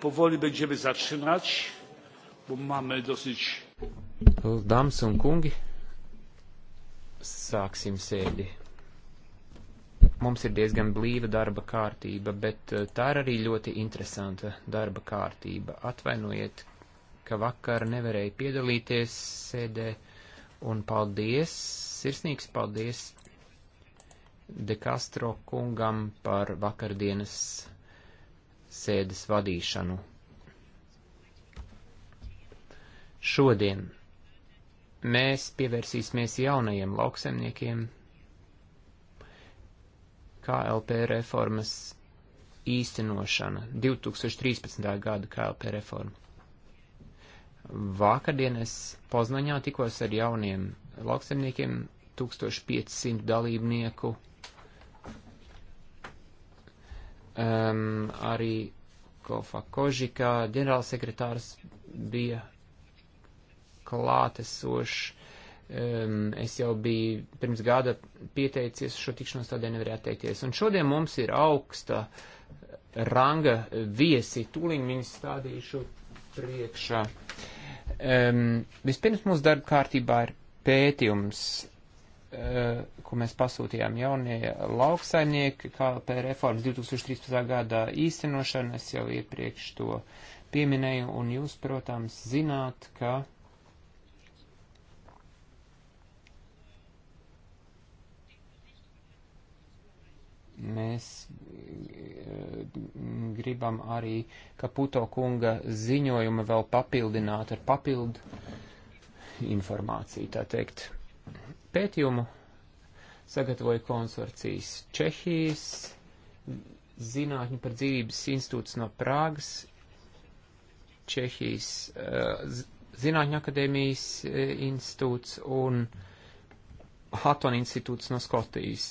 Powoli będziemy zaczynać, bo mamy dosyć. Dāmas un kungi, sāksim sēdi. Mums ir diezgan blīva darba kārtība, bet eh, tā ir arī ļoti interesanta darba kārtība. Atvainojiet, ka vakar nevarēju piedalīties sēdē, un paldies, sirsnīgs paldies De Castro kungam par vakardienas sēdes vadīšanu. Šodien mēs pievērsīsimies jaunajiem lauksemniekiem KLP reformas īstenošana, 2013. gada KLP reforma. Vakardien es Poznaņā tikos ar jauniem lauksemniekiem, 1500 dalībnieku Um, arī Kofa Kožika, ģenerālsekretārs, bija klātesošs. Um, es jau biju pirms gada pieteicies šo tikšanos, tādēļ nevarēju atteikties. Un šodien mums ir augsta ranga viesi. Tūlīt viņus stādīšu priekšā. Um, vispirms mūsu darba kārtībā ir pētījums Eh, ko mēs pasūtījām jaunie lauksaimnieki, KLP reformas 2013. gadā īstenošana, es jau iepriekš to pieminēju, un jūs, protams, zināt, ka mēs eh, gribam arī, ka Puto kunga ziņojuma vēl papildināt ar papildu informāciju, tā teikt. Pētījumu sagatavoja konsorcijas Čehijas, Zinātņu par dzīvības institūts no Prāgas, Čehijas eh, Zinātņu akadēmijas eh, institūts un Hatton institūts no Skotijas.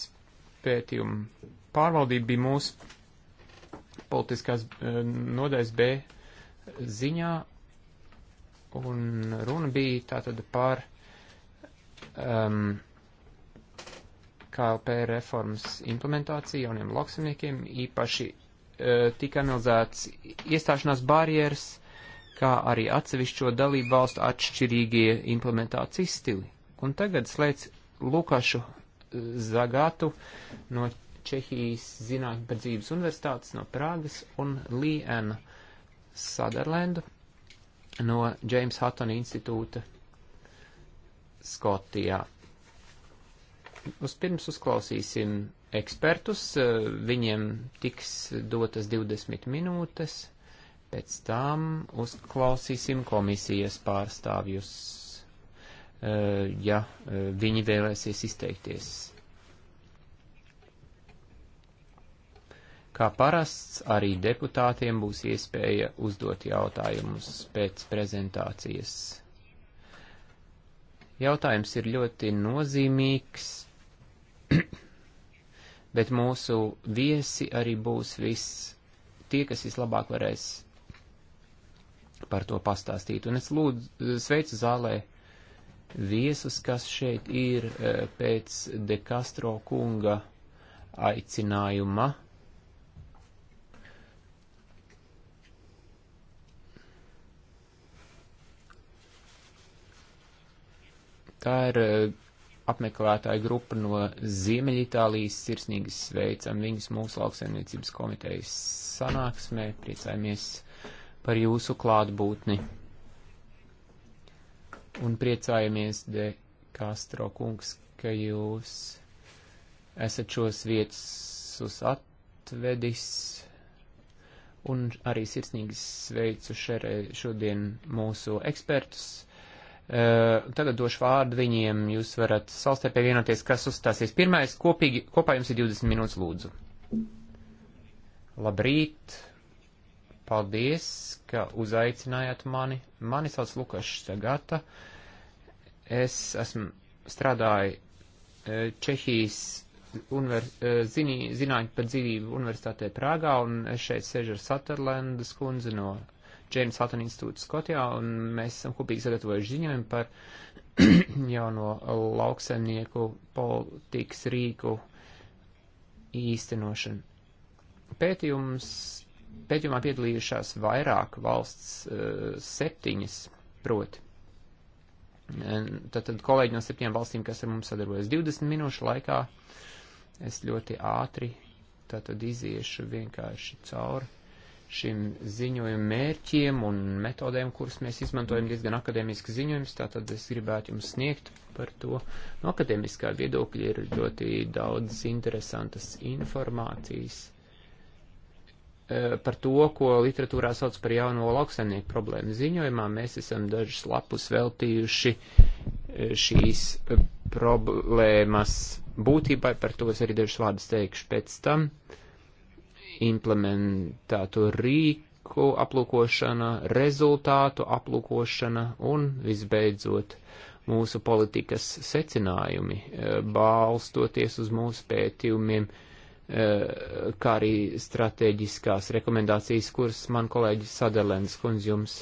Pētījumu pārvaldība bija mūsu politiskās eh, nodaļas B ziņā, un runa bija tātad par um, KLP reformas implementācija jauniem lauksimniekiem, īpaši uh, tika analizēts iestāšanās barjeras, kā arī atsevišķo dalību valstu atšķirīgie implementācijas stili. Un tagad slēdz Lukašu uh, Zagātu no Čehijas Zinātņu par dzīves universitātes no Prāgas un Liena Sutherlandu no James Hattona institūta Skotijā. Uzpirms uzklausīsim ekspertus, viņiem tiks dotas 20 minūtes, pēc tam uzklausīsim komisijas pārstāvjus, eh, ja eh, viņi vēlēsies izteikties. Kā parasts, arī deputātiem būs iespēja uzdot jautājumus pēc prezentācijas. Jautājums ir ļoti nozīmīgs, bet mūsu viesi arī būs viss tie, kas vislabāk varēs par to pastāstīt. Un es lūdzu, sveicu zālē viesus, kas šeit ir eh, pēc De Castro kunga aicinājuma. Tā ir eh, apmeklētāja grupa no Ziemeļitālijas. Sirsnīgi sveicam viņus mūsu lauksaimniecības komitejas sanāksmē. Priecājamies par jūsu klātbūtni. Un priecājamies, De Castro kungs, ka jūs esat šos vietas atvedis. Un arī sirsnīgi sveicu šere, šodien mūsu ekspertus Eh, Tagad došu vārdu viņiem, jūs varat savstarpēji vienoties, kas uzstāsies pirmais, kopīgi, kopā jums ir 20 minūtes lūdzu. Labrīt! Paldies, ka uzaicinājāt mani. Mani sauc Lukašs Sagata. Es esmu strādāju eh, Čehijas unver, eh, zinī, zinātņu par dzīvību universitātē Prāgā, un es šeit sēžu ar Saterlendas kundzi no Džeims Hatton institūts Skotijā, un mēs esam kopīgi sagatavojuši ziņojumu par jauno lauksaimnieku politikas rīku īstenošanu. Pētījums, pētījumā piedalījušās vairāk valsts eh, septiņas proti. Tātad kolēģi no septiņām valstīm, kas ar mums sadarbojas 20 minūšu laikā, es ļoti ātri tātad iziešu vienkārši cauri šiem ziņojumu mērķiem un metodēm, kuras mēs izmantojam diezgan akadēmiski ziņojums, tātad es gribētu jums sniegt par to. No akadēmiskā viedokļa ir ļoti daudz interesantas informācijas e, par to, ko literatūrā sauc par jauno lauksaimnieku problēmu ziņojumā. Mēs esam dažus lapus veltījuši e, šīs problēmas būtībai, par to es arī dažus vārdus teikšu pēc tam. Uh, implementēto rīku aplūkošana, rezultātu aplūkošana un, visbeidzot, mūsu politikas secinājumi, e, balstoties uz mūsu pētījumiem, e, kā arī strateģiskās rekomendācijas, kuras man kolēģis Sadelens kundz jums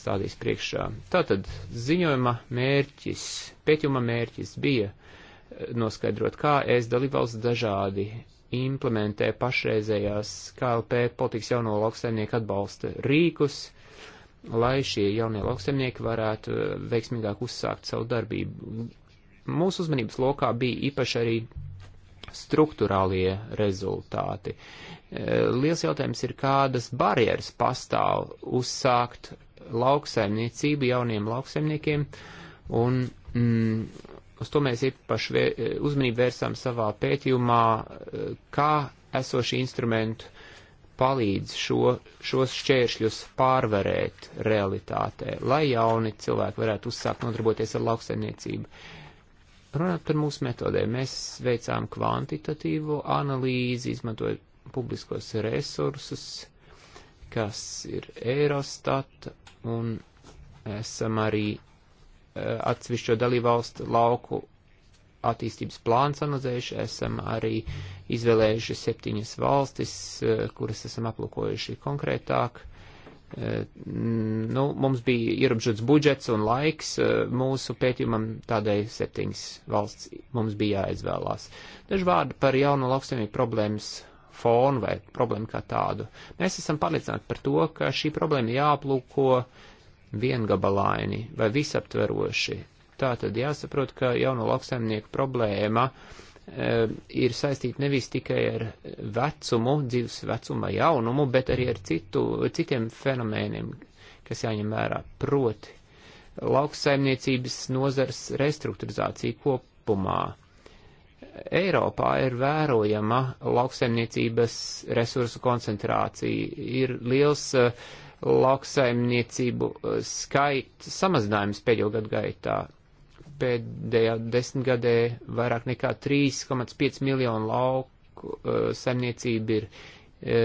stādīs priekšā. Tātad ziņojuma mērķis, pētījuma mērķis bija e, noskaidrot, kā es dalībvalsts dažādi implementē pašreizējās KLP politikas jauno lauksaimnieku atbalsta rīkus, lai šie jaunie lauksaimnieki varētu eh, veiksmīgāk uzsākt savu darbību. Mūsu uzmanības lokā bija īpaši arī struktūrālie rezultāti. Eh, liels jautājums ir, kādas barjeras pastāv uzsākt lauksaimniecību jauniem lauksaimniekiem un mm, uz to mēs īpaši e, uzmanību vērsām savā pētījumā, e, kā esoši instrumentu palīdz šo, šos šķēršļus pārvarēt realitātē, lai jauni cilvēki varētu uzsākt nodarboties ar lauksainiecību. Runāt par mūsu metodēm, mēs veicām kvantitatīvu analīzi, izmantojot publiskos resursus, kas ir Eurostat, un esam arī Eh, atsevišķo dalībvalstu lauku attīstības plānu analizējuši, esam arī izvēlējuši septiņas valstis, eh, kuras esam aplūkojuši konkrētāk. Eh, nu, mums bija ierobežots budžets un laiks mūsu pētījumam, tādēļ septiņas valsts mums bija jāizvēlās. Daži vārdi par jauno lauksaimnieku problēmas fonu vai problēmu kā tādu. Mēs esam pārliecināti par to, ka šī problēma jāaplūko uh, viengabalaini vai visaptveroši. Tā tad jāsaprot, ka jauno lauksaimnieku problēma e, ir saistīta nevis tikai ar vecumu, dzīves vecuma jaunumu, bet arī ar citu, citiem fenomēniem, kas jāņem vērā. Proti, lauksaimniecības nozars restruktūrizācija kopumā. Eiropā ir vērojama lauksaimniecības resursu koncentrācija, ir liels uh, lauksaimniecību eh, skaita samazinājums pēdējo gadu gaitā. Pēdējā desmitgadē vairāk nekā 3,5 miljonu lauku eh, saimniecību ir e,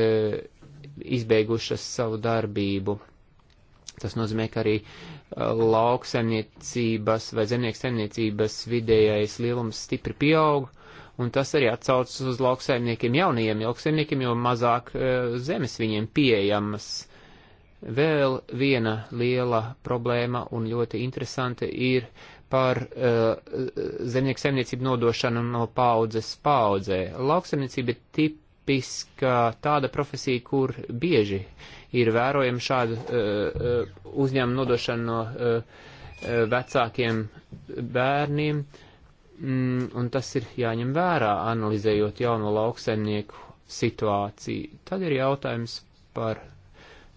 izbeigušas savu darbību. Tas nozīmē, ka arī lauksaimniecības vai zemnieks saimniecības vidējais lielums stipri pieaug, un tas arī atsaucas uz lauksaimniekiem jaunajiem lauksaimniekiem, jo mazāk e, zemes viņiem pieejamas Vēl viena liela problēma un ļoti interesanta ir par uh, zemnieku saimniecību nodošanu no paudzes paudzē. Lauksaimniecība ir tipiska tāda profesija, kur bieži ir vērojama šāda uh, uzņēmuma nodošana no uh, vecākiem bērniem, mm, un tas ir jāņem vērā, analizējot jauno lauksaimnieku situāciju. Tad ir jautājums par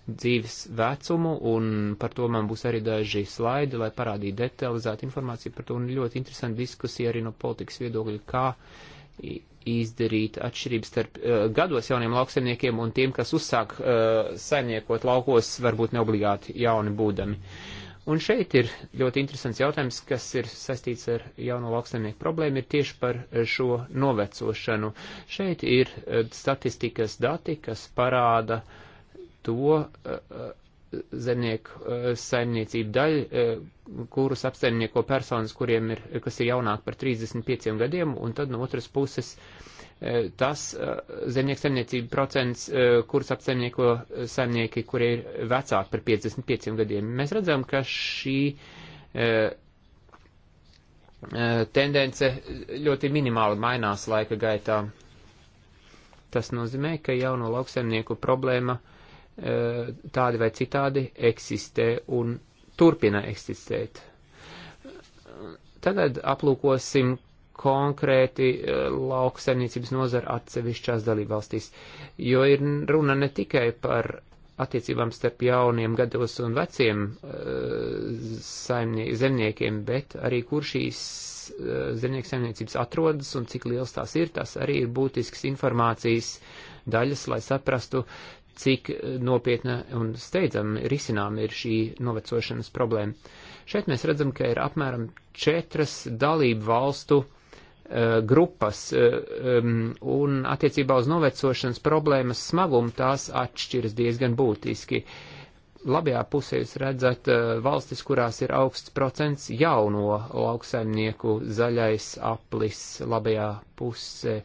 dzīves vecumu, un par to man būs arī daži slaidi, lai parādītu detalizētu informāciju par to, un ļoti interesanti diskusija arī no politikas viedokļa, kā izdarīt atšķirības starp uh, gados jauniem lauksaimniekiem un tiem, kas uzsāk uh, saimniekot laukos, varbūt neobligāti jauni būdami. Un šeit ir ļoti interesants jautājums, kas ir saistīts ar jauno lauksaimnieku problēmu, ir tieši par eh, šo novecošanu. Šeit ir uh, statistikas dati, kas parāda uh, to eh, eh, zemnieku eh, saimniecību daļu, kurus apsaimnieko personas, kuriem ir, kas ir jaunāk par 35 gadiem, un tad no otras puses tas zemnieku saimniecību procents, kurus apsaimnieko saimnieki, kuri ir vecāki par 55 gadiem. Mēs redzam, ka šī tendence ļoti minimāli mainās laika gaitā. Tas nozīmē, ka jauno lauksaimnieku problēma uh, Eh, tādi vai citādi eksistē un turpina eksistēt. Tagad aplūkosim konkrēti eh, lauksaimniecības nozara atsevišķās dalībvalstīs, jo ir runa ne tikai par attiecībām starp jauniem gados un veciem eh, saimnie, zemniekiem, bet arī kur šīs zemnieku saimniecības atrodas un cik liels tās ir, tas arī ir būtisks informācijas daļas, lai saprastu, cik nopietna un steidzami risinām ir šī novecošanas problēma. Šeit mēs redzam, ka ir apmēram četras dalību valstu uh, grupas uh, um, un attiecībā uz novecošanas problēmas smagumu tās atšķiras diezgan būtiski. Labajā pusē jūs redzat uh, valstis, kurās ir augsts procents jauno lauksaimnieku zaļais aplis labajā pusē,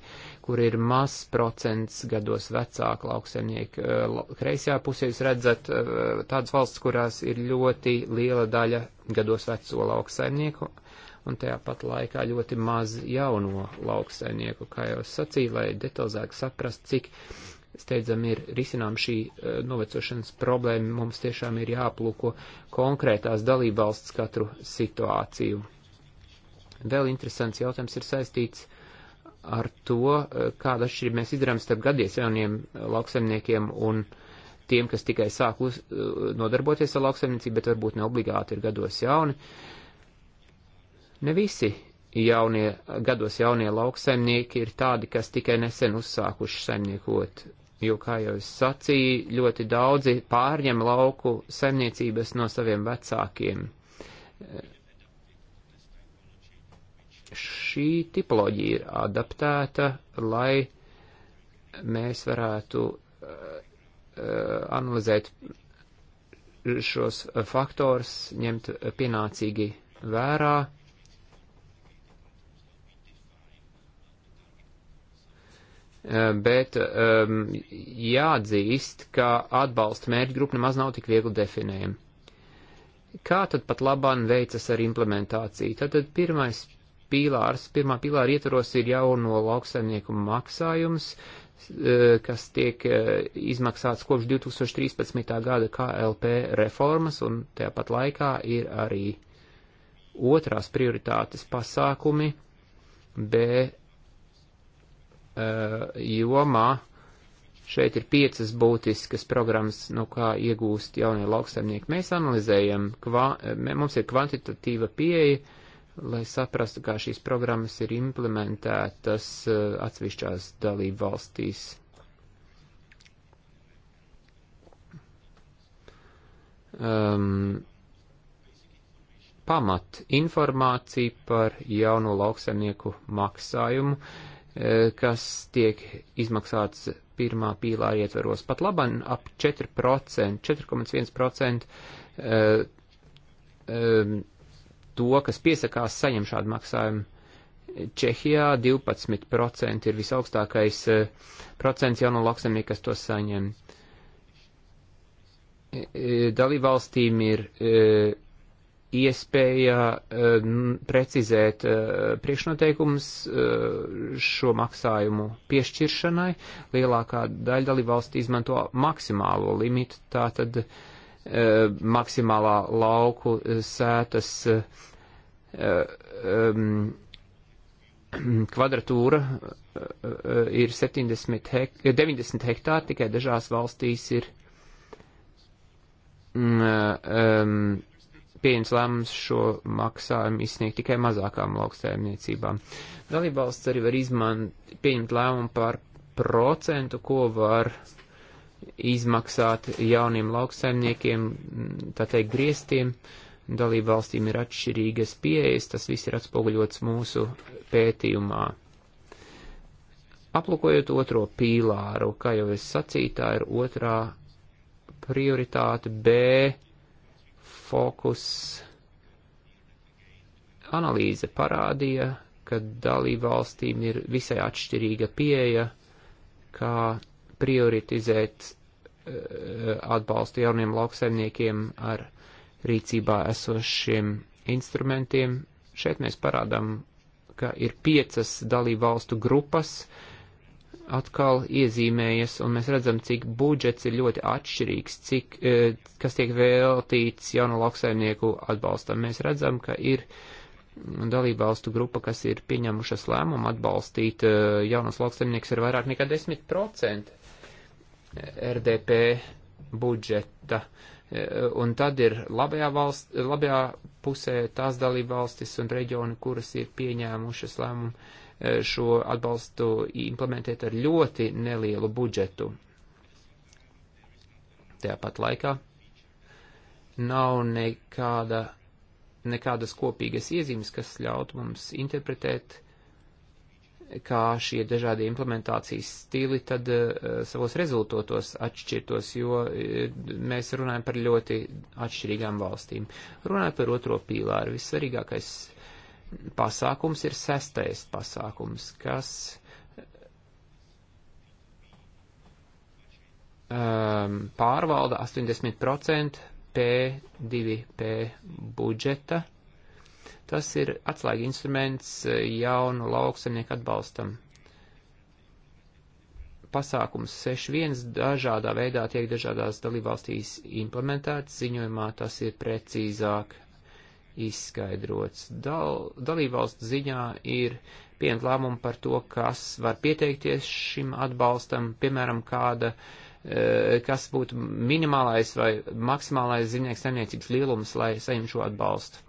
kur ir maz procents gados vecāka lauksemnieka. Kreisajā pusē jūs redzat tādas valsts, kurās ir ļoti liela daļa gados veco lauksaimnieku un tajā pat laikā ļoti maz jauno lauksaimnieku, kā jau es sacīju, lai detalizāk saprast, cik steidzam ir risinām šī novecošanas problēma, mums tiešām ir jāplūko konkrētās dalībvalsts katru situāciju. Vēl interesants jautājums ir saistīts ar to, eh, kāda atšķirība mēs izdarām starp gadies jauniem eh, lauksaimniekiem un tiem, kas tikai sāk uz, eh, nodarboties ar lauksaimniecību, bet varbūt ne obligāti ir gados jauni. Ne visi jaunie, gados jaunie lauksaimnieki ir tādi, kas tikai nesen uzsākuši saimniekot, jo, kā jau es sacīju, ļoti daudzi pārņem lauku saimniecības no saviem vecākiem šī tipoloģija ir adaptēta, lai mēs varētu eh, eh, analizēt šos faktors, ņemt pienācīgi vērā. Eh, bet um, jāatzīst, ka atbalsta mērķgrupa nemaz nav tik viegli definējama. Kā tad pat labāk veicas ar implementāciju? Tad, tad pirmais pīlārs, pirmā pīlāra ietvaros ir jauno lauksaimnieku maksājums, eh, kas tiek eh, izmaksāts kopš 2013. gada KLP reformas, un tāpat laikā ir arī otrās prioritātes pasākumi B eh, jomā. Šeit ir piecas būtiskas programmas, no kā iegūst jaunie lauksaimnieki. Mēs analizējam, kva, mums ir kvantitatīva pieeja, uh, lai saprastu, kā šīs programmas ir implementētas eh, atsevišķās dalību valstīs. Um, pamat informācija par jauno lauksaimnieku maksājumu, eh, kas tiek izmaksāts pirmā pīlā ietveros pat laban ap 4%, 4,1% to, kas piesakās saņem šādu maksājumu. Čehijā 12% ir visaugstākais eh, procents jauno lauksemnieku, kas to saņem. E, e, dalībvalstīm ir e, iespēja precizēt priekšnoteikumus šo maksājumu piešķiršanai. Lielākā daļa dalībvalstu izmanto maksimālo limitu, tātad tad Eh, maksimālā lauku sētas eh, kvadratūra eh, ir 70 hek 90 hektāri, tikai dažās valstīs ir um, pieņems lēmums šo maksājumu izsniegt tikai mazākām lauksaimniecībām. Dalībvalsts arī var izmant, pieņemt lēmumu par procentu, ko var uh, izmaksāt jauniem lauksaimniekiem, tā teikt, griestiem. Dalību valstīm ir atšķirīgas pieejas, tas viss ir atspoguļots mūsu pētījumā. Aplūkojot otro pīlāru, kā jau es sacīju, tā ir otrā prioritāte B fokus. Analīze parādīja, ka dalību valstīm ir visai atšķirīga pieeja, kā prioritizēt eh, atbalstu jauniem lauksaimniekiem ar rīcībā esošiem instrumentiem. Šeit mēs parādām, ka ir piecas dalību valstu grupas, atkal iezīmējas, un mēs redzam, cik budžets ir ļoti atšķirīgs, cik, eh, kas tiek veltīts jaunu lauksaimnieku atbalstam. Mēs redzam, ka ir dalību valstu grupa, kas ir pieņemušas lēmumu atbalstīt eh, jaunus lauksaimniekus ar vairāk nekā 10%. RDP budžeta. E, un tad ir labajā, valst, labajā pusē tās dalība valstis un reģioni, kuras ir pieņēmušas lēmumu e, šo atbalstu implementēt ar ļoti nelielu budžetu. Tāpat laikā nav nekāda, nekādas kopīgas iezīmes, kas ļaut mums interpretēt kā šie dažādi implementācijas stili tad uh, savos rezultātos atšķirtos, jo uh, mēs runājam par ļoti atšķirīgām valstīm. Runājot par otro pīlāru, vissvarīgākais pasākums ir sestais pasākums, kas um, pārvalda 80% P2P budžeta Tas ir atslēga instruments e, jaunu lauksaimnieku atbalstam. Pasākums 6.1 dažādā veidā tiek dažādās dalībvalstīs implementēts, ziņojumā tas ir precīzāk izskaidrots. Dal, dalībvalstu ziņā ir pieņemt lēmumu par to, kas var pieteikties šim atbalstam, piemēram, kāda uh, kas būtu minimālais vai maksimālais zivnieku saimniecības lielums, lai saņemtu šo atbalstu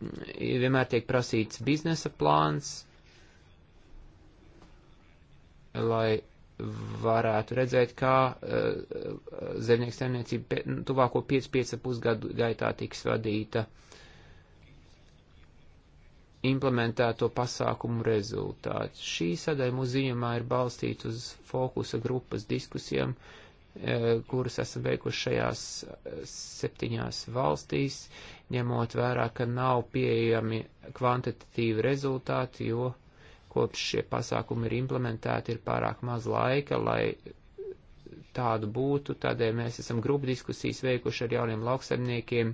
vienmēr tiek prasīts biznesa plāns, lai varētu redzēt, kā uh, zemnieku saimniecība nu, tuvāko 5-5,5 gadu gaitā tiks vadīta implementēto pasākumu rezultāti. Šī sadaļa mūsu ziņumā ir balstīta uz fokusa grupas diskusijām, uh, E, kurus esam veikuši šajās e, septiņās valstīs, ņemot vērā, ka nav pieejami kvantitatīvi rezultāti, jo kopš šie pasākumi ir implementēti, ir pārāk maz laika, lai tādu būtu. Tādēļ mēs esam grupu diskusijas veikuši ar jauniem lauksaimniekiem,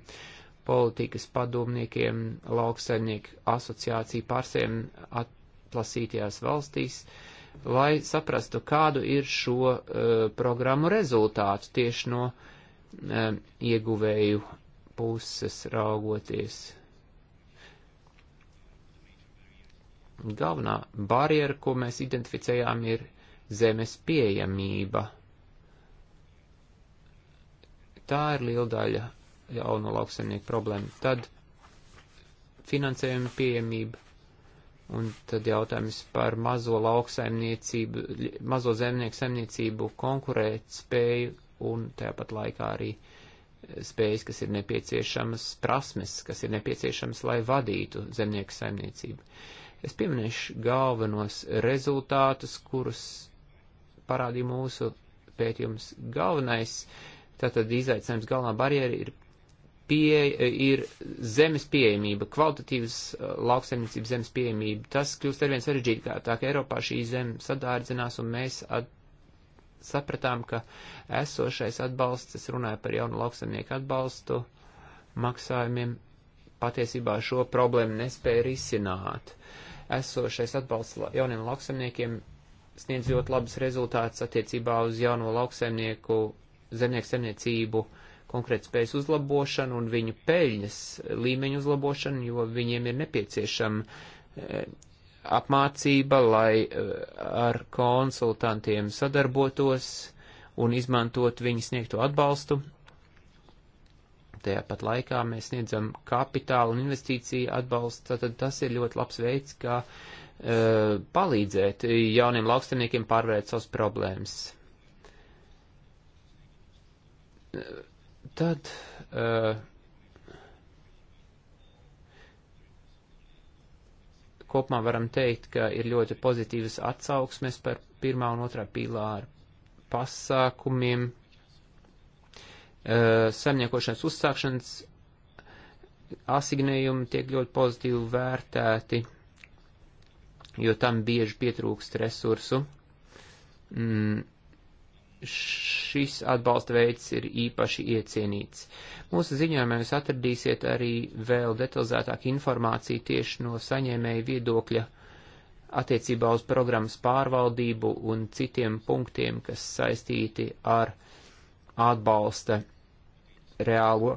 politikas padomniekiem, lauksaimnieku asociāciju pārsēm atlasītajās valstīs. Uh, lai saprastu, kādu ir šo uh, programmu rezultātu tieši no uh, ieguvēju puses raugoties. Galvenā barjera, ko mēs identificējām, ir zemes pieejamība. Tā ir liela daļa jauno lauksaimnieku problēma. Tad finansējuma pieejamība, Un tad jautājums par mazo lauksaimniecību, mazo zemnieku saimniecību konkurēt spēju un tāpat laikā arī spējas, kas ir nepieciešamas, prasmes, kas ir nepieciešamas, lai vadītu zemnieku saimniecību. Es pieminēšu galvenos rezultātus, kurus parādīja mūsu pētījums. Galvenais, tātad izaicinājums galvenā barjera ir pie, ir zemes pieejamība, kvalitatīvas uh, lauksaimniecības zemes pieejamība. Tas kļūst arvien sarežģītāk. Eiropā šī zeme sadārdzinās un mēs at, sapratām, ka esošais atbalsts, es runāju par jaunu lauksaimnieku atbalstu maksājumiem, patiesībā šo problēmu nespēja risināt. Esošais atbalsts jauniem lauksaimniekiem sniedz ļoti labus rezultātus attiecībā uz jauno lauksaimnieku zemnieku saimniecību uh, konkurētspējas uzlabošanu un viņu peļņas līmeņu uzlabošanu, jo viņiem ir nepieciešama eh, apmācība, lai eh, ar konsultantiem sadarbotos un izmantot viņu sniegto atbalstu. Tajā pat laikā mēs sniedzam kapitālu un investīciju atbalstu, tad tas ir ļoti labs veids, kā uh, palīdzēt jauniem lauksaimniekiem pārvarēt savas problēmas. Uh, Tad uh, kopumā varam teikt, ka ir ļoti pozitīvas atsauksmes par pirmā un otrā pīlāra pasākumiem, uh, saimniekošanas uzsākšanas asignējumi tiek ļoti pozitīvi vērtēti, jo tam bieži pietrūkst resursu. Mm, šis atbalsta veids ir īpaši iecienīts. Mūsu ziņojumā jūs atradīsiet arī vēl detalizētāk informāciju tieši no saņēmēja viedokļa attiecībā uz programmas pārvaldību un citiem punktiem, kas saistīti ar atbalsta reālo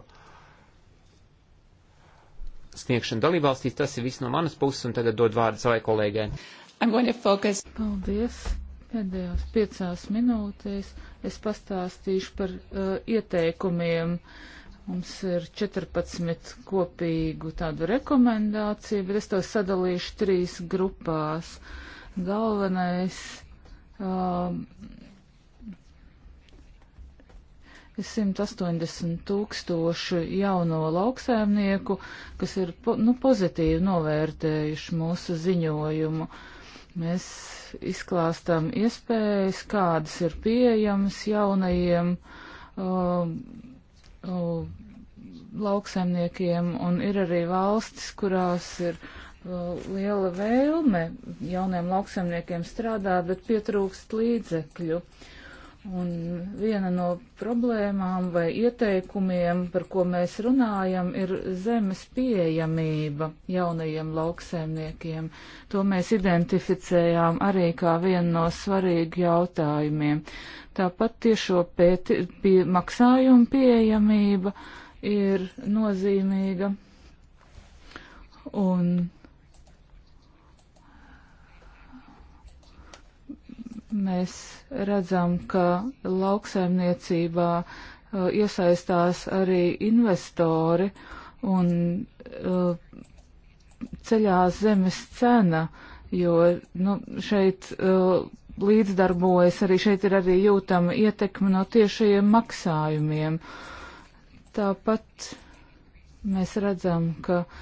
sniegšanu dalībvalstīs. Tas ir viss no manas puses, un tagad dod vārdu savai kolēģai. Paldies! Pēdējās piecās minūtēs es pastāstīšu par uh, ieteikumiem. Mums ir 14 kopīgu tādu rekomendāciju, bet es to sadalīšu trīs grupās. Galvenais. Um, 180 tūkstoši jauno lauksaimnieku, kas ir po, nu, pozitīvi novērtējuši mūsu ziņojumu. Uh, Mēs izklāstam iespējas, kādas ir pieejamas jaunajiem uh, uh, lauksaimniekiem, un ir arī valstis, kurās ir uh, liela vēlme jauniem lauksaimniekiem strādāt, bet pietrūkst līdzekļu. Uh, Un viena no problēmām vai ieteikumiem, par ko mēs runājam, ir zemes pieejamība jaunajiem lauksēmniekiem. To mēs identificējām arī kā vienu no svarīgu jautājumiem. Tāpat tiešo pēti, pie, maksājumu pieejamība ir nozīmīga. Un Mēs redzam, ka lauksaimniecībā uh, iesaistās arī investori un uh, ceļās zemes cena, jo nu, šeit uh, līdzdarbojas arī šeit ir arī jūtama ietekme no tiešajiem maksājumiem. Tāpat mēs redzam, ka uh,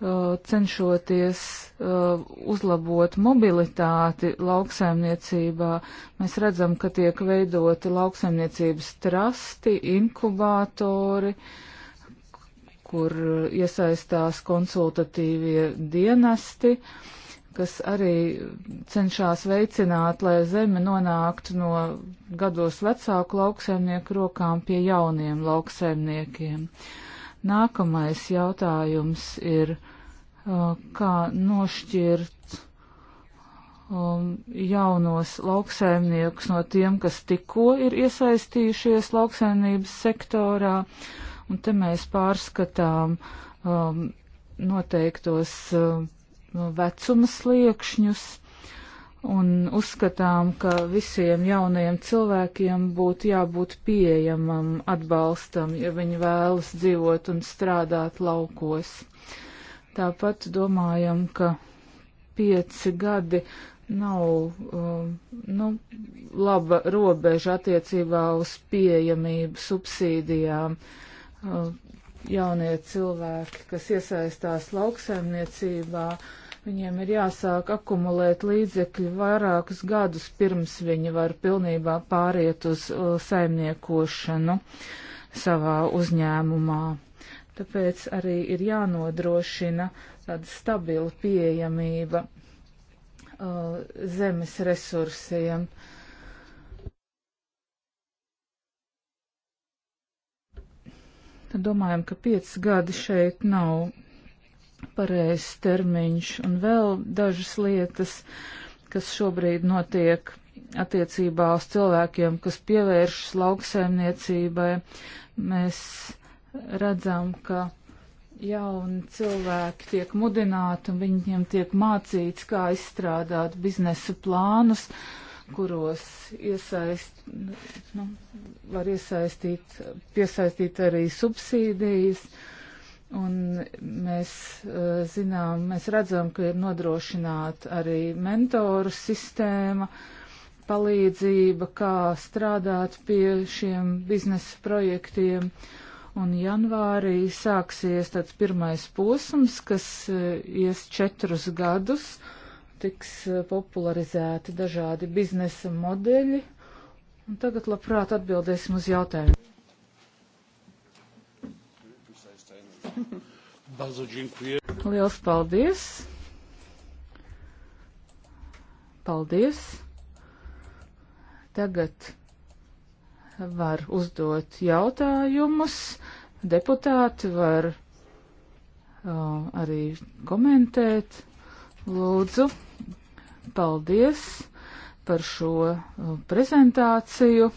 Uh, cenšoties uh, uzlabot mobilitāti lauksaimniecībā, mēs redzam, ka tiek veidoti lauksaimniecības trasti, inkubātori, kur iesaistās konsultatīvie dienesti, kas arī cenšas veicināt, lai zeme nonāktu no gados vecāku lauksaimnieku rokām pie jauniem lauksaimniekiem. Uh, Nākamais jautājums ir, uh, kā nošķirt um, jaunos lauksaimniekus no tiem, kas tikko ir iesaistījušies lauksaimnības sektorā. Un te mēs pārskatām um, noteiktos um, vecuma sliekšņus un uzskatām, ka visiem jaunajiem cilvēkiem būtu jābūt pieejamam atbalstam, ja viņi vēlas dzīvot un strādāt laukos. Tāpat domājam, ka pieci gadi nav um, nu, laba robeža attiecībā uz pieejamību subsīdijām. Um, jaunie cilvēki, kas iesaistās lauksaimniecībā, uh, Viņiem ir jāsāk akumulēt līdzekļi vairākus gadus pirms viņi var pilnībā pāriet uz uh, saimniekošanu savā uzņēmumā. Tāpēc arī ir jānodrošina tāda stabila pieejamība uh, zemes resursiem. Tad domājam, ka pieci gadi šeit nav pareizs termiņš un vēl dažas lietas, kas šobrīd notiek attiecībā uz cilvēkiem, kas pievēršas lauksaimniecībai. Mēs redzam, ka jauni cilvēki tiek mudināti un viņiem tiek mācīts, kā izstrādāt biznesa plānus, kuros iesaist, nu, var iesaistīt, piesaistīt arī subsīdijas. Uh, Un mēs eh, zinām, mēs redzam, ka ir nodrošināta arī mentoru sistēma, palīdzība, kā strādāt pie šiem biznesa projektiem. Un janvārī sāksies tāds pirmais posms, kas eh, ies četrus gadus, tiks eh, popularizēti dažādi biznesa modeļi. Un tagad labprāt atbildēsim uz jautājumu. Bardzo dziękuję. Liels paldies. Paldies. Tagad var uzdot jautājumus. Deputāti var uh, arī komentēt. Lūdzu, paldies par šo uh, prezentāciju.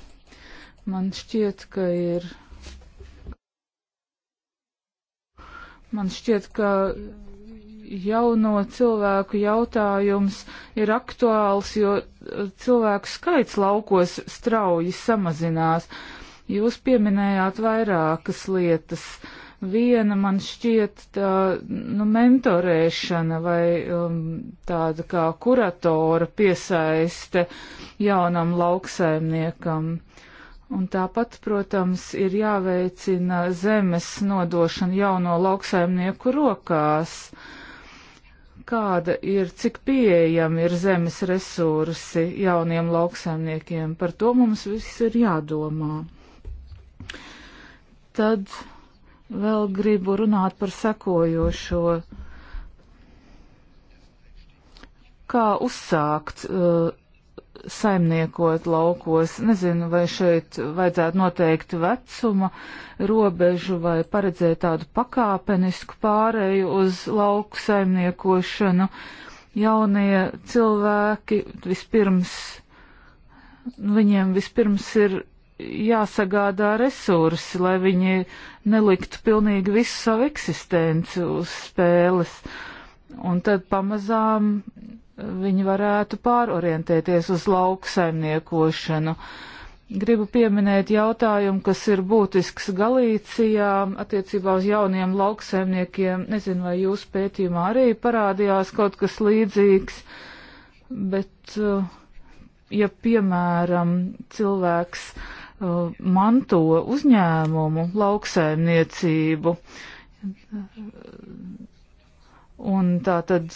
Man šķiet, ka ir Man šķiet, ka jauno cilvēku jautājums ir aktuāls, jo eh, cilvēku skaits laukos strauji samazinās. Jūs pieminējāt vairākas lietas. Viena man šķiet tā, nu, mentorēšana vai um, tāda kā kuratora piesaiste jaunam lauksaimniekam. Un tāpat, protams, ir jāveicina zemes nodošana jauno lauksaimnieku rokās. Kāda ir, cik pieejami ir zemes resursi jauniem lauksaimniekiem? Par to mums viss ir jādomā. Tad vēl gribu runāt par sekojošo. Kā uzsākt uh, saimniekot laukos. Nezinu, vai šeit vajadzētu noteikt vecuma robežu vai paredzēt tādu pakāpenisku pāreju uz lauku saimniekošanu. Jaunie cilvēki vispirms, viņiem vispirms ir jāsagādā resursi, lai viņi neliktu pilnīgi visu savu eksistenci uz spēles. Un tad pamazām viņi varētu pārorientēties uz lauksaimniekošanu. Gribu pieminēt jautājumu, kas ir būtisks Galīcijā attiecībā uz jauniem lauksaimniekiem. Nezinu, vai jūs pētījumā arī parādījās kaut kas līdzīgs, bet, uh, ja piemēram cilvēks uh, manto uzņēmumu lauksaimniecību, un tā tad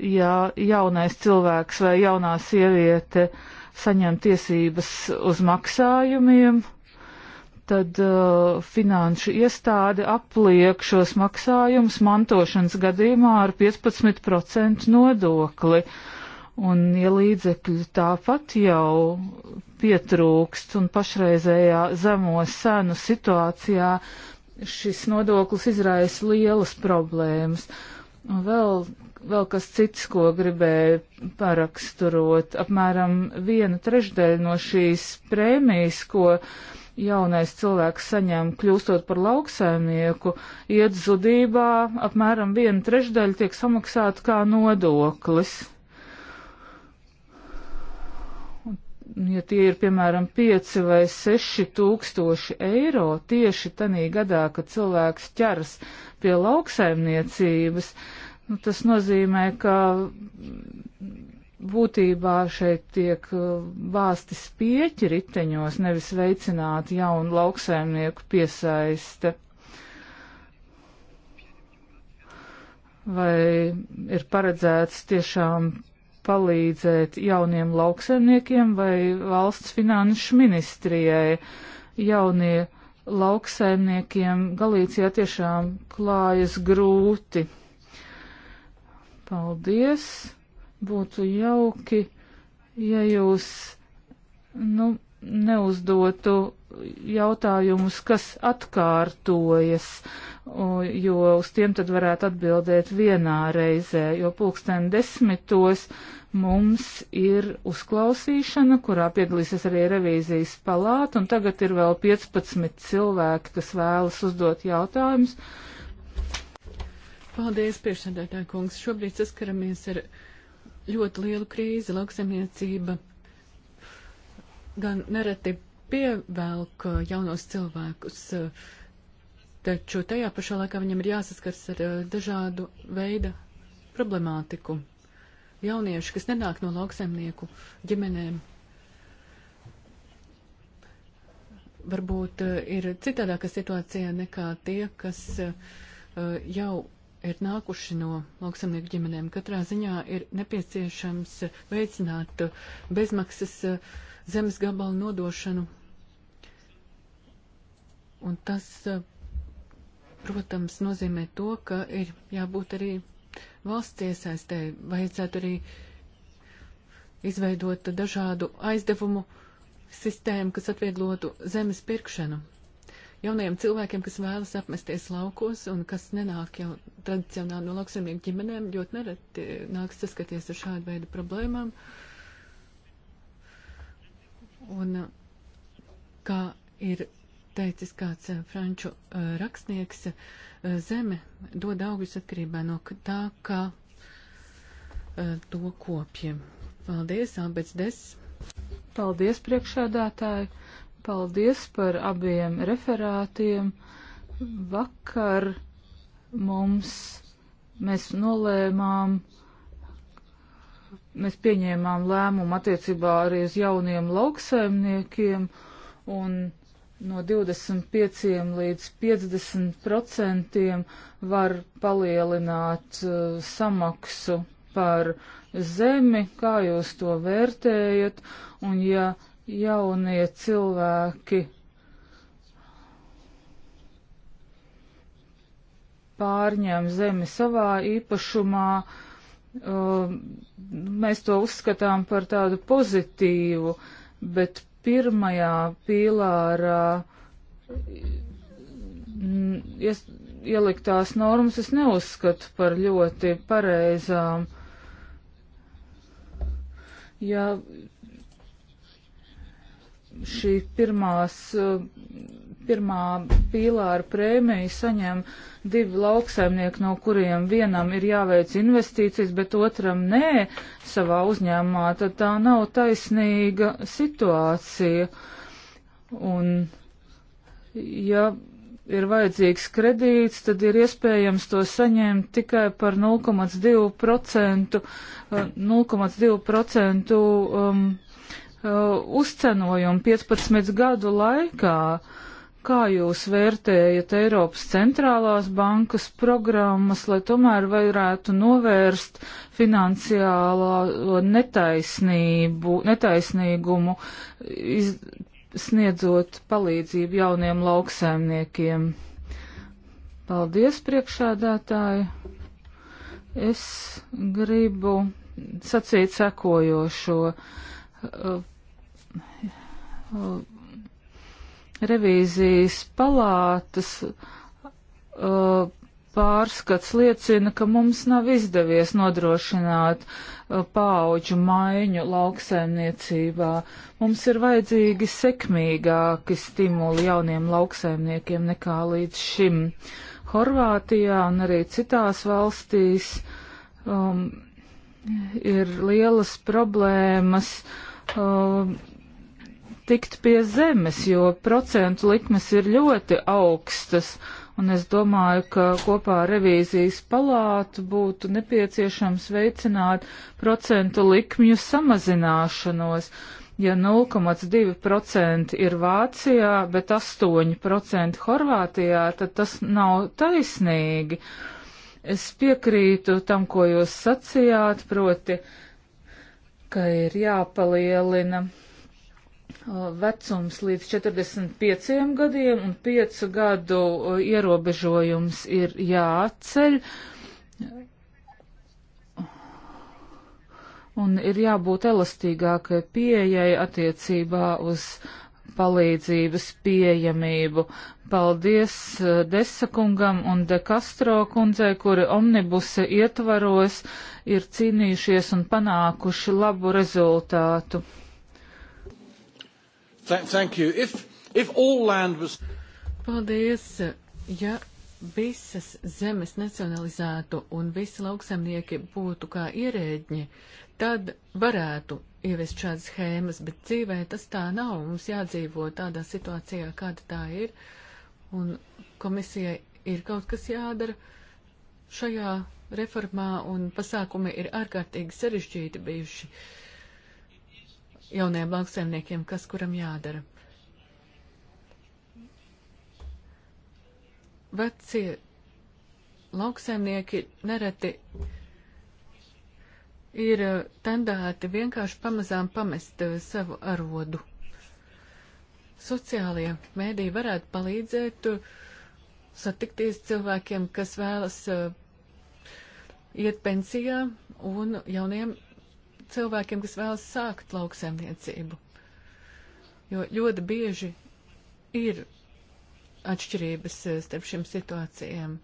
ja jaunais cilvēks vai jaunā sieviete saņem tiesības uz maksājumiem, tad uh, finanšu iestāde apliek šos maksājumus mantošanas gadījumā ar 15% nodokli. Un, ja līdzekļi tāpat jau pietrūkst un pašreizējā zemo senu situācijā šis nodoklis izraisa lielas problēmas. Un vēl vēl kas cits, ko gribēju paraksturot. Apmēram viena trešdaļa no šīs prēmijas, ko jaunais cilvēks saņem, kļūstot par lauksaimnieku, iet zudībā, apmēram viena trešdaļa tiek samaksāta kā nodoklis. ja tie ir piemēram 5 vai 6 tūkstoši eiro tieši tanī gadā, kad cilvēks ķers pie lauksaimniecības, Nu, tas nozīmē, ka būtībā šeit tiek vāsti uh, spieķi riteņos, nevis veicināt jaunu lauksaimnieku piesaiste. Vai ir paredzēts tiešām palīdzēt jauniem lauksaimniekiem vai valsts finanšu ministrijai jaunie lauksaimniekiem Galīcijā tiešām klājas grūti. Paldies! Būtu jauki, ja jūs nu, neuzdotu jautājumus, kas atkārtojas, jo uz tiem tad varētu atbildēt vienā reizē, jo pulksten desmitos mums ir uzklausīšana, kurā piedalīsies arī revīzijas palāta, un tagad ir vēl 15 cilvēki, kas vēlas uzdot jautājumus. Paldies, priekšsēdētāji kungs. Šobrīd saskaramies ar ļoti lielu krīzi. Lauksaimniecība gan nereti pievelk uh, jaunos cilvēkus, uh, taču tajā pašā laikā viņam ir jāsaskars ar uh, dažādu veidu problemātiku. Jaunieši, kas nenāk no lauksaimnieku ģimenēm, varbūt ir citādāka situācija nekā tie, kas jau ir nākuši no lauksamnieku ģimenēm. Katrā ziņā ir nepieciešams veicināt bezmaksas zemes gabalu nodošanu. Un tas, protams, nozīmē to, ka ir jābūt arī valsts iesaistē. Vajadzētu arī izveidot dažādu aizdevumu sistēmu, kas atvieglotu zemes pirkšanu jaunajiem cilvēkiem, kas vēlas apmesties laukos un kas nenāk jau tradicionāli no lauksaimnieku ģimenēm, ļoti nereti nāks saskaties ar šādu veidu problēmām. Un kā ir teicis kāds eh, franču eh, rakstnieks, eh, zeme dod augļus atkarībā no tā, kā to kopjam. Paldies, Albets Des. Paldies, priekšādātāji. Paldies par abiem referātiem. Vakar mums mēs nolēmām, mēs pieņēmām lēmumu attiecībā arī uz jauniem lauksaimniekiem un no 25 līdz 50 procentiem var palielināt uh, samaksu par zemi, kā jūs to vērtējat, un ja jaunie cilvēki pārņem zemi savā īpašumā, um, mēs to uzskatām par tādu pozitīvu, bet pirmajā pīlārā ieliktās normas es neuzskatu par ļoti pareizām. Ja šī pirmās, pirmā pīlāra prēmija saņem divi lauksaimnieki, no kuriem vienam ir jāveic investīcijas, bet otram nē savā uzņēmumā, tad tā nav taisnīga situācija. Un, ja ir vajadzīgs kredīts, tad ir iespējams to saņemt tikai par 0,2%, 0,2% um, Eh, uzcenojumu 15 gadu laikā. Kā jūs vērtējat Eiropas centrālās bankas programmas, lai tomēr varētu novērst finansiālo netaisnību, netaisnīgumu, iz, sniedzot palīdzību jauniem lauksaimniekiem? Paldies, priekšādātāji! Es gribu sacīt sekojošo. Uh, Uh, uh, revīzijas palātas uh, pārskats liecina, ka mums nav izdevies nodrošināt paauģu maiņu lauksaimniecībā. Mums ir vajadzīgi sekmīgāki stimuli jauniem lauksaimniekiem nekā līdz šim. Horvātijā un arī citās valstīs um, ir lielas problēmas uh, uh, tikt pie zemes, jo procentu likmes ir ļoti augstas. Un es domāju, ka kopā ar revīzijas palātu būtu nepieciešams veicināt procentu likmju samazināšanos. Ja 0,2% ir Vācijā, bet 8% Horvātijā, tad tas nav taisnīgi. Es piekrītu tam, ko jūs sacījāt, proti, uh, ka ir jāpalielina uh, vecums līdz 45 gadiem un 5 gadu uh, ierobežojums ir jāatceļ. Un ir jābūt elastīgākai pieejai attiecībā uz palīdzības pieejamību. Paldies eh, Desakungam un Dekastro kundzei, kuri omnibusa ietvaros ir cīnījušies un panākuši labu rezultātu. Thank you. If, if all land was... Paldies. Ja visas zemes nacionalizētu un visi lauksaimnieki būtu kā ierēģi, tad varētu ieviest šādas schēmas, bet dzīvē tas tā nav. Mums jādzīvo tādā situācijā, kāda tā ir, un komisijai ir kaut kas jādara šajā reformā, un pasākumi ir ārkārtīgi sarežģīti bijuši jaunajiem lauksaimniekiem, kas kuram jādara. vecie lauksaimnieki nereti ir eh, tendēti vienkārši pamazām pamest eh, savu arodu. Sociālie mēdī varētu palīdzēt eh, satikties cilvēkiem, kas vēlas iet pensijā un jauniem cilvēkiem, kas vēlas sākt lauksaimniecību. Jo ļoti bieži ir atšķirības e, starp šīm situācijām.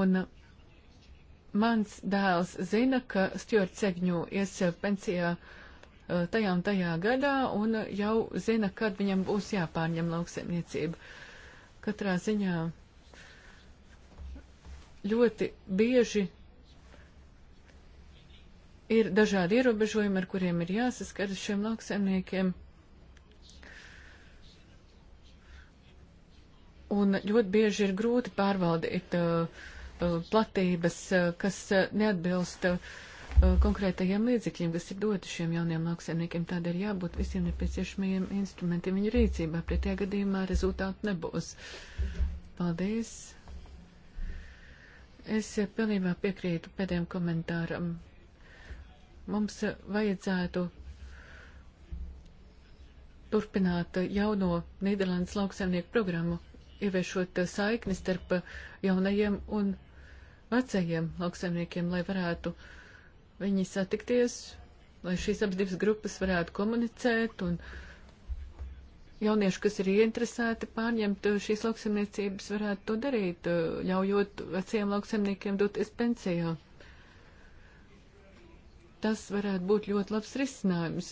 Un mans dēls zina, ka Stjorts Egņū ies pensijā e, tajā un tajā gadā un jau zina, kad viņam būs jāpārņem lauksaimniecība. Katrā ziņā ļoti bieži ir dažādi ierobežojumi, ar kuriem ir jāsaskaras šiem lauksaimniekiem. un ļoti bieži ir grūti pārvaldīt uh, uh, platības, uh, kas neatbilst konkrētajiem līdzekļiem, kas ir doti šiem jauniem lauksaimniekiem. Tādēļ jābūt visiem nepieciešamajiem instrumentiem viņu rīcībā. Pretējā gadījumā rezultātu nebūs. Paldies! Es pilnībā piekrītu pēdējiem komentāram. Mums vajadzētu turpināt jauno Nīderlandes lauksaimnieku programmu ieviešot eh, saikni starp eh, jaunajiem un vecajiem lauksaimniekiem, lai varētu viņi satikties, lai šīs abas divas grupas varētu komunicēt un jaunieši, kas ir ieinteresēti pārņemt eh, šīs lauksaimniecības, varētu to darīt, ļaujot vecajiem lauksaimniekiem doties pensijā. Tas varētu būt ļoti labs risinājums.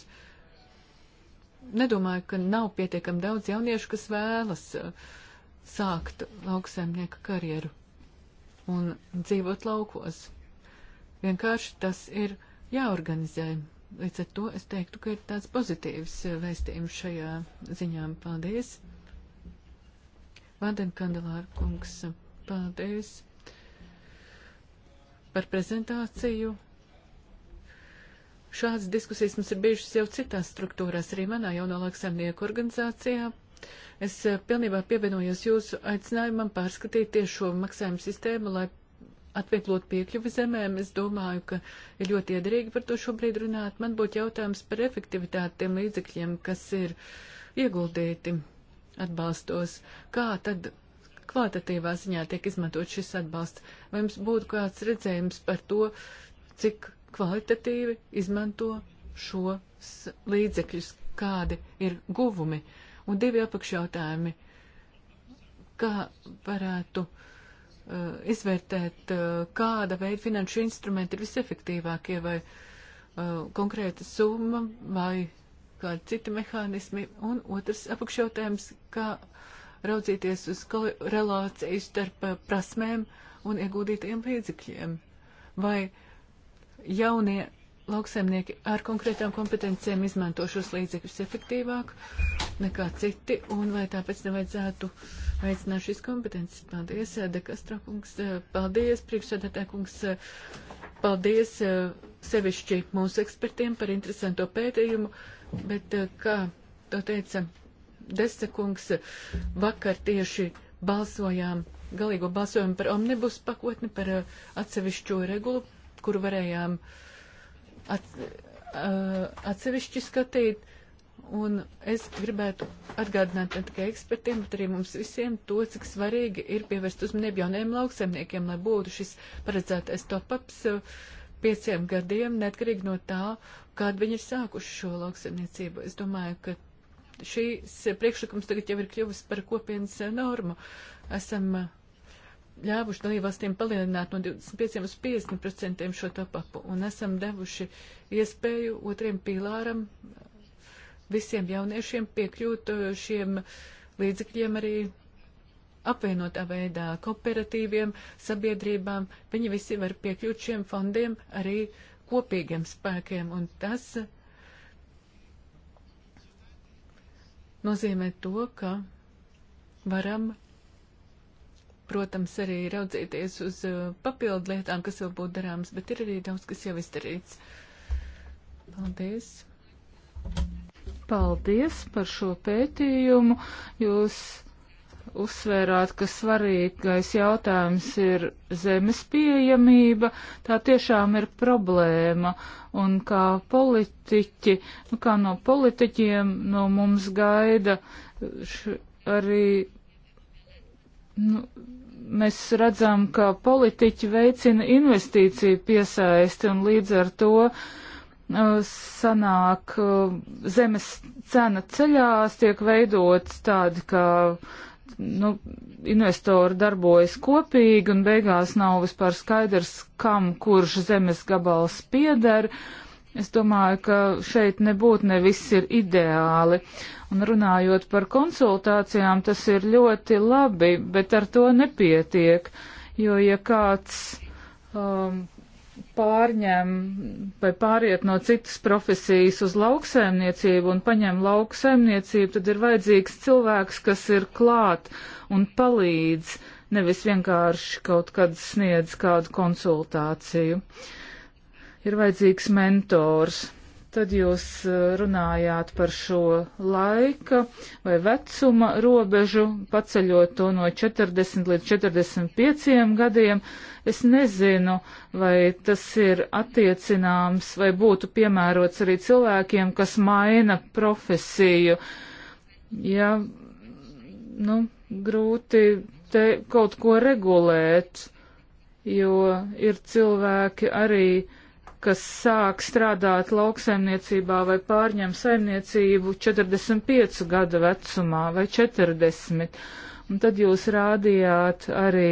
Nedomāju, ka nav pietiekami daudz jauniešu, kas vēlas uh, sākt lauksaimnieka karjeru un dzīvot laukos. Vienkārši tas ir jāorganizē. Līdz ar to es teiktu, ka ir tāds pozitīvs vēstījums šajā ziņā. Paldies! Vandenkandelāra kungs, paldies par prezentāciju. Šādas diskusijas mums ir bijušas jau citās struktūrās, arī manā jauno lauksaimnieku organizācijā Es eh, pilnībā pievienojos jūsu aicinājumam pārskatīt tieši šo maksājumu sistēmu, lai atvieglot piekļuvi zemēm. Es domāju, ka ir ļoti iederīgi par to šobrīd runāt. Man būtu jautājums par efektivitāti tiem līdzekļiem, kas ir ieguldīti atbalstos. Kā tad kvalitatīvā ziņā tiek izmantot šis atbalsts? Vai jums būtu kāds redzējums par to, cik kvalitatīvi izmanto šos līdzekļus, kādi ir guvumi? Uh, Un divi apakšjautājumi. Kā varētu uh, izvērtēt, uh, kāda veida finanšu instrumenti ir visefektīvākie vai uh, konkrēta summa vai kādi citi mehānismi? Un otrs apakšjautājums, kā raudzīties uz relāciju starp prasmēm un ieguldītajiem līdzekļiem? Vai jaunie lauksaimnieki ar konkrētām kompetencijām izmanto šos līdzekļus efektīvāk nekā citi, un vai tāpēc nevajadzētu veicināt šīs kompetences. Paldies, eh, Dekastra kungs, eh, paldies, priekšsēdētā kungs, eh, paldies sevišķi mūsu ekspertiem par interesanto pētījumu, bet, kā to teica Desa kungs, vakar tieši balsojām, galīgo balsojumu par omnibus pakotni, par atsevišķo regulu, kuru varējām uh, Uh, atsevišķi skatīt. Un es gribētu atgādināt ne tikai ekspertiem, bet arī mums visiem to, cik svarīgi ir pievērst uzmanību jauniem lauksemniekiem, lai būtu šis paredzētais top-ups uh, pieciem gadiem, neatkarīgi no tā, kāda viņi ir sākuši šo lauksemniecību. Es domāju, ka šīs priekšlikums tagad jau ir kļuvis par kopienas normu. Esam uh, ļāvuši dalībvalstīm palielināt no 25 uz 50 procentiem šo topapu un esam devuši iespēju otriem pīlāram visiem jauniešiem piekļūt uh, šiem līdzekļiem arī apvienotā veidā kooperatīviem, sabiedrībām. Viņi visi var piekļūt šiem fondiem arī kopīgiem spēkiem, un tas nozīmē to, ka varam protams, arī raudzīties uz uh, papildu lietām, kas vēl būtu darāms, bet ir arī daudz, kas jau izdarīts. Paldies! Paldies par šo pētījumu. Jūs uzsvērāt, ka svarīgais jautājums ir zemes pieejamība. Tā tiešām ir problēma. Un kā politiķi, nu kā no politiķiem no mums gaida arī Nu, mēs redzam, ka politiķi veicina investīciju piesaisti un līdz ar to uh, sanāk uh, zemes cena ceļās, tiek veidots tādi, ka nu, investori darbojas kopīgi un beigās nav vispār skaidrs, kam kurš zemes gabals pieder. Uh, Es domāju, ka šeit nebūtu ne viss ir ideāli. Un runājot par konsultācijām, tas ir ļoti labi, bet ar to nepietiek. Jo, ja kāds um, pārņem vai pāriet no citas profesijas uz lauksēmniecību un paņem lauksēmniecību, tad ir vajadzīgs cilvēks, kas ir klāt un palīdz, nevis vienkārši kaut kad sniedz kādu konsultāciju. Uh, ir vajadzīgs mentors. Tad jūs eh, runājāt par šo laika vai vecuma robežu, paceļot to no 40 līdz 45 gadiem. Es nezinu, vai tas ir attiecināms vai būtu piemērots arī cilvēkiem, kas maina profesiju. Ja, nu, grūti te kaut ko regulēt, jo ir cilvēki arī kas sāk strādāt lauksaimniecībā vai pārņem saimniecību 45 gada vecumā vai 40. Un tad jūs rādījāt arī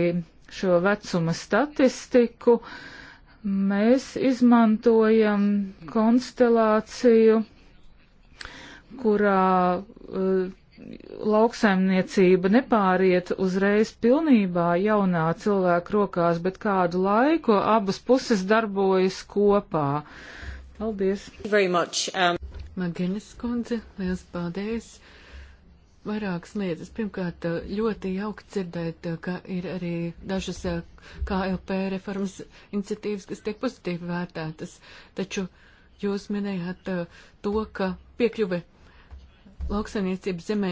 šo vecuma statistiku. Mēs izmantojam konstelāciju, kurā uh, lauksaimniecība nepāriet uzreiz pilnībā jaunā cilvēka rokās, bet kādu laiku abas puses darbojas kopā. Paldies! Um... Maginis kundze, liels paldies! Vairākas lietas. Pirmkārt, ļoti jauki dzirdēt, ka ir arī dažas uh, KLP reformas iniciatīvas, kas tiek pozitīvi vērtētas. Taču jūs minējāt uh, to, ka piekļuve lauksaimniecības zemē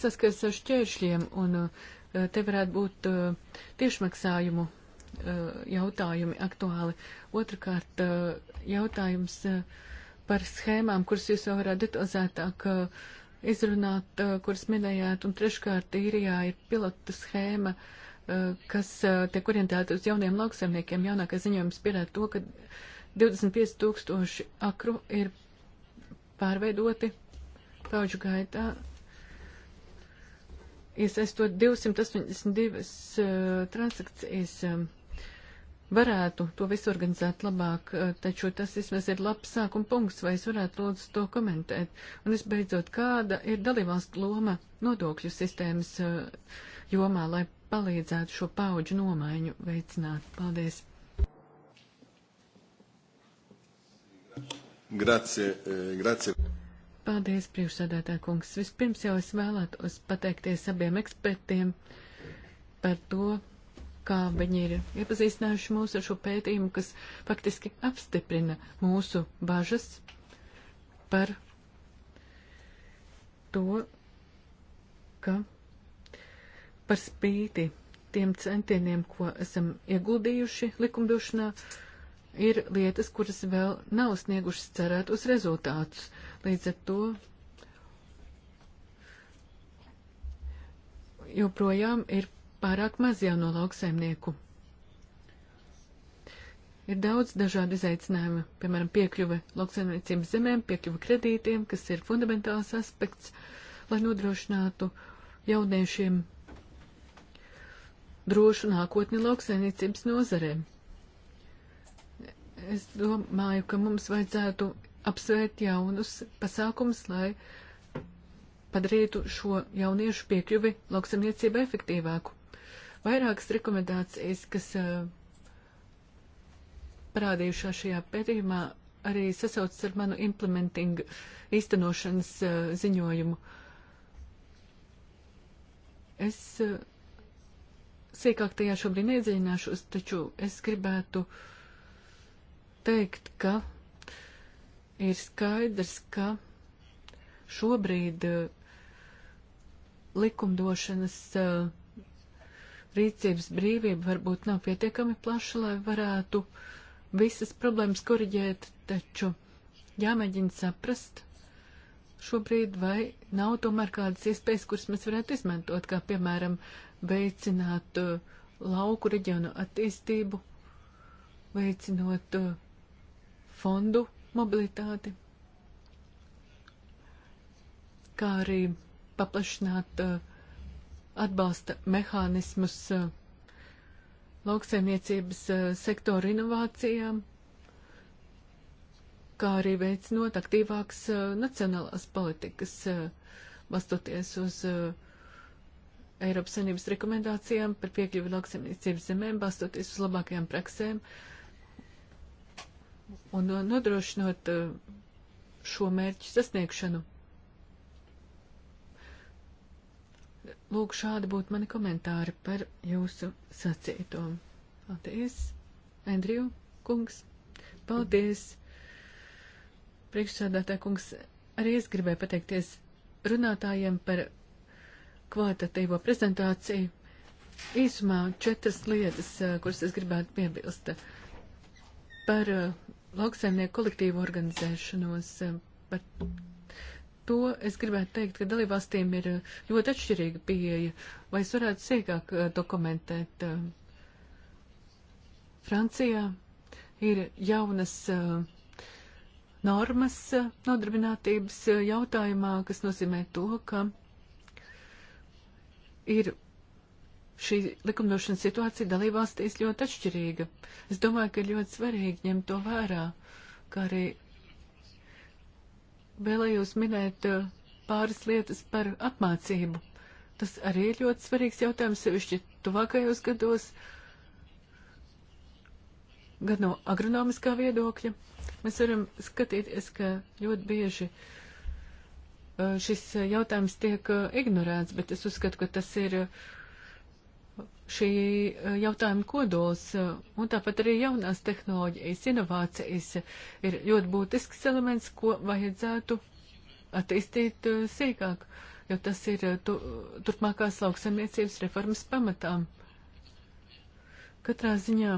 saskars ar šķēršļiem, un uh, te varētu būt uh, tiešmaksājumu uh, jautājumi aktuāli. Otrakārt, jautājums par schēmām, kuras jūs jau varētu detalizētāk izrunāt, kuras minējāt, un treškārt, īrijā ir pilota schēma, kas tiek orientēta uz jauniem lauksaimniekiem. Jaunākais ziņojums pierāda to, ka 25 tūkstoši akru ir pārveidoti pauģu gaitā, iesaistot 282 uh, eh, transakcijas, um, varētu to visu organizēt labāk, uh, taču tas vismaz ir labs sākuma punkts, vai es varētu lūdzu to komentēt. Un visbeidzot, kāda ir dalībvalstu loma nodokļu sistēmas uh, jomā, lai palīdzētu šo pauģu nomaiņu veicināt? Paldies! Grazie, grazie. Paldies, priekšsādātā kungs. Vispirms jau es vēlētos pateikties abiem ekspertiem par to, kā viņi ir iepazīstinājuši mūs ar šo pētījumu, kas faktiski apstiprina mūsu bažas par to, ka par spīti tiem centieniem, ko esam ieguldījuši likumdošanā, ir lietas, kuras vēl nav sniegušas cerētos rezultātus. Līdz ar to joprojām ir pārāk maz jauno lauksaimnieku. Ir daudz dažādu izaicinājumu, piemēram, piekļuve lauksaimniecības zemēm, piekļuve kredītiem, kas ir fundamentāls aspekts, lai nodrošinātu jauniešiem drošu nākotni lauksaimniecības nozarēm. Es domāju, ka mums vajadzētu apsvērt jaunus pasākumus, lai padarītu šo jauniešu piekļuvi lauksamniecību efektīvāku. Vairākas rekomendācijas, kas eh, parādījušās šajā pētījumā, arī sasaucas ar manu implementing īstenošanas eh, ziņojumu. Es eh, sīkāk tajā šobrīd neiedziļināšos, taču es gribētu teikt, ka ir skaidrs, ka šobrīd eh, likumdošanas eh, rīcības brīvība varbūt nav pietiekami plaša, lai varētu visas problēmas koriģēt, taču jāmēģina saprast šobrīd, vai nav tomēr kādas iespējas, kuras mēs varētu izmantot, kā piemēram veicināt eh, lauku reģionu attīstību, veicinot fondu mobilitāti, kā arī paplašināt uh, atbalsta mehānismus uh, lauksaimniecības uh, sektora inovācijām, kā arī veicinot aktīvākas uh, nacionālās politikas, uh, balstoties uz uh, Eiropas Savienības rekomendācijām par piekļuvi lauksaimniecības zemēm, balstoties uz labākajām praksēm, uh, un uh, nodrošinot uh, šo mērķu sasniegšanu. Lūk, šādi būtu mani komentāri par jūsu sacīto. Paldies, Andriju kungs. Paldies, priekšsādātā kungs. Arī es gribēju pateikties runātājiem par kvalitatīvo prezentāciju. Īsumā četras lietas, uh, kuras es gribētu piebilst. Uh, par eh, lauksaimnieku kolektīvu organizēšanos. Eh, par to es gribētu teikt, ka dalībvalstīm ir eh, ļoti atšķirīga pieeja. Vai es varētu sīkāk dokumentēt? Francijā ir jaunas normas nodarbinātības jautājumā, kas nozīmē to, ka ir šī likumdošanas situācija dalībvalstīs ļoti atšķirīga. Es domāju, ka ir ļoti svarīgi ņemt to vērā, kā arī vēlējos minēt uh, pāris lietas par apmācību. Tas arī ir ļoti svarīgs jautājums, sevišķi tuvākajos gados, gan no agronomiskā viedokļa. Mēs varam skatīties, ka ļoti bieži uh, šis uh, jautājums tiek ignorēts, bet es uzskatu, ka tas ir uh, šī eh, jautājuma kodols eh, un tāpat arī jaunās tehnoloģijas inovācijas ir ļoti būtisks elements, ko vajadzētu attīstīt eh, sīkāk, jo tas ir tu, turpmākās lauksaimniecības reformas pamatām. Katrā ziņā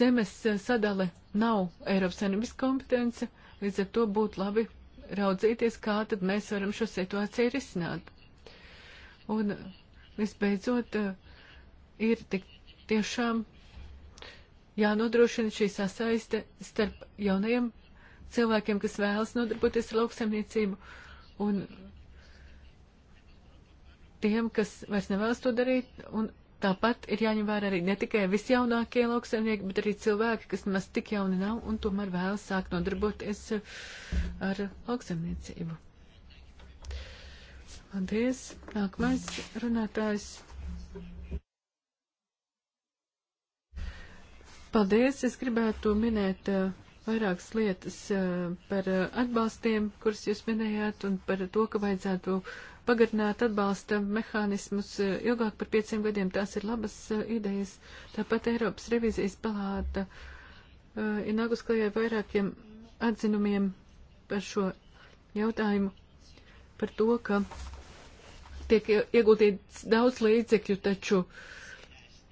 zemes sadale nav Eiropas Savienības kompetence, līdz ar to būtu labi raudzīties, kā tad mēs varam šo situāciju risināt. Un visbeidzot eh, ir tik tiešām jānodrošina šī sasaiste starp jaunajiem cilvēkiem, kas vēlas nodarboties ar lauksaimniecību, un tiem, kas vairs nevēlas to darīt, un tāpat ir jāņem vērā arī ne tikai visjaunākie lauksaimnieki, bet arī cilvēki, kas nemaz tik jauni nav un tomēr vēlas sākt nodarboties eh, ar lauksaimniecību. Paldies. Nākamais runātājs. Paldies! Es gribētu minēt uh, vairākas lietas uh, par uh, atbalstiem, kurus jūs minējāt, un par to, ka vajadzētu pagarināt atbalsta mehānismus ilgāk par pieciem gadiem. Tās ir labas idejas. Tāpat Eiropas revizijas palāta ir nākus klajā vairākiem atzinumiem par šo jautājumu, par to, ka tiek ieguldīts daudz līdzekļu, taču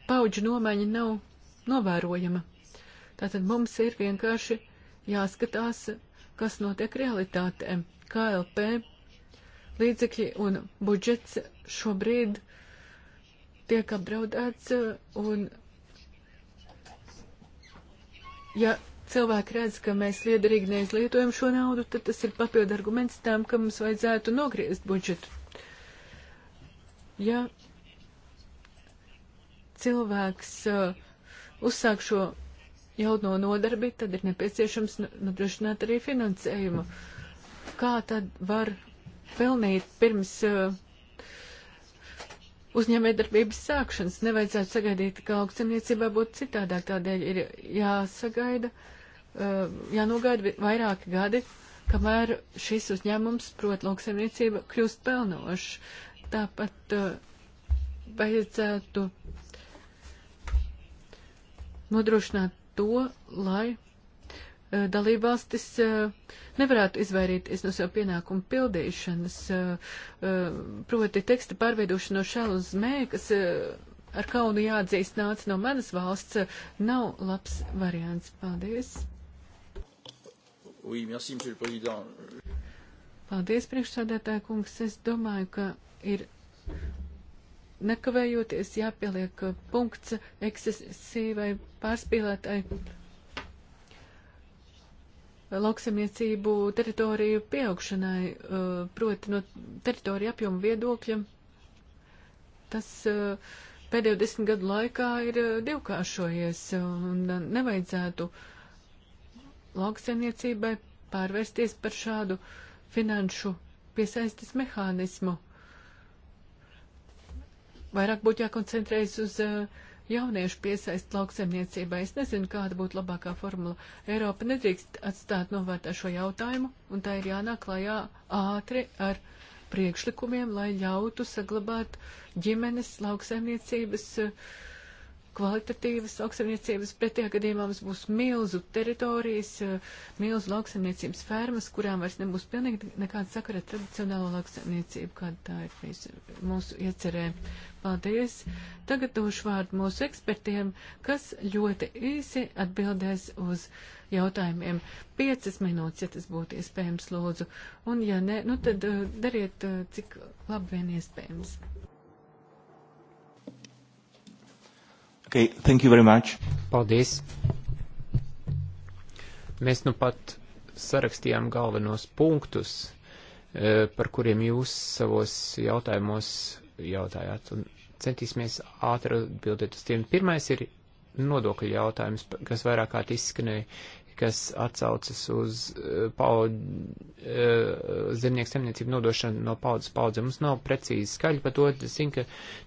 paudžu nomaiņa nav novērojama. Tātad mums ir vienkārši jāskatās, kas notiek realitātē. KLP līdzekļi un budžets šobrīd tiek apdraudēts un ja cilvēki redz, ka mēs liederīgi neizlietojam šo naudu, tad tas ir papildu arguments tam, ka mums vajadzētu nogriezt budžetu ja cilvēks uh, uzsāk šo jauno nodarbi, tad ir nepieciešams nu, nodrošināt arī finansējumu. Kā tad var pelnīt pirms uh, uzņēmējdarbības sākšanas? Nevajadzētu sagaidīt, ka lauksaimniecībā būtu citādāk. Tādēļ ir jāsagaida, uh, jānogaida vairāki gadi, kamēr šis uzņēmums, prot lauksaimniecība, kļūst pelnošs. Tāpat uh, vajadzētu nodrošināt to, lai uh, dalībvalstis uh, nevarētu izvairīties no savu pienākumu pildīšanas, proti teksta pārveidošana no šā uz mē, kas ar kaunu jāatzīst nāca no manas valsts, nav labs variants. Paldies! Oui, merci, monsieur le président. Paldies, priekšsādātāja kungs. Es domāju, ka ir nekavējoties jāpieliek uh, punkts ekscesīvai pārspīlētai lauksamniecību teritoriju pieaugšanai, uh, proti no teritoriju apjomu viedokļa. Tas uh, pēdējo desmit gadu laikā ir divkāršojies un nevajadzētu lauksaimniecībai pārvērsties par šādu uh, finanšu piesaistes mehānismu. Vairāk būtu jākoncentrējas uz uh, jauniešu piesaist lauksemniecībai. Es nezinu, kāda būtu labākā formula. Eiropa nedrīkst atstāt novērtā šo jautājumu, un tā ir jānāk klajā ātri ar priekšlikumiem, lai ļautu saglabāt ģimenes lauksemniecības uh, eh, kvalitatīvas lauksaimniecības. Pretējā gadījumā mums būs milzu teritorijas, milzu lauksaimniecības fermas, kurām vairs nebūs pilnīgi nekāda sakara ar tradicionālo lauksaimniecību, kāda tā ir visu, mūsu iecerē. Paldies! Tagad došu vārdu mūsu ekspertiem, kas ļoti īsi atbildēs uz jautājumiem. Piecas minūtes, ja tas būtu iespējams, lūdzu. Un ja nē, nu tad eh, dariet, eh, cik labi vien iespējams. Okay, thank you very much. Paldies. Mēs nu pat sarakstījām galvenos punktus, e, par kuriem jūs savos jautājumos jautājāt, un centīsimies ātri atbildēt uz tiem. Pirmais ir nodokļu jautājums, kas vairāk kārt izskanēja kas atsaucas uz eh, paud, eh, zemnieku saimniecību nodošanu no paudzes paudzē. Mums nav precīzi skaļi par to, es zinu, ka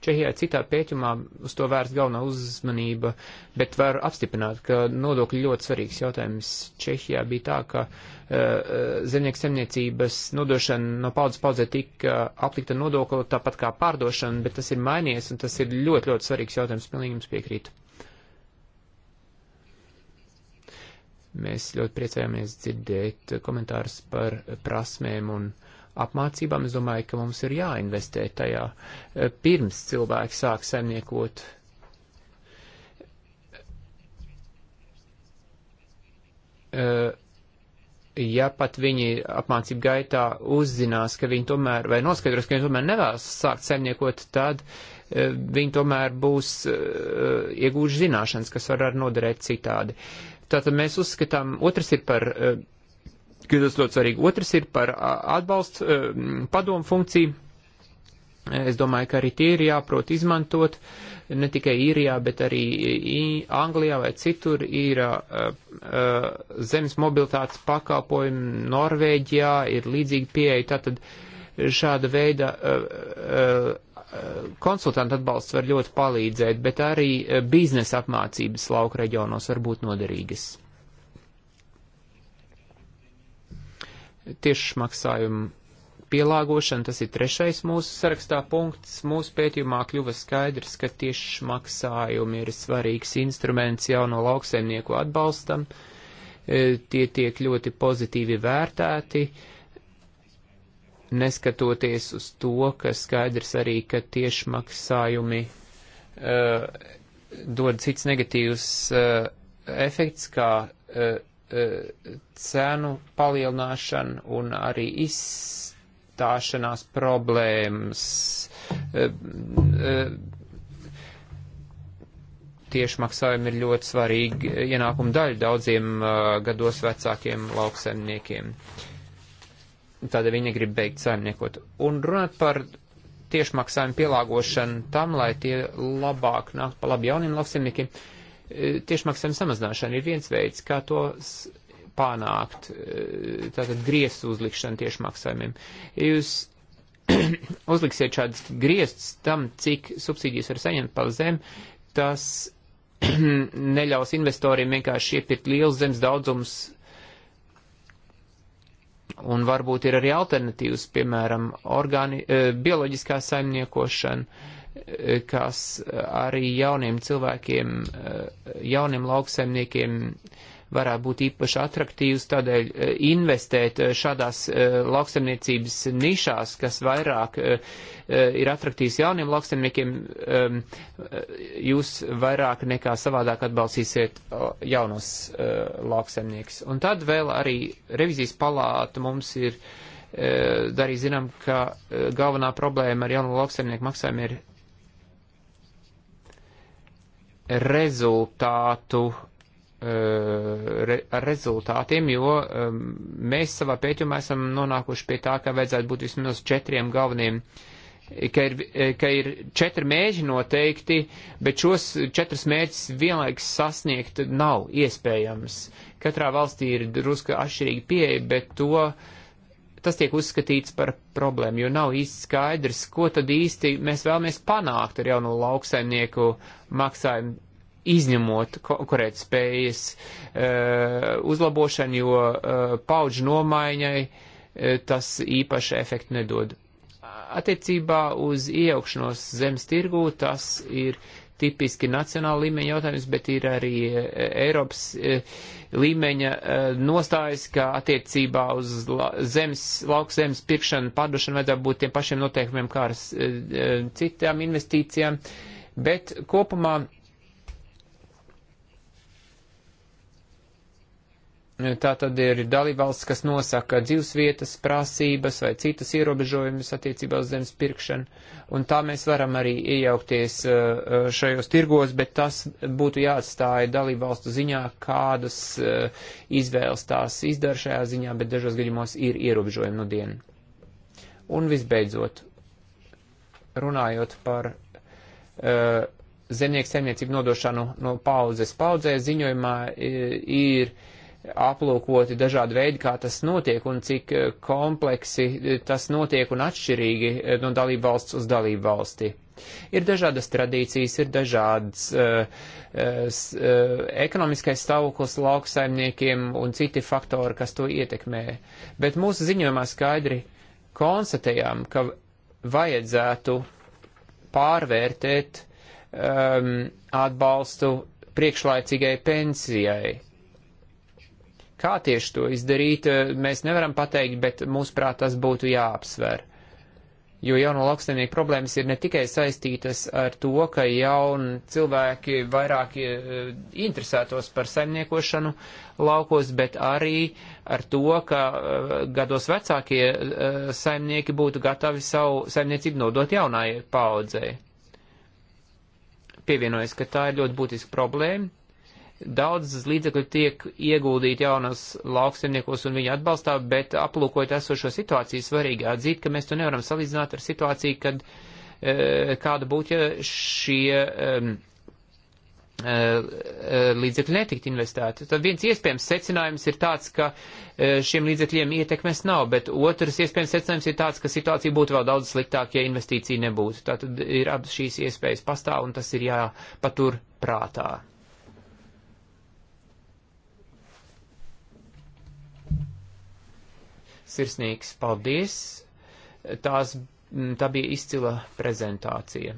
Čehijā citā pētījumā uz to vērst galvenā uzmanība, bet var apstiprināt, ka nodokļi ļoti svarīgs jautājums. Čehijā bija tā, ka eh, zemnieku saimniecības nodošana no paudzes paudzē tika aplikta nodokli tāpat kā pārdošana, bet tas ir mainījies un tas ir ļoti, ļoti svarīgs jautājums, pilnīgi jums piekrītu. Mēs ļoti priecājamies dzirdēt komentārus par prasmēm un apmācībām. Es domāju, ka mums ir jāinvestē tajā eh, pirms cilvēki sāk saimniekot. Uh, ja pat viņi apmācību gaitā uzzinās, ka viņi tomēr, vai noskaidros, ka viņi tomēr nevēlas sākt saimniekot, tad eh, viņi tomēr būs uh, iegūši zināšanas, kas var arī noderēt citādi. Tātad mēs uzskatām, otrs ir par, eh, ka tas ļoti svarīgi, otrs ir par atbalstu eh, padomu funkciju. Eh, es domāju, ka arī tie ir jāprot izmantot, ne tikai īrijā, bet arī Anglijā vai citur ir uh, uh, zemes mobilitātes pakalpojumi, Norvēģijā ir līdzīgi pieeja, tātad šāda veida uh, uh, konsultanta atbalsts var ļoti palīdzēt, bet arī eh, biznesa apmācības lauka reģionos var būt noderīgas. Tieši maksājumu pielāgošana, tas ir trešais mūsu sarakstā punkts. Mūsu pētījumā kļuva skaidrs, ka tieši maksājumi ir svarīgs instruments jauno lauksaimnieku atbalstam. Eh, tie tiek ļoti pozitīvi vērtēti. Uh, neskatoties uz to, ka skaidrs arī, ka tiešmaksājumi uh, dod cits negatīvs uh, efekts, kā uh, uh, cenu palielināšana un arī izstāšanās problēmas. Uh, uh, tiešmaksājumi ir ļoti svarīgi ienākuma daļa daudziem uh, gados vecākiem lauksaimniekiem. Uh, Tādēļ viņi grib beigt saimniekot. Un runāt par tiešmaksājumu pielāgošanu tam, lai tie labāk nāk pa labi jauniem lauksimniekiem, tiešmaksājumu samazināšana ir viens veids, kā to panākt, e, tātad griestu uzlikšanu tiešmaksājumiem. Ja jūs uzliksiet šādas griestas tam, cik subsīdijas var saņemt pa zem, tas neļaus investoriem vienkārši iepirkt liels zemes daudzums Un varbūt ir arī alternatīvas, piemēram, organi, e, bioloģiskā saimniekošana, e, kas arī jauniem cilvēkiem, e, jauniem lauksaimniekiem uh, varētu būt īpaši atraktīvs, tādēļ eh, investēt eh, šādās eh, lauksemniecības nišās, kas vairāk ir atraktīvs jauniem lauksemniekiem, ehm, jūs vairāk nekā savādāk atbalstīsiet jaunos lauksemniekus. Un tad vēl arī revizijas palāta mums ir darīja zinām, ka galvenā problēma ar jaunu lauksaimnieku maksājumu ir rezultātu re, ar rezultātiem, jo um, mēs savā pētījumā esam nonākuši pie tā, ka vajadzētu būt vismaz četriem galveniem, ka ir, ka ir četri mēģi noteikti, bet šos četrus mēģus vienlaiks sasniegt nav iespējams. Katrā valstī ir druska atšķirīga pieeja, bet to, tas tiek uzskatīts par problēmu, jo nav īsti skaidrs, ko tad īsti mēs vēlamies panākt ar jauno lauksaimnieku maksājumu izņemot konkurēt spējas eh, uzlabošanu, jo eh, paudžu nomaiņai eh, tas īpaši efektu nedod. Attiecībā uz iejaukšanos zemes tirgū tas ir tipiski nacionāla līmeņa jautājums, bet ir arī Eiropas līmeņa nostājas, ka attiecībā uz zemes, lauku zemes pirkšanu, pārdošanu vajadzētu būt tiem pašiem noteikumiem kā ar citām investīcijām. Bet kopumā Tā tad ir dalībvalsts, kas nosaka dzīvesvietas, prasības vai citas ierobežojumus attiecībā uz zemes pirkšanu, un tā mēs varam arī iejaukties uh, uh, šajos tirgos, bet tas būtu jāatstāja dalībvalstu ziņā, kādas uh, izvēles tās izdara šajā ziņā, bet dažos gadījumos ir ierobežojumi no dienu. Un visbeidzot, runājot par zemnieku saimniecību nodošanu no paudzes paudzē, ziņojumā ir aplūkoti dažādi veidi, kā tas notiek un cik eh, kompleksi eh, tas notiek un atšķirīgi eh, no dalību valsts uz dalību valsti. Ir dažādas tradīcijas, ir dažāds uh, uh, ekonomiskais stāvoklis lauksaimniekiem un citi faktori, kas to ietekmē. Bet mūsu ziņojumā skaidri konstatējām, ka vajadzētu pārvērtēt um, atbalstu priekšlaicīgai pensijai Kā tieši to izdarīt, eh, mēs nevaram pateikt, bet mūsuprāt tas būtu jāapsver. Jo jauno lauksaimnieku problēmas ir ne tikai saistītas ar to, ka jauni cilvēki vairāk eh, interesētos par saimniekošanu laukos, bet arī ar to, ka eh, gados vecākie saimnieki būtu gatavi savu saimniecību nodot jaunai paudzei. Pievienojas, ka tā ir ļoti būtiska problēma Daudz līdzekļu tiek ieguldīti jaunos lauksaimniekos un viņu atbalstā, bet aplūkojot esošo situāciju, svarīgi atzīt, ka mēs to nevaram salīdzināt ar situāciju, kad e, kāda būtu, ja šie e, e, līdzekļi netikt investēti. Tad viens iespējams secinājums ir tāds, ka e, šiem līdzekļiem ietekmes nav, bet otrs iespējams secinājums ir tāds, ka situācija būtu vēl daudz sliktāka, ja investīcija nebūtu. Tātad ir abas šīs iespējas pastāv un tas ir jāpatur prātā. Sirsnīgs paldies! Tās, tā bija izcila prezentācija.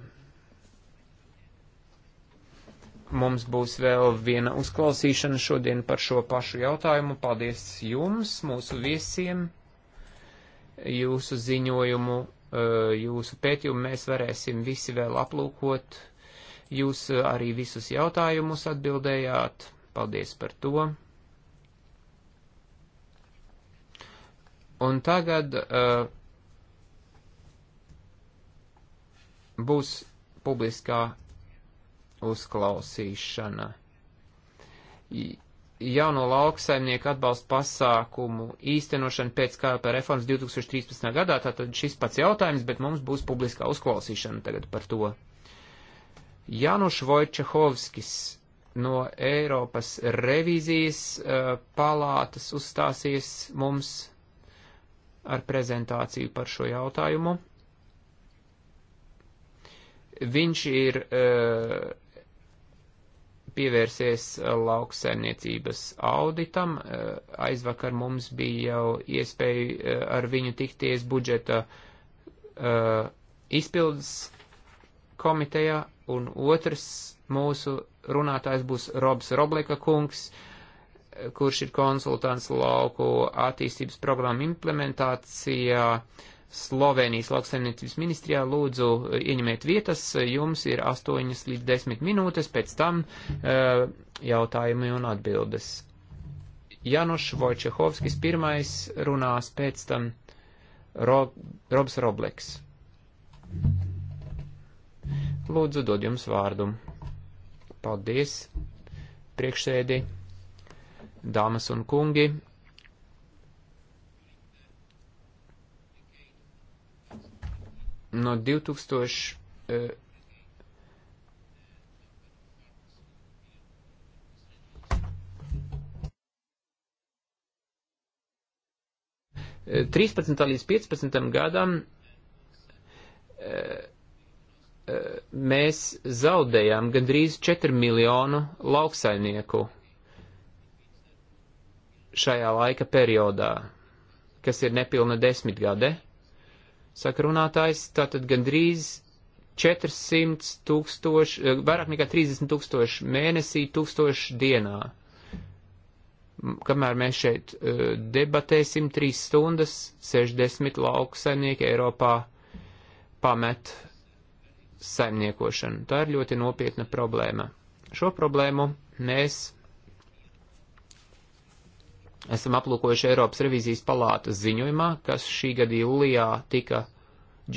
Mums būs vēl viena uzklausīšana šodien par šo pašu jautājumu. Paldies jums, mūsu viesiem, jūsu ziņojumu, e, jūsu pētījumu. Mēs varēsim visi vēl aplūkot. Jūs e, arī visus jautājumus atbildējāt. Paldies par to. Un tagad uh, būs publiskā uzklausīšana. Jauno lauksaimnieku atbalstu pasākumu īstenošana pēc KLP reformas 2013. gadā, tātad šis pats jautājums, bet mums būs publiskā uzklausīšana tagad par to. Januš Vojčehovskis no Eiropas revīzijas uh, palātas uzstāsies mums ar prezentāciju par šo jautājumu. Viņš ir uh, pievērsies lauksaimniecības auditam. Uh, aizvakar mums bija jau iespēja uh, eh, ar viņu tikties budžeta uh, izpildes komitejā, un otrs mūsu runātājs būs Robs Robleka kungs. Uh, kurš ir konsultants lauku attīstības programmu implementācijā Slovenijas lauksaimniecības ministrijā. Lūdzu, ieņemiet vietas, jums ir 8 līdz 10 minūtes, pēc tam eh, jautājumi un atbildes. Januš Vojčehovskis pirmais runās, pēc tam Rob, Robs Robleks. Lūdzu, dod jums vārdu. Paldies, priekšsēdi dāmas un kungi. No 2000. Eh, Trīspadsmit līdz piecpadsmitam gadam eh, eh, mēs zaudējām gandrīz 4 miljonu lauksainieku šajā laika periodā, kas ir nepilna desmitgade, saka runātājs, tātad gandrīz 400 tūkstoši, eh, vairāk nekā 30 tūkstoši mēnesī, tūkstoši dienā. Kamēr mēs šeit eh, debatēsim, 3 stundas 60 lauksaimnieki Eiropā pamet saimniekošanu. Tā ir ļoti nopietna problēma. Šo problēmu mēs esam aplūkojuši Eiropas revīzijas palātas ziņojumā, kas šī gada jūlijā tika,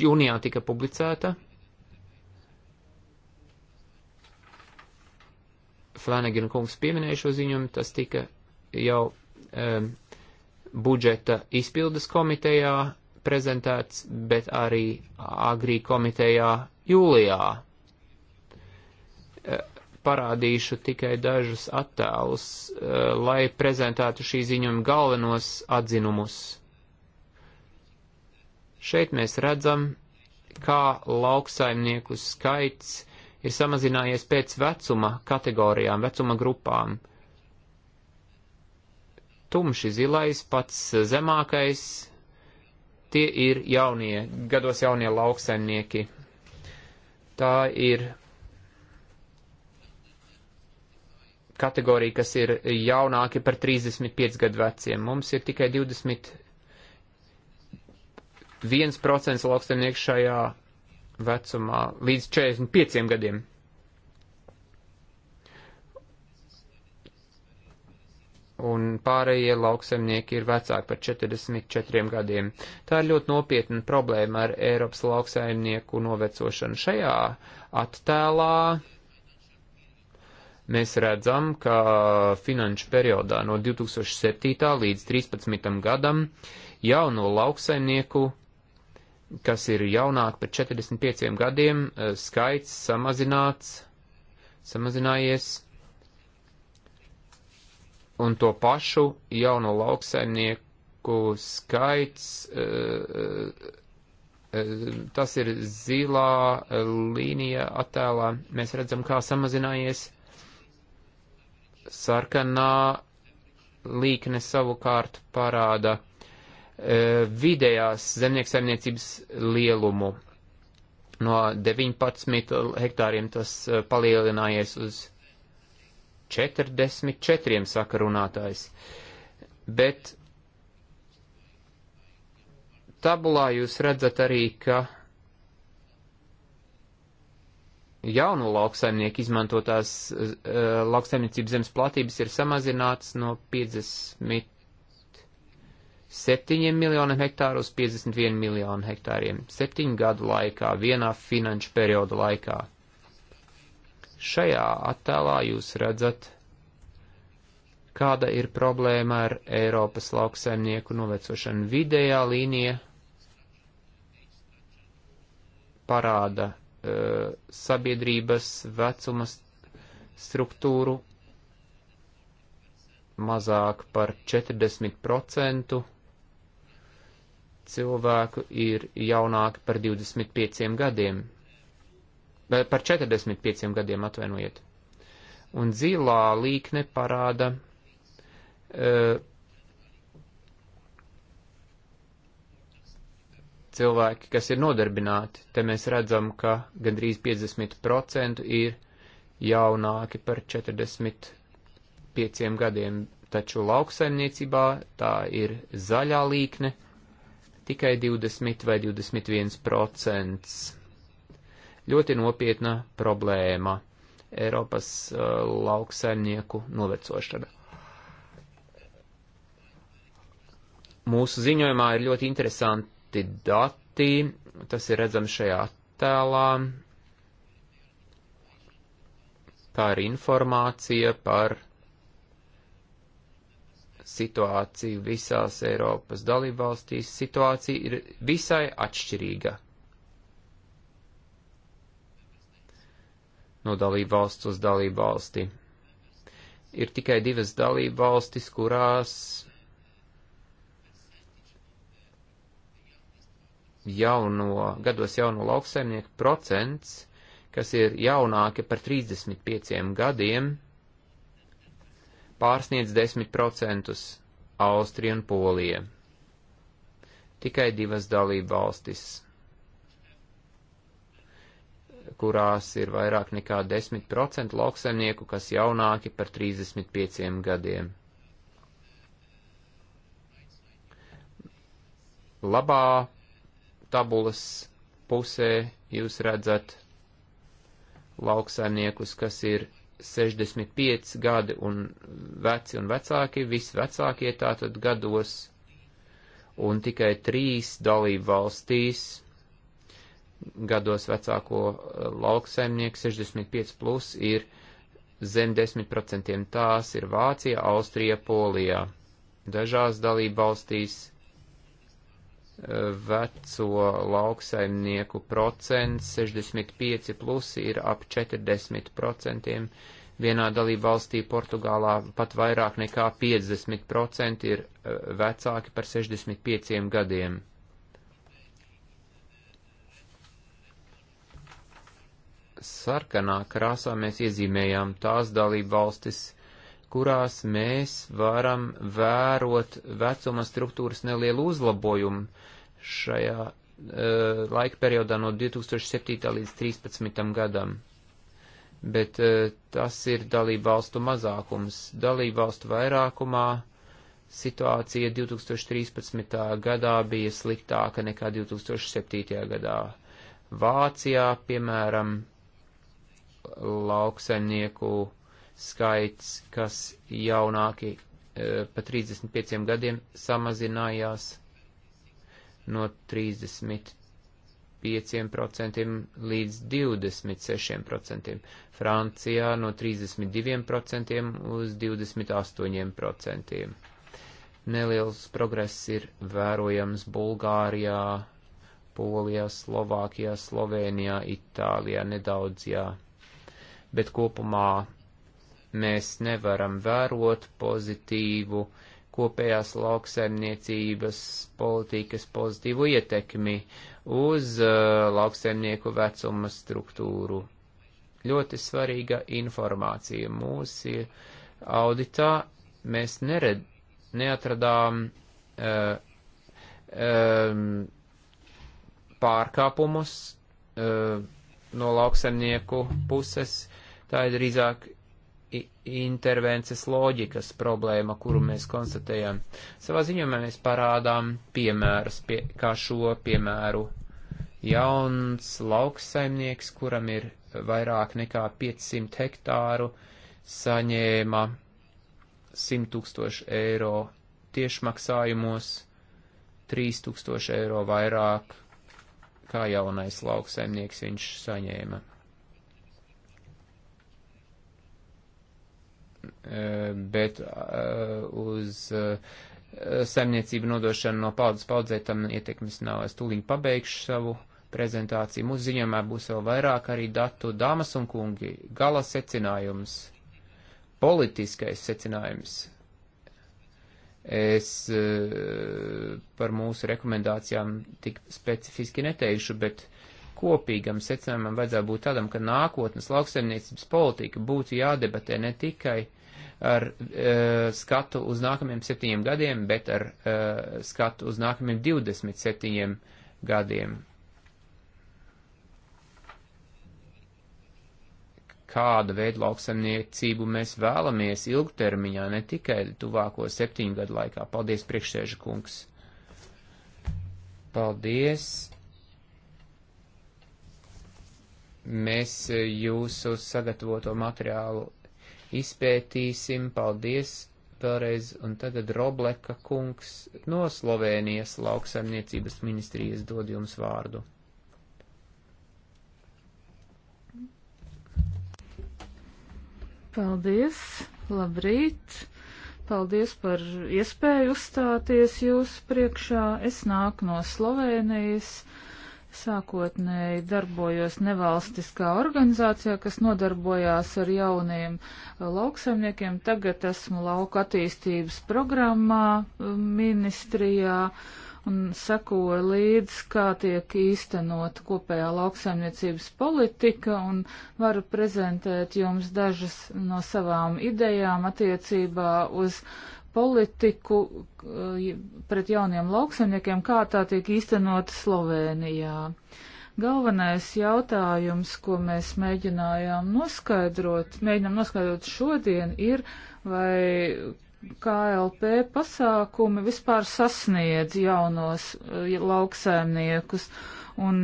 jūnijā tika publicēta. Flanagan kungs pieminēja šo ziņojumu, tas tika jau um, budžeta izpildes komitejā prezentēts, bet arī agrī komitejā jūlijā parādīšu tikai dažus attēlus, eh, lai prezentētu šī ziņojuma galvenos atzinumus. Šeit mēs redzam, kā lauksaimnieku skaits ir samazinājies pēc vecuma kategorijām, vecuma grupām. Tumši zilais, pats zemākais, tie ir jaunie, gados jaunie lauksaimnieki. Tā ir kategorija, kas ir jaunāki par 35 gadu veciem. Mums ir tikai 21% lauksaimnieku šajā vecumā līdz 45 gadiem. Un pārējie lauksaimnieki ir vecāki par 44 gadiem. Tā ir ļoti nopietna problēma ar Eiropas lauksaimnieku novecošanu. Šajā attēlā uh, mēs redzam, ka finanšu periodā no 2007. līdz 2013. gadam jauno lauksaimnieku, kas ir jaunāki par 45 gadiem, eh, skaits samazināts, samazinājies, un to pašu jauno lauksaimnieku skaits. Uh, tas ir zilā līnija attēlā, mēs redzam, kā samazinājies Sarkanā līkne savukārt parāda e, vidējās zemnieku saimniecības lielumu. No 19 hektāriem tas e, palielinājies uz 44, saka runātājs. Bet tabulā jūs redzat arī, ka jaunu lauksaimnieku izmantotās uh, eh, lauksaimniecības zemes platības ir samazināts no 57 miljoniem hektāru uz 51 miljonu hektāriem septiņu gadu laikā, vienā finanšu perioda laikā. Šajā attēlā jūs redzat, kāda ir problēma ar Eiropas lauksaimnieku novecošanu. Vidējā līnija parāda E, sabiedrības vecuma struktūru mazāk par 40% cilvēku ir jaunāki par 25 gadiem, e, par 45 gadiem atvainojiet. Un zilā līkne parāda uh, cilvēki, kas ir nodarbināti. Te mēs redzam, ka gandrīz 50% ir jaunāki par 45 gadiem, taču lauksaimniecībā tā ir zaļā līkne tikai 20 vai 21%. Ļoti nopietna problēma - Eiropas uh, lauksaimnieku novecošana. Mūsu ziņojumā ir ļoti interesanti vākti dati, tas ir redzams šajā attēlā. Tā ir informācija par situāciju visās Eiropas dalībvalstīs. Situācija ir visai atšķirīga. No dalībvalsts uz dalībvalsti. Ir tikai divas dalībvalstis, kurās jauno, gados jauno lauksaimnieku procents, kas ir jaunāki par 35 gadiem, pārsniedz 10% Austrija un Polija. Tikai divas dalība valstis, kurās ir vairāk nekā 10% lauksaimnieku, kas jaunāki par 35 gadiem. Labā tabulas pusē jūs redzat lauksaimniekus, kas ir 65 gadi un veci un vecāki, visi vecākie tātad gados, un tikai trīs dalību valstīs gados vecāko eh, lauksaimnieku 65 plus ir zem 10%. Tās ir Vācija, Austrija, Polijā. Dažās dalību valstīs veco lauksaimnieku procents 65 plus ir ap 40 procentiem. Vienā dalība valstī Portugālā pat vairāk nekā 50 procenti ir eh, vecāki par 65 gadiem. Sarkanā krāsā mēs iezīmējām tās dalība valstis, kurās mēs varam vērot vecuma struktūras nelielu uzlabojumu šajā uh, laika periodā no 2007. līdz 2013. gadam. Bet uh, tas ir dalību valstu mazākums. Dalību valstu vairākumā situācija 2013. gadā bija sliktāka nekā 2007. gadā. Vācijā, piemēram, lauksaimnieku skaits, kas jaunāki e, pa 35 gadiem samazinājās no 35% līdz 26%, Francijā no 32% uz 28%. Neliels progress ir vērojams Bulgārijā, Polijā, Slovākijā, Slovēnijā, Itālijā, nedaudzjā, bet kopumā mēs nevaram vērot pozitīvu uh, kopējās lauksaimniecības politikas pozitīvu ietekmi uz uh, lauksaimnieku vecuma struktūru. Ļoti svarīga informācija mūsu auditā mēs nered, neatradām uh, um, pārkāpumus uh, no lauksaimnieku puses. Tā ir drīzāk intervences loģikas problēma, kuru mm. mēs konstatējam. Savā ziņojumā mēs parādām piemērus, pie, kā šo piemēru jauns lauksaimnieks, kuram ir vairāk nekā 500 hektāru, saņēma 100 tūkstoši eiro tiešmaksājumos, 3 tūkstoši eiro vairāk kā jaunais lauksaimnieks viņš saņēma. Eh, bet eh, uz eh, saimniecību nodošanu no paudzes paudzē tam ietekmes nav. Es tūlīt pabeigšu savu prezentāciju. Mūsu ziņojumā būs vēl vairāk arī datu dāmas un kungi. Gala secinājums, politiskais secinājums. Es par mūsu rekomendācijām tik specifiski neteikšu, bet uh, kopīgam secinājumam vajadzētu būt tādam, ka nākotnes lauksaimniecības politika būtu jādebatē ne tikai ar e, skatu uz nākamajiem septiņiem gadiem, bet ar e, skatu uz nākamajiem 27 gadiem. Kāda veida lauksaimniecību mēs vēlamies ilgtermiņā, ne tikai tuvāko septiņu gadu laikā. Paldies, priekšsēža kungs! Paldies! Mēs e, jūsu sagatavoto materiālu izpētīsim. Paldies vēlreiz. Un tagad Robleka kungs no Slovēnijas lauksaimniecības ministrijas dod jums vārdu. Paldies! Labrīt! paldies par iespēju uzstāties jūsu priekšā. Es nāku no Slovēnijas, sākotnēji darbojos nevalstiskā organizācijā, kas nodarbojās ar jauniem eh, lauksaimniekiem. Tagad esmu lauka attīstības programmā eh, ministrijā un sekoju līdz, kā tiek īstenot kopējā lauksaimniecības politika un varu prezentēt jums dažas no savām idejām attiecībā uz politiku eh, pret jauniem lauksaimniekiem, kā tā tiek īstenot Slovenijā. Galvenais jautājums, ko mēs mēģinājām noskaidrot, mēģinām noskaidrot šodien, ir, vai KLP pasākumi vispār sasniedz jaunos eh, lauksaimniekus un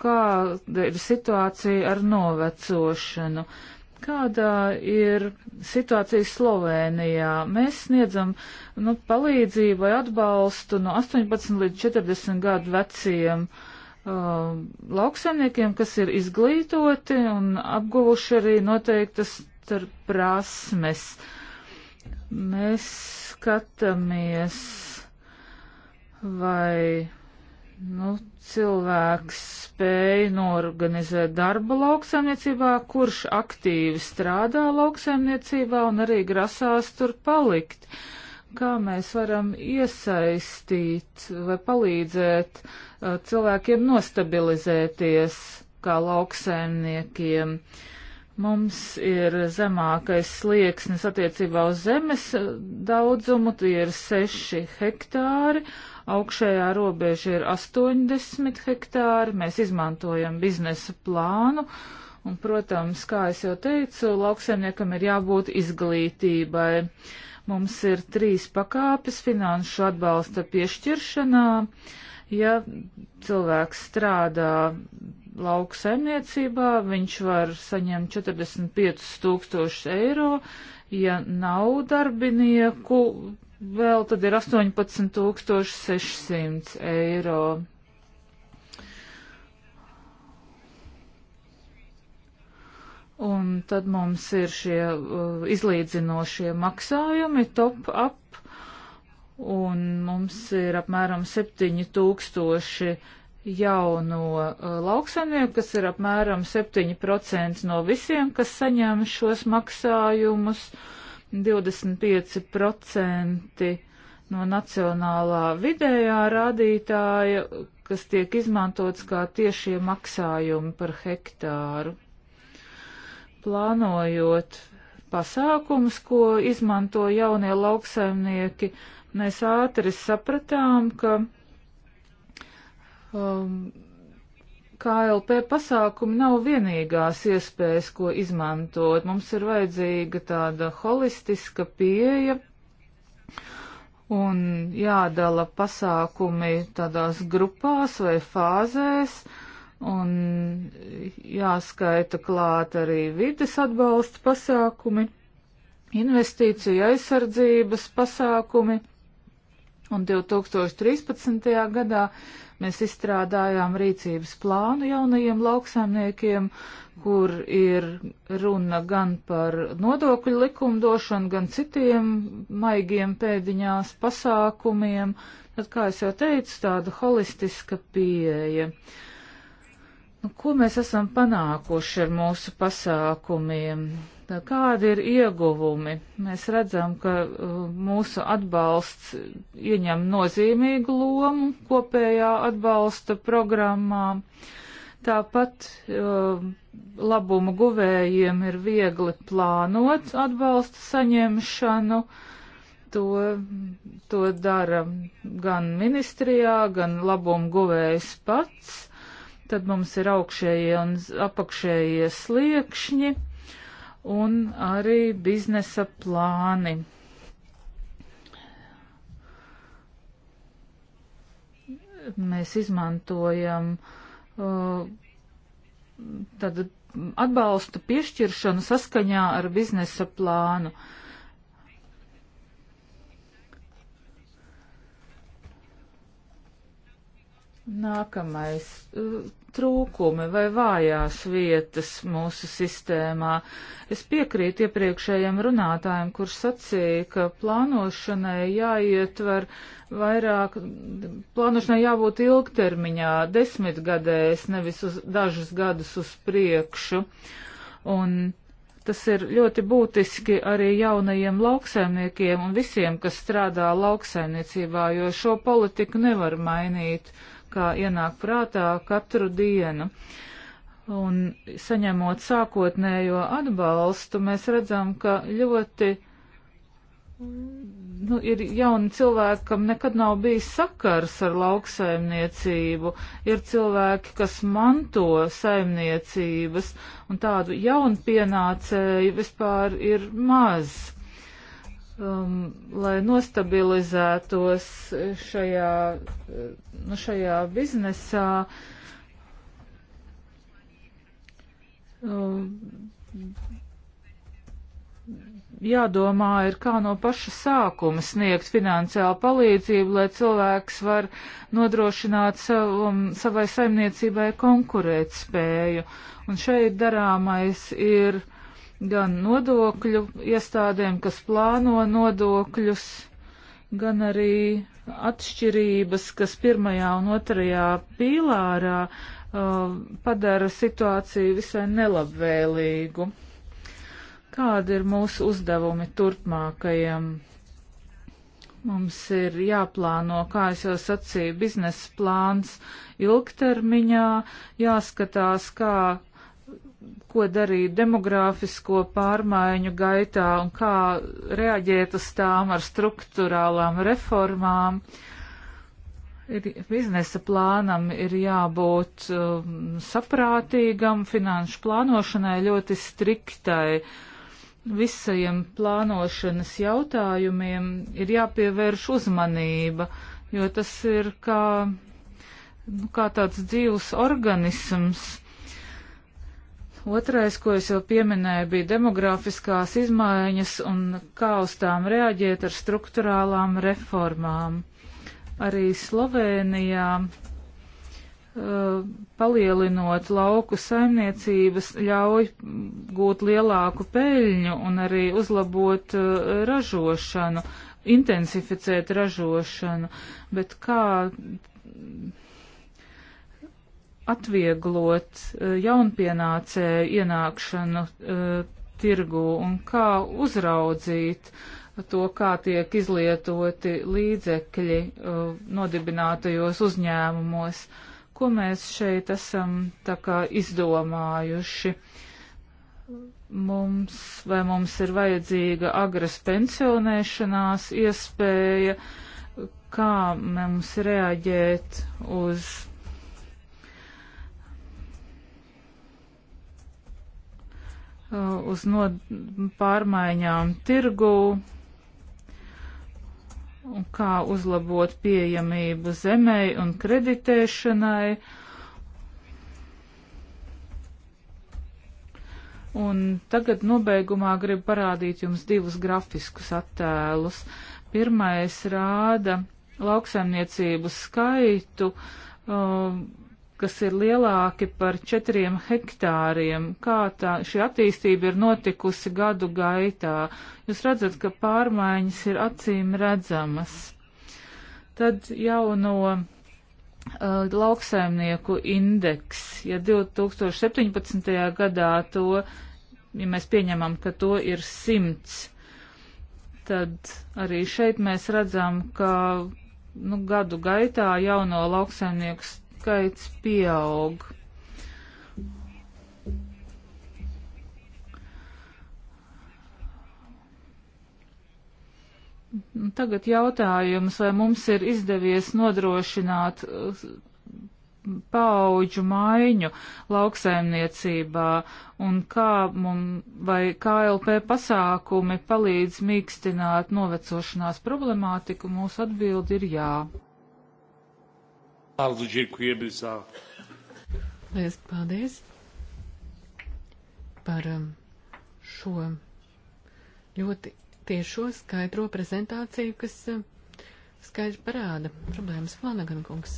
kāda ir situācija ar novecošanu. Kādā ir situācija Slovenijā? Mēs sniedzam nu, palīdzību vai atbalstu no 18 līdz 40 gadu veciem uh, lauksaimniekiem, kas ir izglītoti un apguvuši arī noteiktas prasmes. Mēs skatāmies, vai nu, cilvēks spēja norganizēt darbu lauksaimniecībā, kurš aktīvi strādā lauksaimniecībā un arī grasās tur palikt. Kā mēs varam iesaistīt vai palīdzēt uh, cilvēkiem nostabilizēties kā lauksaimniekiem? Mums ir zemākais slieksnis attiecībā uz zemes daudzumu, tie ir seši hektāri, Augšējā robeža ir 80 hektāri, mēs izmantojam biznesa plānu, un, protams, kā es jau teicu, lauksaimniekam ir jābūt izglītībai. Mums ir trīs pakāpes finanšu atbalsta piešķiršanā. Ja cilvēks strādā lauku saimniecībā, viņš var saņemt 45 tūkstoši eiro, ja nav darbinieku, vēl tad ir 18,600 eiro. Un tad mums ir šie uh, izlīdzinošie maksājumi, top up, un mums ir apmēram 7000 jauno uh, lauksaimnieku, kas ir apmēram 7% no visiem, kas saņem šos maksājumus. Uh, 25% no nacionālā vidējā rādītāja, kas tiek izmantots kā tiešie maksājumi par hektāru. Plānojot pasākumus, ko izmanto jaunie lauksaimnieki, mēs ātri sapratām, ka um, KLP pasākumi nav vienīgās iespējas, ko izmantot. Mums ir vajadzīga tāda holistiska pieeja un jādala pasākumi tādās grupās vai fāzēs un jāskaita klāt arī vides atbalsta pasākumi, investīcija aizsardzības pasākumi un 2013. gadā Mēs izstrādājām rīcības plānu jaunajiem lauksaimniekiem, kur ir runa gan par nodokļu likumdošanu, gan citiem maigiem pēdiņās pasākumiem. Tad, kā es jau teicu, tāda holistiska pieeja. Nu, ko mēs esam panākuši ar mūsu pasākumiem? Kādi ir ieguvumi? Mēs redzam, ka uh, mūsu atbalsts ieņem nozīmīgu lomu kopējā atbalsta programmā. Tāpat uh, labumu guvējiem ir viegli plānot atbalsta saņemšanu. To, to dara gan ministrijā, gan labumu guvējs pats. Tad mums ir augšējie un apakšējie sliekšņi un arī biznesa plāni. Mēs izmantojam uh, tad atbalsta piešķiršanu saskaņā ar biznesa plānu. Uh, Nākamais uh, - trūkumi vai vājās vietas mūsu sistēmā. Es piekrītu iepriekšējiem runātājiem, kurš sacīja, ka plānošanai jāietver vairāk, plānošanai jābūt ilgtermiņā, desmitgadēs, nevis uz dažus gadus uz priekšu. Un tas ir ļoti būtiski arī jaunajiem lauksaimniekiem un visiem, kas strādā lauksaimniecībā, jo šo politiku nevar mainīt kā ienāk prātā katru dienu. Un saņemot sākotnējo atbalstu, mēs redzam, ka ļoti nu, ir jauni cilvēki, kam nekad nav bijis sakars ar lauksaimniecību, ir cilvēki, kas manto saimniecības, un tādu jaunpienācēju vispār ir maz um, lai nostabilizētos šajā, nu, šajā biznesā. Um, jādomā ir, kā no paša sākuma sniegt finansiālu palīdzību, lai cilvēks var nodrošināt savam, savai saimniecībai konkurēt spēju. Un šeit darāmais ir uh, gan nodokļu iestādēm, kas plāno nodokļus, gan arī atšķirības, kas pirmajā un otrajā pīlārā uh, padara situāciju visai nelabvēlīgu. Kādi ir mūsu uzdevumi turpmākajam? Mums ir jāplāno, kā es jau sacīju, biznesa plāns ilgtermiņā, jāskatās, kā ko darīt demogrāfisko pārmaiņu gaitā un kā reaģēt uz tām ar struktūrālām reformām. Ir, biznesa plānam ir jābūt um, saprātīgam, finanšu plānošanai ļoti striktai. Visajiem plānošanas jautājumiem ir jāpievērš uzmanība, jo tas ir kā, nu, kā tāds dzīves organisms Otrais, ko es jau pieminēju, bija demografiskās izmaiņas un kā uz tām reaģēt ar struktūrālām reformām. Arī Slovenijā uh, palielinot lauku saimniecības ļauj gūt lielāku peļņu un arī uzlabot uh, ražošanu, intensificēt ražošanu, bet kā atvieglot eh, jaunpienācēju ienākšanu eh, tirgu un kā uzraudzīt to, kā tiek izlietoti līdzekļi eh, nodibinātajos uzņēmumos, ko mēs šeit esam tā kā izdomājuši. Mums, vai mums ir vajadzīga agras pensionēšanās iespēja, kā mums reaģēt uz Uh, uz no pārmaiņām tirgū un kā uzlabot pieejamību zemei un kreditēšanai. Un tagad nobeigumā gribu parādīt jums divus grafiskus attēlus. Pirmais rāda lauksaimniecību skaitu um, kas ir lielāki par četriem hektāriem, kā tā šī attīstība ir notikusi gadu gaitā. Jūs redzat, ka pārmaiņas ir acīm redzamas. Tad jauno uh, lauksaimnieku indeks, ja 2017. gadā to, ja mēs pieņemam, ka to ir simts, tad arī šeit mēs redzam, ka nu, gadu gaitā jauno lauksaimnieku skaits pieaug. Nu, tagad jautājums, vai mums ir izdevies nodrošināt uh, paauģu maiņu lauksaimniecībā un kā mums vai KLP pasākumi palīdz mīkstināt novecošanās problemātiku, mūsu atbildi ir jā. Bardzo dziękujemy za. Lielas paldies par um, šo ļoti tiešo skaidro prezentāciju, kas um, skaidri parāda problēmas Flanagan kungs.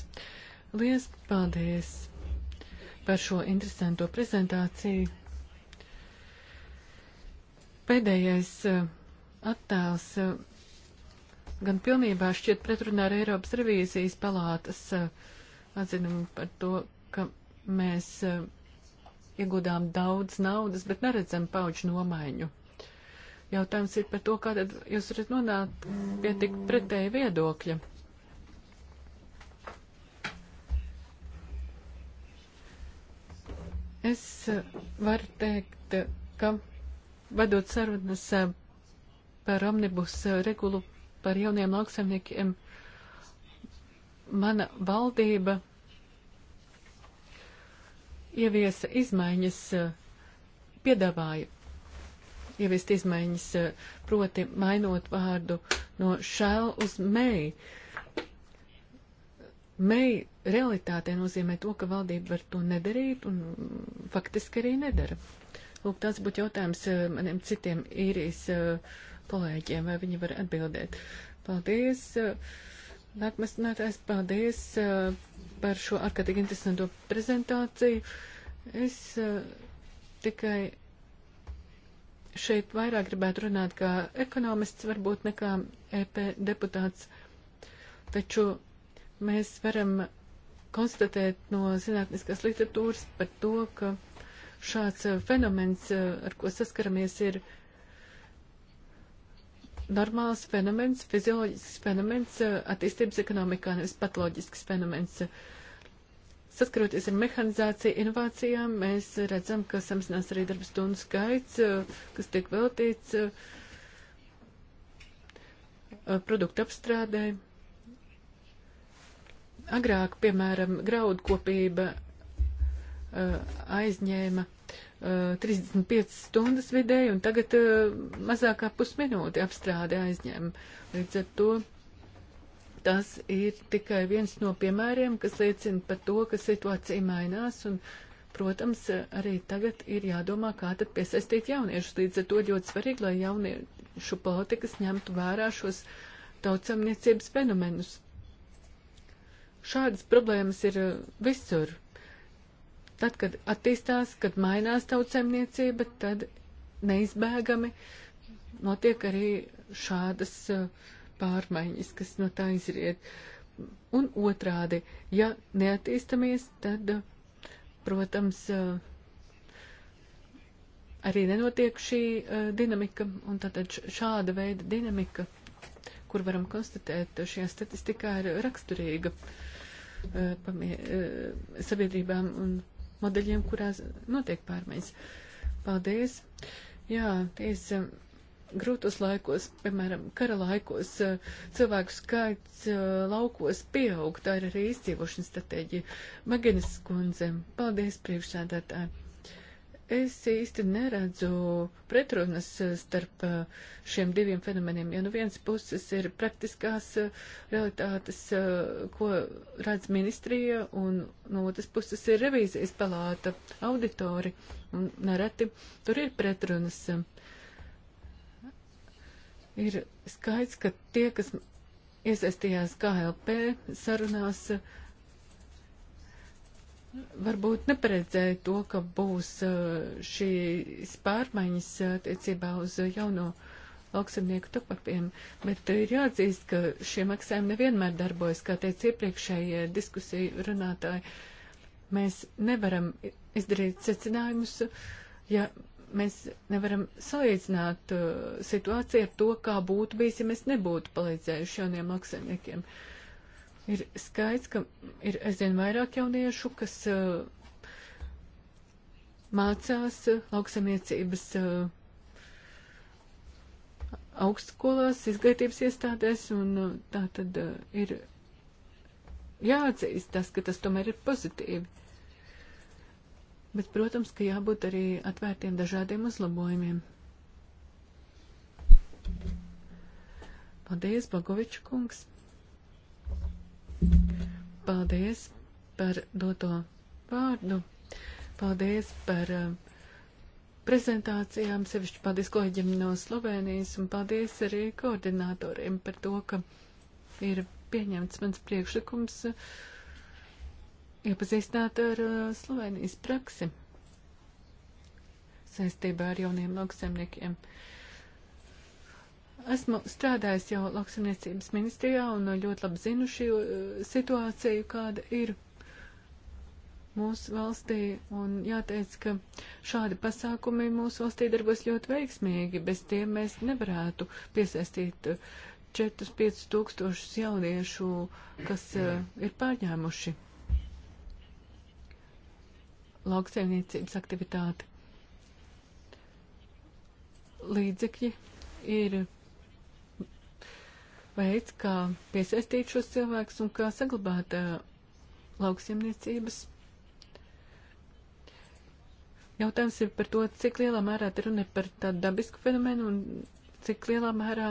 Lielas paldies par šo interesanto prezentāciju. Pēdējais uh, attēls uh, gan pilnībā šķiet pretrunā ar Eiropas revīzijas palātas eh, atzinumu par to, ka mēs eh, iegūdām daudz naudas, bet neredzam pauģu nomaiņu. Jautājums ir par to, kā tad jūs varat nonākt pie tik pretēja viedokļa. Es eh, varu teikt, ka vadot sarunas par omnibus regulu par jauniem lauksaimniekiem. Mana valdība ieviesa izmaiņas, piedāvāja ieviest izmaiņas, proti mainot vārdu no shell uz may. May realitātē nozīmē to, ka valdība var to nedarīt un faktiski arī nedara. Lūk, tas būtu jautājums eh, maniem citiem īrijas uh, kolēģiem, vai viņi var atbildēt. Paldies! Eh, nākamais runātājs, paldies eh, par šo ārkārtīgi interesanto prezentāciju. Es eh, tikai šeit vairāk gribētu runāt kā ekonomists, varbūt nekā EP deputāts, taču mēs varam konstatēt no zinātniskās literatūras par to, ka šāds fenomens, ar ko saskaramies, ir normāls fenomens, fizioloģisks fenomens eh, attīstības ekonomikā, nevis patoloģisks fenomens. Saskaroties ar mehanizāciju, inovācijām, mēs redzam, ka samazinās arī darba stundu skaits, eh, kas tiek veltīts eh, produktu apstrādē. Agrāk, piemēram, graudkopība aizņēma uh, 35 eh, stundas vidēji, un tagad uh, mazākā pusminūte apstrāde aizņem. Līdz ar to tas ir tikai viens no piemēriem, kas liecina par to, ka situācija mainās, un, protams, eh, arī tagad ir jādomā, kā tad piesaistīt jauniešus. Līdz ar to ļoti svarīgi, lai jauniešu politikas ņemtu vērā šos tautsamniecības fenomenus. Šādas problēmas ir visur Tad, kad attīstās, kad mainās tautsēmniecība, tad neizbēgami notiek arī šādas uh, pārmaiņas, kas no tā izriet. Un otrādi, ja neattīstamies, tad, uh, protams, uh, arī nenotiek šī dinamika, un tātad šāda veida dinamika, kur varam konstatēt šajā statistikā, ir raksturīga sabiedrībām un modeļiem, kurās notiek pārmaiņas. Paldies! Jā, tiesa grūtos laikos, piemēram, kara laikos, cilvēku skaits laukos pieaug. Tā ir arī izdzīvošanas stratēģija. Magenes kundze, paldies priekšsēdētāji. Es īsti neredzu pretrunas eh, starp eh, šiem diviem fenomeniem, jo ja no nu vienas puses ir praktiskās eh, realitātes, ko redz ministrija, un no otras puses ir revīzijas palāta, auditori, un nereti tur ir pretrunas. Ir skaidrs, ka tie, kas iesaistījās KLP sarunās, varbūt neparedzēja to, ka būs eh, šīs pārmaiņas attiecībā uz jauno lauksamnieku topapiem, bet ir jāatzīst, ka šie maksājumi nevienmēr darbojas, kā teica iepriekšējie diskusiju runātāji. Mēs nevaram izdarīt secinājumus, ja mēs nevaram salīdzināt eh, situāciju ar to, kā būtu bijis, ja mēs nebūtu palīdzējuši jauniem lauksamniekiem. Uh, Ir skaidrs, ka ir aizvien vairāk jauniešu, kas uh, mācās uh, lauksamniecības uh, augstskolās, izglītības iestādēs, un uh, tā tad uh, ir jāatzīst tas, ka tas tomēr ir pozitīvi. Bet, protams, ka jābūt arī atvērtiem dažādiem uzlabojumiem. Paldies, Bagoviča kungs! Paldies par doto vārdu. Paldies par eh, prezentācijām, sevišķi paldies kolēģiem no Slovenijas un paldies arī koordinatoriem par to, ka ir pieņemts mans priekšlikums eh, iepazīstināt ar eh, Slovenijas praksi saistībā ar jauniem lauksaimniekiem. Uh, Esmu strādājis jau lauksamniecības ministrijā un ļoti labi zinu šī uh, situāciju, kāda ir mūsu valstī. Un jāteic, ka šādi pasākumi mūsu valstī darbos ļoti veiksmīgi. Bez tiem mēs nevarētu piesaistīt 4-5 uh, tūkstošus jauniešu, kas uh, ir pārņēmuši lauksaimniecības aktivitāti. Līdzekļi ir veids, kā piesaistīt šos cilvēkus un kā saglabāt uh, lauksimniecības. Jautājums ir par to, cik lielā mērā te runa ir par tādu dabisku fenomenu un cik lielā mērā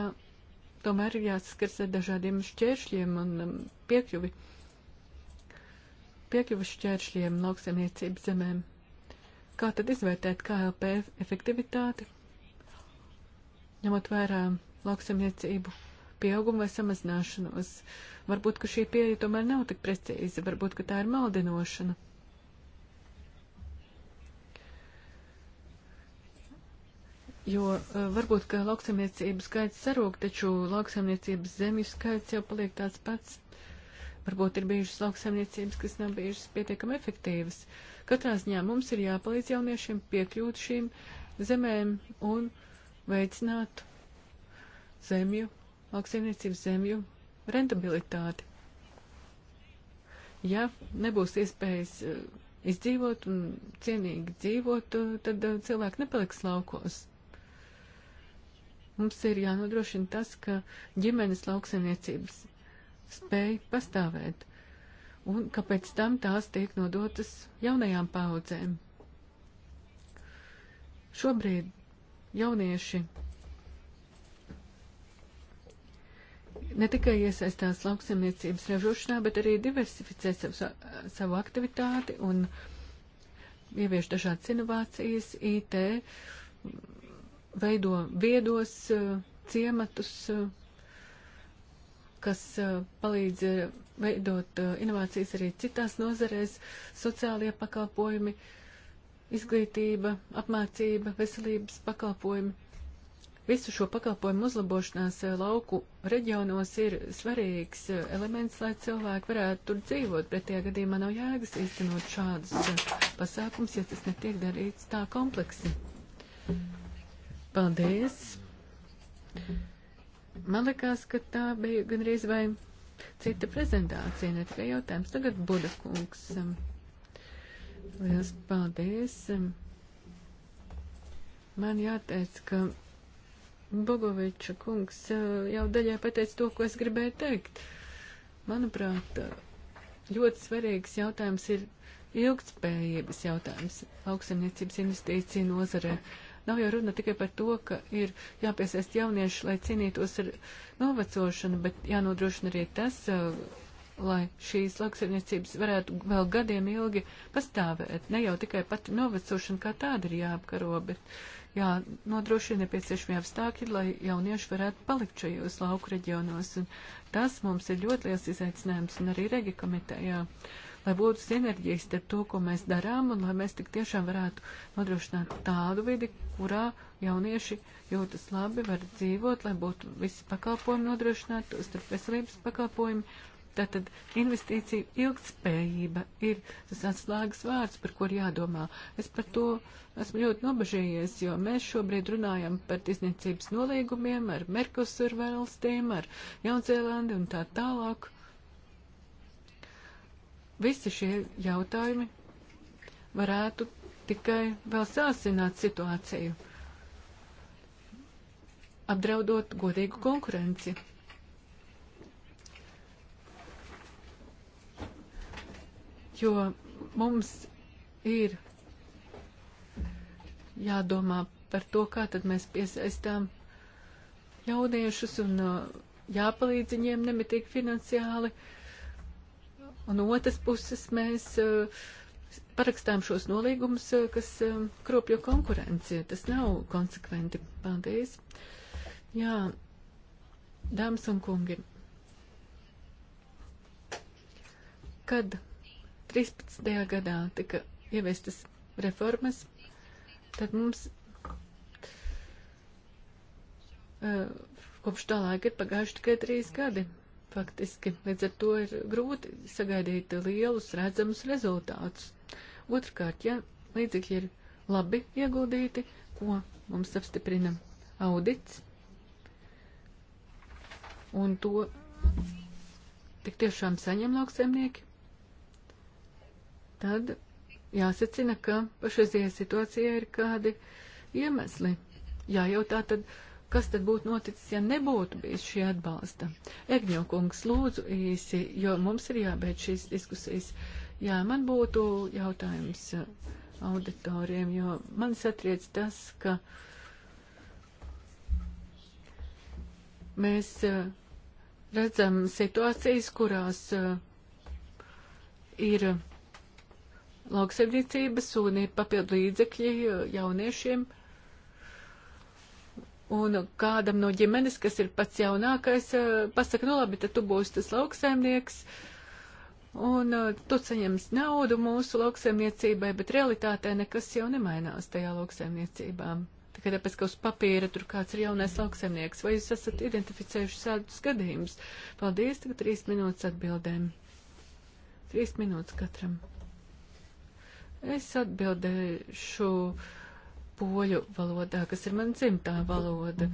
tomēr ir jāsaskars ar dažādiem šķēršļiem un um, piekļuvi, piekļuvi šķēršļiem lauksaimniecības zemēm. Kā tad izvērtēt KLP efektivitāti, ņemot vērā lauksaimniecību pieaugumu vai samazināšanos. Varbūt, ka šī pieeja tomēr nav tik precīza, varbūt, ka tā ir maldinošana. Jo eh, varbūt, ka lauksaimniecības skaits sarūk, taču lauksaimniecības zemju skaits jau paliek tāds pats. Varbūt ir bijušas lauksaimniecības, kas nav bijušas pietiekami efektīvas. Katrā ziņā mums ir jāpalīdz jauniešiem piekļūt šīm zemēm un veicināt zemju lauksaimniecības zemju rentabilitāti. Ja nebūs iespējas eh, izdzīvot un cienīgi dzīvot, eh, tad eh, cilvēki nepaliks laukos. Mums ir jānodrošina tas, ka ģimenes lauksaimniecības spēj pastāvēt un ka pēc tam tās tiek nodotas jaunajām paudzēm. Šobrīd jaunieši ne tikai iesaistās lauksamniecības ražošanā, bet arī diversificē savu, savu aktivitāti un ievieš dažādas inovācijas, IT, veido viedos eh, ciematus, eh, kas eh, palīdz veidot inovācijas arī citās nozarēs, sociālie pakalpojumi, izglītība, apmācība, veselības pakalpojumi. Visu šo pakalpojumu uzlabošanās eh, lauku reģionos ir svarīgs eh, elements, lai cilvēki varētu tur dzīvot. Pretējā gadījumā nav jēgas īstenot šādus eh, pasākums, ja tas netiek darīts tā kompleksi. Paldies! Man liekas, ka tā bija gandrīz vai cita prezentācija, ne tikai jautājums. Tagad Buda kungs. Liels paldies. Man jāteic, ka Bogoviča kungs eh, jau daļai pateica to, ko es gribēju teikt. Manuprāt, eh, ļoti svarīgs jautājums ir ilgtspējības jautājums lauksaimniecības investīcija nozarē. Nav jau runa tikai par to, ka ir jāpiesaist jaunieši, lai cīnītos ar novecošanu, bet jānodrošina arī tas, eh, lai šīs lauksaimniecības varētu vēl gadiem ilgi pastāvēt. Ne jau tikai pati novecošana kā tāda ir jāapkaro, bet jānodrošina nepieciešamie apstākļi, lai jaunieši varētu palikt šajos lauku reģionos. Un tas mums ir ļoti liels izaicinājums un arī regi komitejā, lai būtu sinerģijas starp to, ko mēs darām, un lai mēs tik tiešām varētu nodrošināt tādu vidi, kurā jaunieši jūtas labi, var dzīvot, lai būtu visi pakalpojumi nodrošināti, starp veselības pakalpojumi Tātad investīcija ilgtspējība ir tas atslēgas vārds, par ko ir jādomā. Es par to esmu ļoti nobežījies, jo mēs šobrīd runājam par izniecības nolīgumiem ar Merkusur valstīm, ar Jaunzēlandi un tā tālāk. Visi šie jautājumi varētu tikai vēl sāsināt situāciju, apdraudot godīgu konkurenci. jo mums ir jādomā par to, kā tad mēs piesaistām jauniešus un uh, jāpalīdz viņiem nemitīgi finansiāli. Un no otras puses mēs uh, parakstām šos nolīgumus, uh, kas kropļo konkurenci. Tas nav konsekventi. Paldies. Jā, dāmas un kungi. Kad 13. gadā tika ieviestas reformas, tad mums uh, kopš tā laika ir pagājuši tikai trīs gadi. Faktiski, līdz ar to ir grūti sagaidīt lielus redzamus rezultātus. Otrkārt, ja līdzekļi ir labi ieguldīti, ko mums apstiprina audits, un to tik tiešām saņem lauksaimnieki, tad jāsacina, ka pašreizajā situācijā ir kādi iemesli. Jājautā tad, kas tad būtu noticis, ja nebūtu bijis šī atbalsta. Egņokungs, lūdzu īsi, jo mums ir jābeidz šīs diskusijas. Jā, man būtu jautājums uh, auditoriem, jo man satriec tas, ka mēs uh, redzam situācijas, kurās uh, ir lauksaimniecības un ir papildu līdzekļi uh, jauniešiem. Un kādam no ģimenes, kas ir pats jaunākais, uh, pasaka, nu labi, tad tu būsi tas lauksaimnieks, un uh, tu saņems naudu mūsu lauksaimniecībai, bet realitātē nekas jau nemainās tajā lauksaimniecībā. Tikai tāpēc, ka uz papīra tur kāds ir jaunais lauksaimnieks, vai jūs esat identificējuši šādus gadījumus? Paldies, tagad trīs minūtes atbildēm. Trīs minūtes katram. Es atbildēšu poļu valodā, kas ir man dzimtā valoda.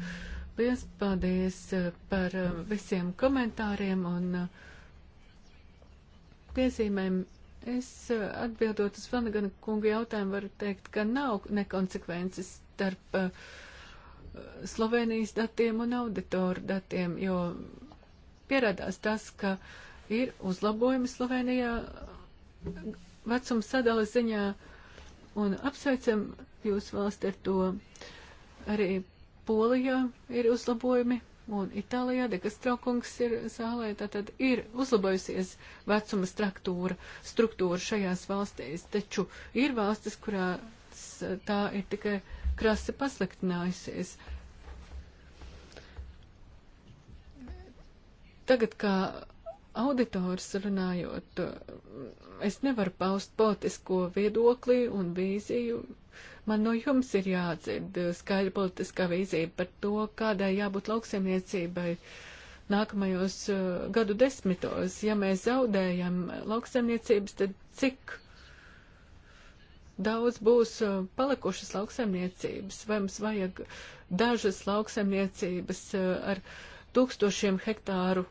Liels paldies eh, par eh, visiem komentāriem un eh, piezīmēm. Es atbildot uz Vanagana kunga jautājumu varu teikt, ka nav nekonsekvences starp Slovenijas datiem un auditoru datiem, jo pierādās tas, ka ir uzlabojumi Slovenijā vecuma sadalas ziņā un apsveicam jūs valsti ar to. Arī Polijā ir uzlabojumi un Itālijā dekastraukungs ir zālē, tātad ir uzlabojusies vecuma struktūra, struktūra šajās valstīs, taču ir valstis, kurās tā ir tikai krasi pasliktinājusies. Tagad, kā auditors runājot, es nevaru paust politisko viedokli un vīziju. Man no jums ir jādzird skaidra politiskā vīzija par to, kādai jābūt lauksaimniecībai nākamajos uh, gadu desmitos. Ja mēs zaudējam lauksaimniecības, tad cik daudz būs uh, palikušas lauksaimniecības, vai mums vajag dažas lauksaimniecības uh, ar tūkstošiem hektāru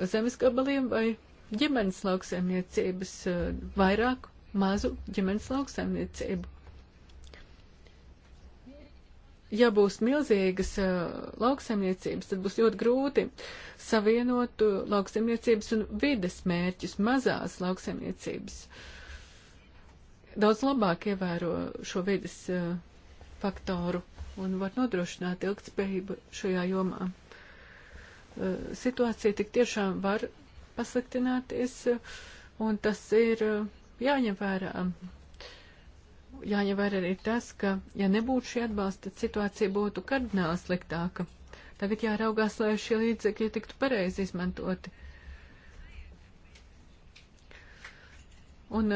zemes gabaliem vai ģimenes lauksaimniecības, eh, vairāk mazu ģimenes lauksaimniecību. Ja būs milzīgas eh, lauksaimniecības, tad būs ļoti grūti savienot eh, lauksaimniecības un vides mērķus mazās lauksaimniecības. Daudz labāk ievēro šo vides faktoru un var nodrošināt ilgtspējību šajā jomā. Eh, situācija tik tiešām var pasliktināties, eh, un tas ir eh, jāņem vērā. Jāņem vērā arī tas, ka, ja nebūtu šī atbalsta, tad situācija būtu kardināli sliktāka. Tagad jāraugās, lai šie līdzekļi tiktu pareizi izmantoti. Un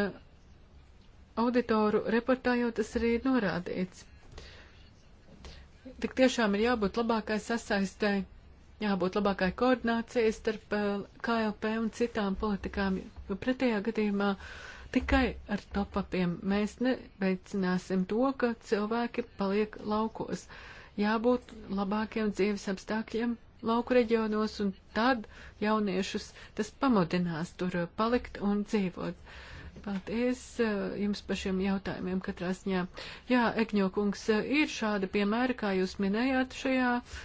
auditoru reportā jau tas arī ir norādīts. Tik tiešām ir jābūt labākai sasaistēji jābūt labākai koordinācijai starp eh, KLP un citām politikām, jo pretējā gadījumā tikai ar topapiem mēs neveicināsim to, ka cilvēki paliek laukos. Jābūt labākiem dzīves apstākļiem lauku reģionos, un tad jauniešus tas pamudinās tur palikt un dzīvot. Paldies eh, jums par šiem jautājumiem katrā ziņā. Jā, Ekņokungs, eh, ir šādi piemēri, kā jūs minējāt šajā uh,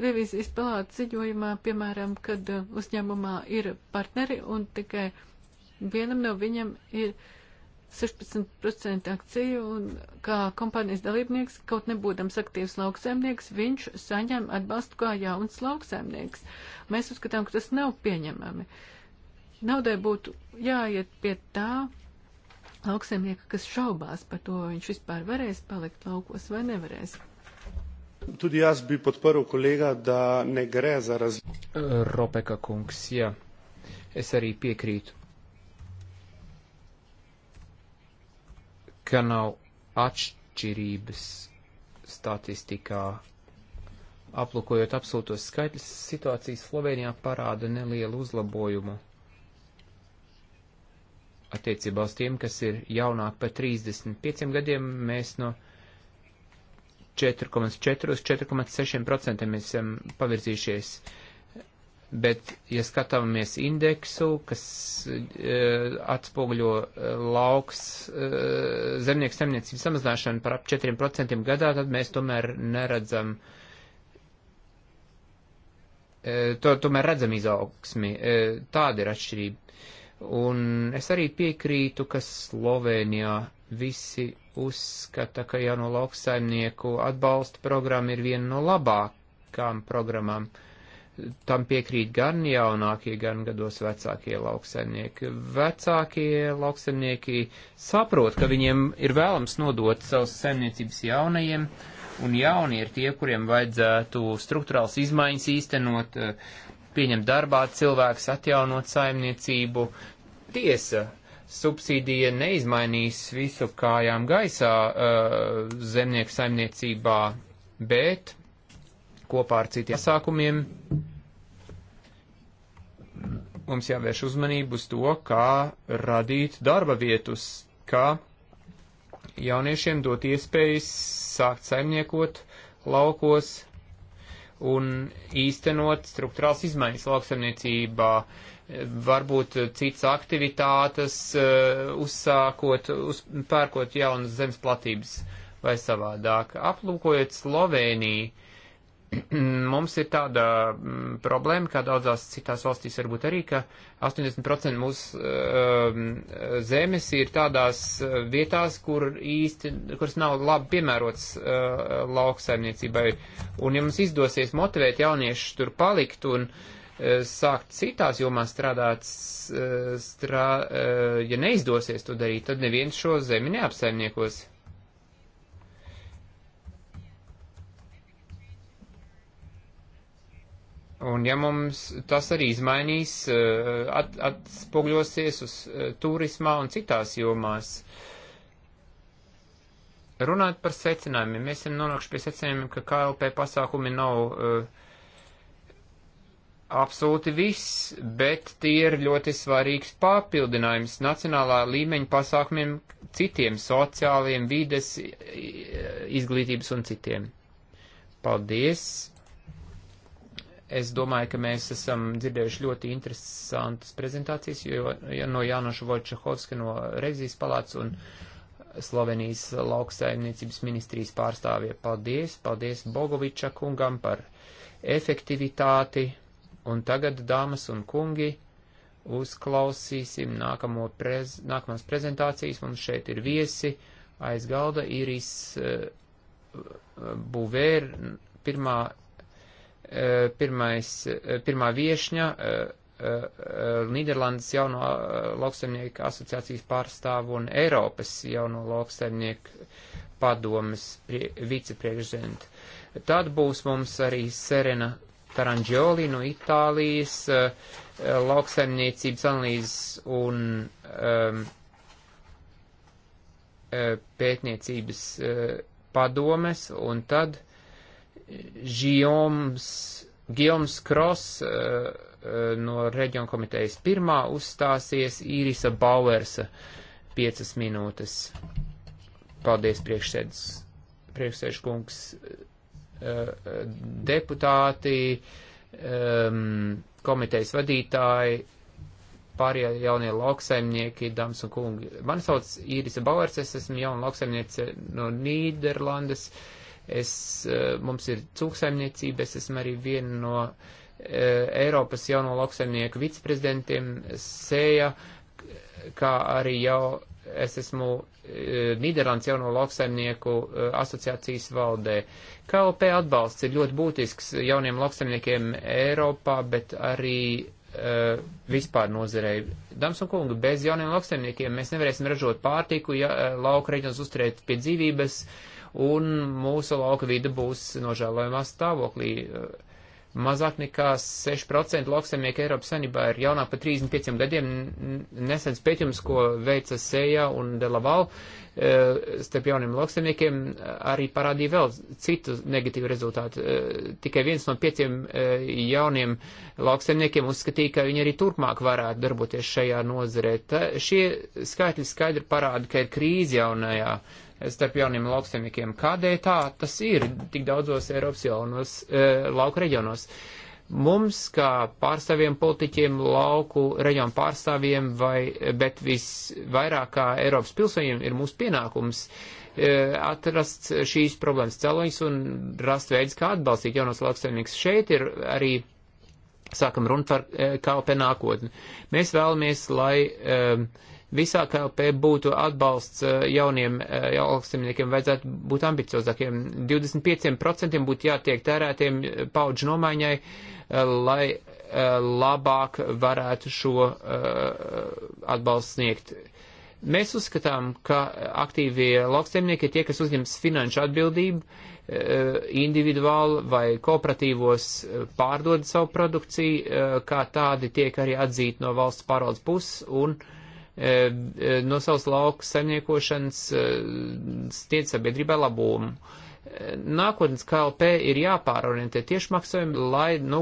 revizijas palātas ziņojumā, piemēram, kad uh, uzņēmumā ir partneri un tikai vienam no viņiem ir 16% akciju un kā kompānijas dalībnieks, kaut nebūdams aktīvs lauksēmnieks, viņš saņem atbalstu kā jauns lauksēmnieks. Mēs uzskatām, ka tas nav pieņemami. Naudai būtu jāiet pie tā lauksēmnieka, kas šaubās par to, vai viņš vispār varēs palikt laukos vai nevarēs. Tudi jaz bi podprl kolega, da ne gre za razliko. Ropeka kungs, jā. Es arī piekrītu, ka nav atšķirības statistikā. Aplūkojot absolūtos skaitļus, situācija Slovenijā parāda nelielu uzlabojumu attiecībā uz tiem, kas ir jaunāk par 35 gadiem, mēs no 4,4 uz 4,6% mēs esam pavirzījušies. Bet, ja skatāmies indeksu, kas uh, atspoguļo uh, lauks uh, zemnieku saimniecības samazināšanu par ap 4% gadā, tad mēs tomēr neredzam, uh, to, tomēr redzam izaugsmi. Uh, tāda ir atšķirība. Un es arī piekrītu, ka Slovenijā Visi uzskata, ka jauno lauksaimnieku atbalsta programma ir viena no labākām programmām. Tam piekrīt gan jaunākie, gan gados vecākie lauksaimnieki. Vecākie lauksaimnieki saprot, ka viņiem ir vēlams nodot savus saimniecības jaunajiem, un jaunie ir tie, kuriem vajadzētu struktūrāls izmaiņas īstenot, eh, pieņemt darbā cilvēks, atjaunot saimniecību. Tiesa, subsīdija neizmainīs visu kājām gaisā uh, zemnieku saimniecībā, bet kopā ar citiem pasākumiem mums jāvērš uzmanību uz to, kā radīt darba vietus, kā jauniešiem dot iespējas sākt saimniekot laukos un īstenot struktūrāls izmaiņas lauksaimniecībā. Uh, varbūt citas aktivitātes, eh, uzsākot, uz, pērkot jaunas zemes platības vai savādāk. Aplūkojot Sloveniju, mums ir tāda mm, problēma, kā daudzās citās valstīs varbūt arī, ka 80% mūsu uh, zemes ir tādās eh, vietās, kur īsti, kuras nav labi piemērots uh, lauksaimniecībai. Un ja mums izdosies motivēt jauniešus tur palikt un uh, Eh, sākt citās jomās strādāt, eh, strā, eh, ja neizdosies to darīt, tad neviens šo zemi neapsaimniekos. Un ja mums tas arī izmainīs, at, atspogļosies uz turismā un citās jomās. Runāt par secinājumiem. Mēs esam nonākuši pie secinājumiem, ka KLP pasākumi nav uh, absolūti viss, bet tie ir ļoti svarīgs papildinājums nacionālā līmeņa pasākumiem citiem sociāliem, vides, izglītības un citiem. Paldies! Es domāju, ka mēs esam dzirdējuši ļoti interesantas prezentācijas, jo no Jānoša Vojčahovska no Revizijas palāca un Slovenijas lauksaimniecības ministrijas pārstāvja. Paldies! Paldies Bogoviča kungam par efektivitāti Un tagad, dāmas un kungi, uzklausīsim nākamo prez, nākamās prezentācijas. Mums šeit ir viesi aiz galda Iris uh, Buvēr, pirmā, uh, pirmais, uh, pirmā viešņa, Nīderlandes jauno lauksaimnieku asociācijas pārstāvu un Eiropas jauno lauksaimnieku padomes vicepriekšzenta. Tad būs mums arī Serena Taranģioli no Itālijas, eh, lauksaimniecības analīzes un um, pētniecības eh, padomes, un tad Žioms, Gilms Kros no reģiona komitejas pirmā uzstāsies Īrisa Bauersa piecas minūtes. Paldies, priekšsēdus, priekšsēdus kungs. Eh, deputāti, komitejas vadītāji, pārējie jaunie lauksaimnieki, dāmas un kungi. Man sauc Īrisa Bauers, es esmu jauna lauksaimniece no Nīderlandes. Es, eh, mums ir cūksaimniecība, es esmu arī viena no eh, Eiropas jauno lauksaimnieku viceprezidentiem, sēja, e kā arī jau es esmu eh, Nīderlandes jauno lauksaimnieku eh, asociācijas valdē. KLP atbalsts ir ļoti būtisks jauniem lauksaimniekiem Eiropā, bet arī uh, vispār nozarei. Dāmas un kungi, bez jauniem lauksaimniekiem mēs nevarēsim ražot pārtiku, ja lauka reģions uzturēt pie dzīvības, un mūsu lauka vide būs nožēlojumā stāvoklī. Uh, Mazāk nekā 6% lauksaimnieku Eiropas Sanībā ir jaunāk par 35 gadiem. Nesens pētījums, ko veica Sejā un Delaval e, starp jauniem lauksaimniekiem, arī parādīja vēl citu negatīvu rezultātu. E, tikai viens no pieciem e, jauniem lauksaimniekiem uzskatīja, ka viņi arī turpmāk varētu darboties šajā nozarē. Tā, šie skaitļi skaidri parāda, ka ir krīze jaunajā starp jauniem lauksemniekiem. Kādēļ tā tas ir tik daudzos Eiropas jaunos e, lauku reģionos? Mums, kā pārstāvjiem politiķiem, lauku reģionu pārstāvjiem, vai, bet visvairāk kā Eiropas pilsoņiem ir mūsu pienākums e, atrast šīs problēmas celoņus un rast veidus, kā atbalstīt jaunos lauksemniekus. Šeit ir arī sākam runu par e, KLP nākotni. Mēs vēlamies, lai um, e, Visā KLP būtu atbalsts eh, jauniem lauksimniekiem, eh, vajadzētu būt ambiciozākiem. 25% būtu jātiek tērētiem eh, paudžu nomaiņai, lai labāk varētu šo atbalstu sniegt. Mēs uzskatām, ka aktīvie lauksaimnieki ir tie, kas uzņems finanšu atbildību, individuāli vai kooperatīvos pārdod savu produkciju, kā tādi tiek arī atzīti no valsts pārvaldes puses un uh, E, e, no savas lauka saimniekošanas e, sniedz sabiedrībai labumu. Nākotnes KLP ir jāpārorientē tieši maksājumi, lai nu,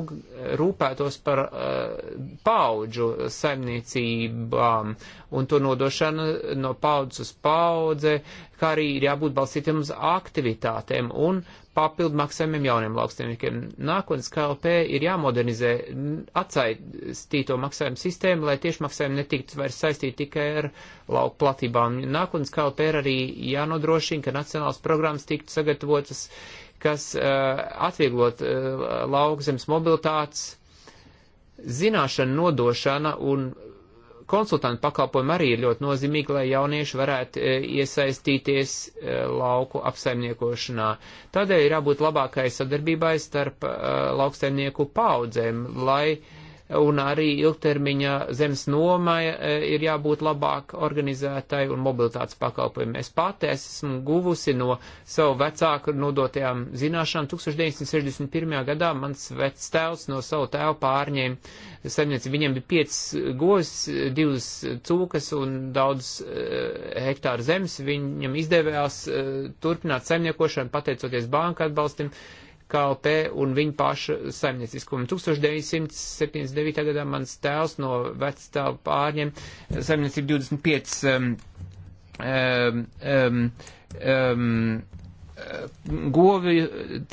rūpētos par uh, paudžu saimniecībām un to nodošanu no paudzes uz paudze, kā arī ir jābūt balstītiem uz aktivitātēm un papildu maksājumiem jauniem lauksaimniekiem. Nākotnes KLP ir jāmodernizē atsaistīto maksājumu sistēmu, lai tieši maksājumi netiktu vairs saistīti tikai ar lauku platībām. Nākotnes KLP ir arī jānodrošina, ka nacionāls programmas tiktu sagatavotas, kas uh, atvieglot uh, laukzemes mobilitātes zināšanu nodošana un konsultantu pakalpojumi arī ir ļoti nozīmīgi, lai jaunieši varētu e, iesaistīties e, lauku apsaimniekošanā. Tādēļ ir jābūt labākai sadarbībai starp e, lauksaimnieku paudzēm, lai uh, un arī ilgtermiņa zemes nomai e, ir jābūt labāk organizētai un mobilitātes pakalpojumi. Es pati esmu guvusi no savu vecāku nodotajām zināšanām. 1961. gadā mans vec tēvs no savu tēvu pārņēma saimniecību. Viņam bija 5 govis, 2 cūkas un daudz e, hektāru zemes. Viņam izdevās e, turpināt saimniekošanu pateicoties banka atbalstim. Uh, KLP un viņa paša saimnieciskumu. 1979. gadā mans tēvs no vecstāva pārņem saimniecību 25 um, um, um, um, govi,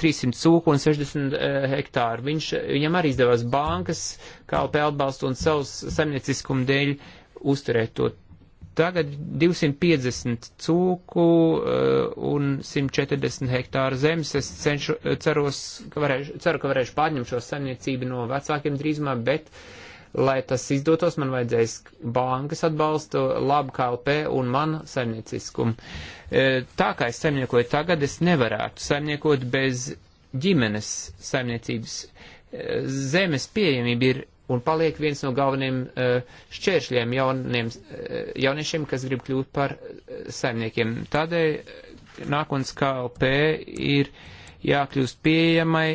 300 cūku un 60 uh, hektāru. Viņš, viņam arī izdevās bankas, KLP atbalstu un savus saimnieciskumu dēļ uzturēt to Tagad 250 cūku uh, un 140 hektāru zemes. Es cenšu, eh, ceros, ka varēšu, ceru, ka varēšu pārņemt šo saimniecību no vecākiem drīzumā, bet, lai tas izdotos, man vajadzēs bankas atbalstu, labu KLP un manu saimnieciskumu. Uh, tā kā es saimniekoju tagad, es nevarētu saimniekot bez ģimenes saimniecības. Zemes pieejamība ir un paliek viens no galveniem eh, šķēršļiem jauniem, eh, jauniešiem, kas grib kļūt par eh, saimniekiem. Tādēļ nākotnes KLP ir jākļūst pieejamai,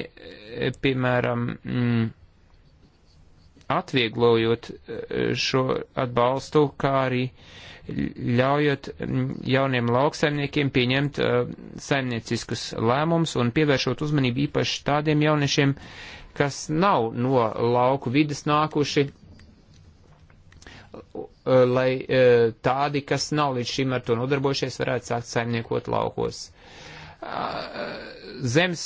piemēram, mm, atvieglojot šo atbalstu, kā arī ļaujot mm, jauniem lauksaimniekiem pieņemt saimnieciskus lēmumus un pievēršot uzmanību īpaši tādiem jauniešiem, uh, kas nav no lauku vidas nākuši, e, lai e, tādi, kas nav līdz šim ar to nodarbojušies, varētu sākt saimniekot laukos. Zemes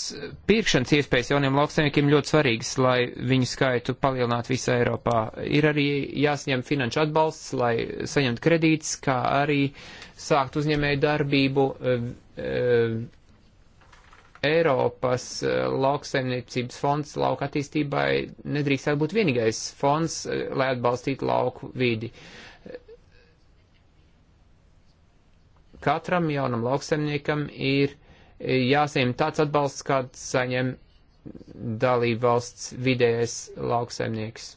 pirkšanas iespējas jauniem lauksaimniekiem ļoti svarīgas, lai viņu skaitu palielinātu visā Eiropā. Ir arī jāsņem finanšu atbalsts, lai saņemtu kredītus, kā arī sākt uzņēmēju darbību e, Eiropas eh, lauksaimniecības fonds lauka attīstībai nedrīkstētu būt vienīgais fonds, eh, lai atbalstītu lauku vidi. Katram jaunam lauksaimniekam ir eh, jāsaņem tāds atbalsts, kāds saņem dalību valsts vidējais lauksaimnieks.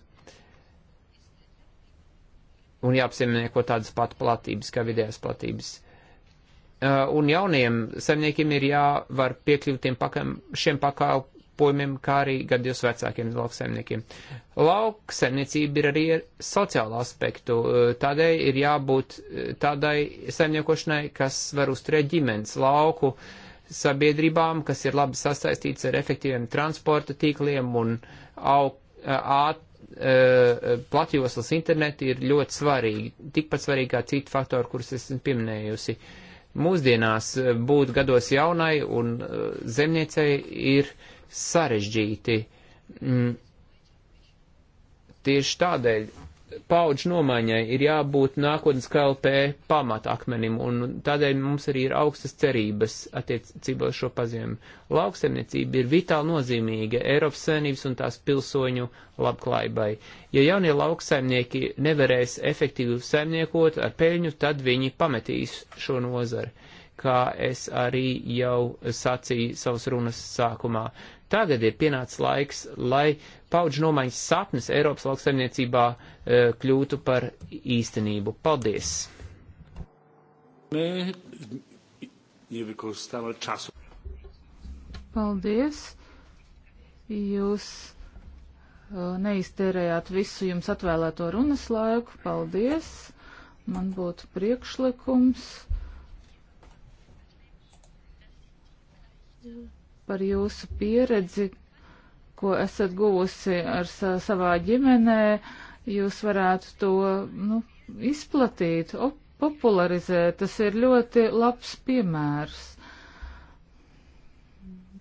Un jāapsimnieko tādas pat platības, kā vidējās platības Eh, un jauniem saimniekiem ir jāvar piekļūt tiem pakam, šiem pakalpojumiem, kā arī gadījus vecākiem lauksaimniekiem. Lauksaimniecība ir arī sociāla aspektu, eh, tādēļ ir jābūt eh, tādai saimniekošanai, kas var uzturēt ģimenes lauku sabiedrībām, kas ir labi sasaistīts ar efektīviem transporta tīkliem un aug, āt, platjoslas internetu ir ļoti svarīgi, tikpat svarīgi kā citi faktori, kurus esmu pieminējusi. Uh, mūsdienās eh, būt gados jaunai un eh, zemniecei ir sarežģīti. Mm. Tieši tādēļ paudžu nomaiņai ir jābūt nākotnes KLP pamatakmenim, un tādēļ mums arī ir augstas cerības attiecībā uz šo paziņojumu. Lauksaimniecība ir vitāli nozīmīga Eiropas saimnības un tās pilsoņu labklājībai. Ja jaunie lauksaimnieki nevarēs efektīvi saimniekot ar peļņu, tad viņi pametīs šo nozari, kā es arī jau sacīju savas runas sākumā. Tagad ir pienācis laiks, lai paudžu nomaiņas sapnis Eiropas lauksaimniecībā eh, kļūtu par īstenību. Paldies! Paldies! Jūs eh, neiztērējāt visu jums atvēlēto runas laiku. Paldies! Man būtu priekšlikums. Yeah par jūsu pieredzi, ko esat guvusi ar savā ģimenē. Jūs varētu to nu, izplatīt, popularizēt. Tas ir ļoti labs piemērs.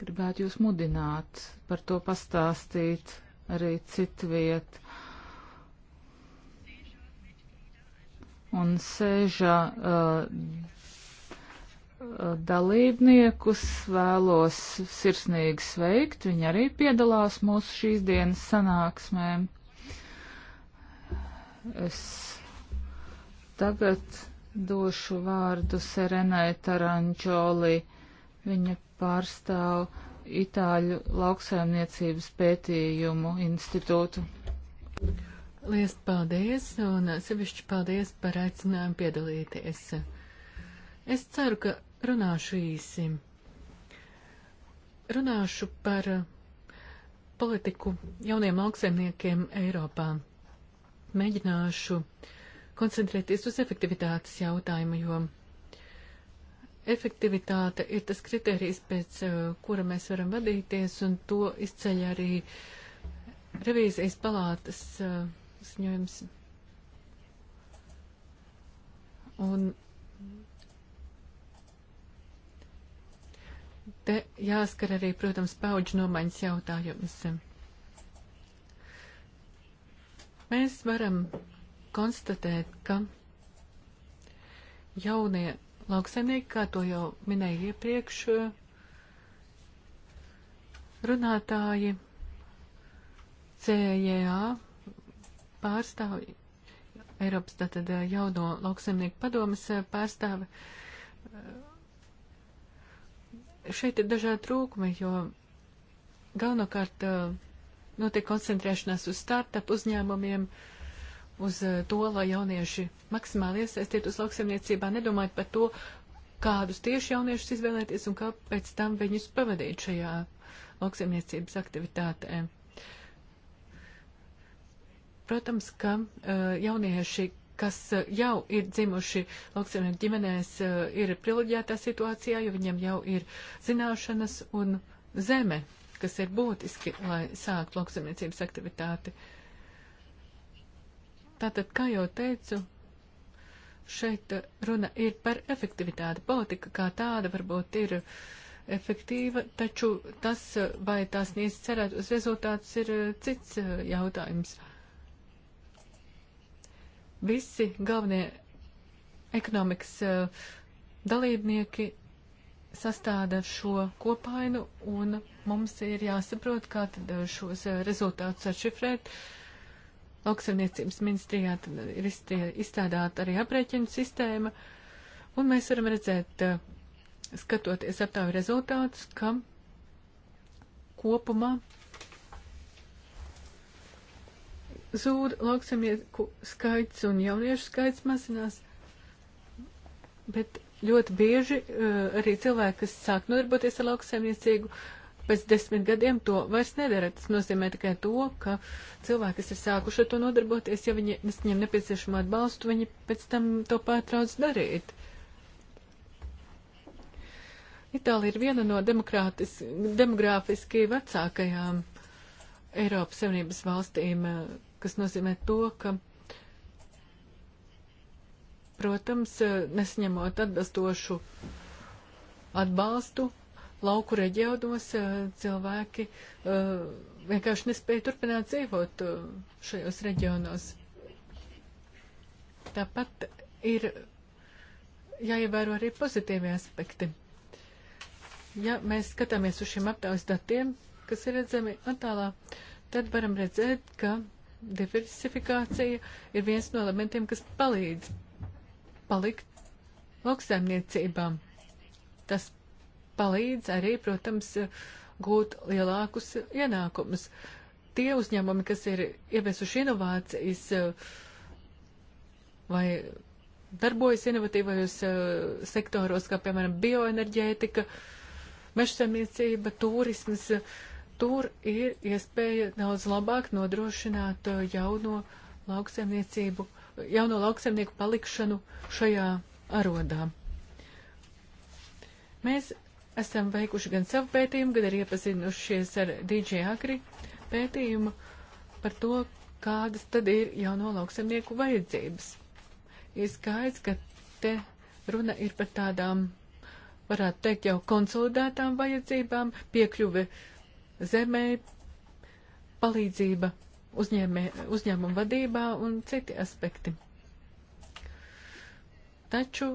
Gribētu jūs mudināt par to pastāstīt arī citviet. Un sēžā uh, dalībniekus vēlos sirsnīgi sveikt. Viņi arī piedalās mūsu šīs dienas sanāksmē. Es tagad došu vārdu Serenai Tarančoli. Viņa pārstāv Itāļu lauksaimniecības pētījumu institūtu. Lies paldies un sevišķi paldies par aicinājumu piedalīties. Es ceru, ka Runāšu īsi. Runāšu par politiku jauniem lauksaimniekiem Eiropā. Mēģināšu koncentrēties uz efektivitātes jautājumu, jo efektivitāte ir tas kriterijs, pēc uh, kura mēs varam vadīties, un to izceļ arī revīzijas palātas uh, ziņojums. Un Te jāskar arī, protams, paudžu nomaiņas jautājums. Mēs varam konstatēt, ka jaunie lauksaimnieki, kā to jau minēja iepriekš, runātāji CJA e pārstāvi, Eiropas tātad jauno lauksaimnieku padomas pārstāvi, Šeit ir dažādi trūkumi, jo galvenokārt eh, notiek koncentrēšanās uz startup uzņēmumiem, uz eh, to, lai jaunieši maksimāli iesaistītos lauksaimniecībā, nedomājot par to, kādus tieši jauniešus izvēlēties un kā pēc tam viņus pavadīt šajā lauksaimniecības aktivitātē. Protams, ka uh, jaunieši kas eh, jau ir dzimuši lauksaimnieku ģimenēs, eh, ir privileģētā situācijā, jo viņiem jau ir zināšanas un zeme, kas ir būtiski, lai sākt lauksaimniecības aktivitāti. Tātad, kā jau teicu, šeit eh, runa ir par efektivitāti. Politika kā tāda varbūt ir efektīva, taču tas, vai tās niedz cerēt uz rezultātus, ir cits jautājums. Uh, visi galvenie ekonomikas uh, dalībnieki sastāda šo kopainu, un mums ir jāsaprot, kā tad eh, šos eh, rezultātus atšifrēt. Lauksaimniecības ministrijā ir izstrādāta arī aprēķinu sistēma, un mēs varam redzēt, skatoties aptāvi rezultātus, ka kopumā zūd lauksamieku skaits un jauniešu skaits mazinās, bet ļoti bieži uh, arī cilvēki, kas sāk nodarboties ar lauksaimniecību, pēc desmit gadiem to vairs nedara. Tas nozīmē tikai to, ka cilvēki, kas ir sākuši ar to nodarboties, ja viņi nesaņem nepieciešamo atbalstu, viņi pēc tam to pārtrauc darīt. Itālija ir viena no demogrāfiski vecākajām Eiropas Savienības valstīm eh, kas nozīmē to, ka, protams, nesņemot atbilstošu atbalstu, lauku reģionos eh, cilvēki eh, vienkārši nespēja turpināt dzīvot eh, šajos reģionos. Tāpat ir jāievēro arī pozitīvie aspekti. Ja mēs skatāmies uz šiem aptaujas datiem, kas ir redzami attālā, tad varam redzēt, ka diversifikācija ir viens no elementiem, kas palīdz palikt lauksaimniecībām. Tas palīdz arī, protams, gūt lielākus ienākumus. Tie uzņēmumi, kas ir ieviesuši inovācijas vai darbojas inovatīvajos eh, sektoros, kā piemēram bioenerģētika, mežsamiecība, turismas, uh, tur ir iespēja daudz labāk nodrošināt uh, jauno lauksaimniecību, jauno lauksaimnieku palikšanu šajā arodā. Mēs esam veikuši gan savu pētījumu, gan arī iepazinušies ar DJ Agri pētījumu par to, kādas tad ir jauno lauksaimnieku vajadzības. Ir skaidrs, ka te runa ir par tādām, varētu teikt, jau konsolidētām vajadzībām, piekļuve uh, zemē, palīdzība uzņēmē, uzņēmuma vadībā un citi aspekti. Taču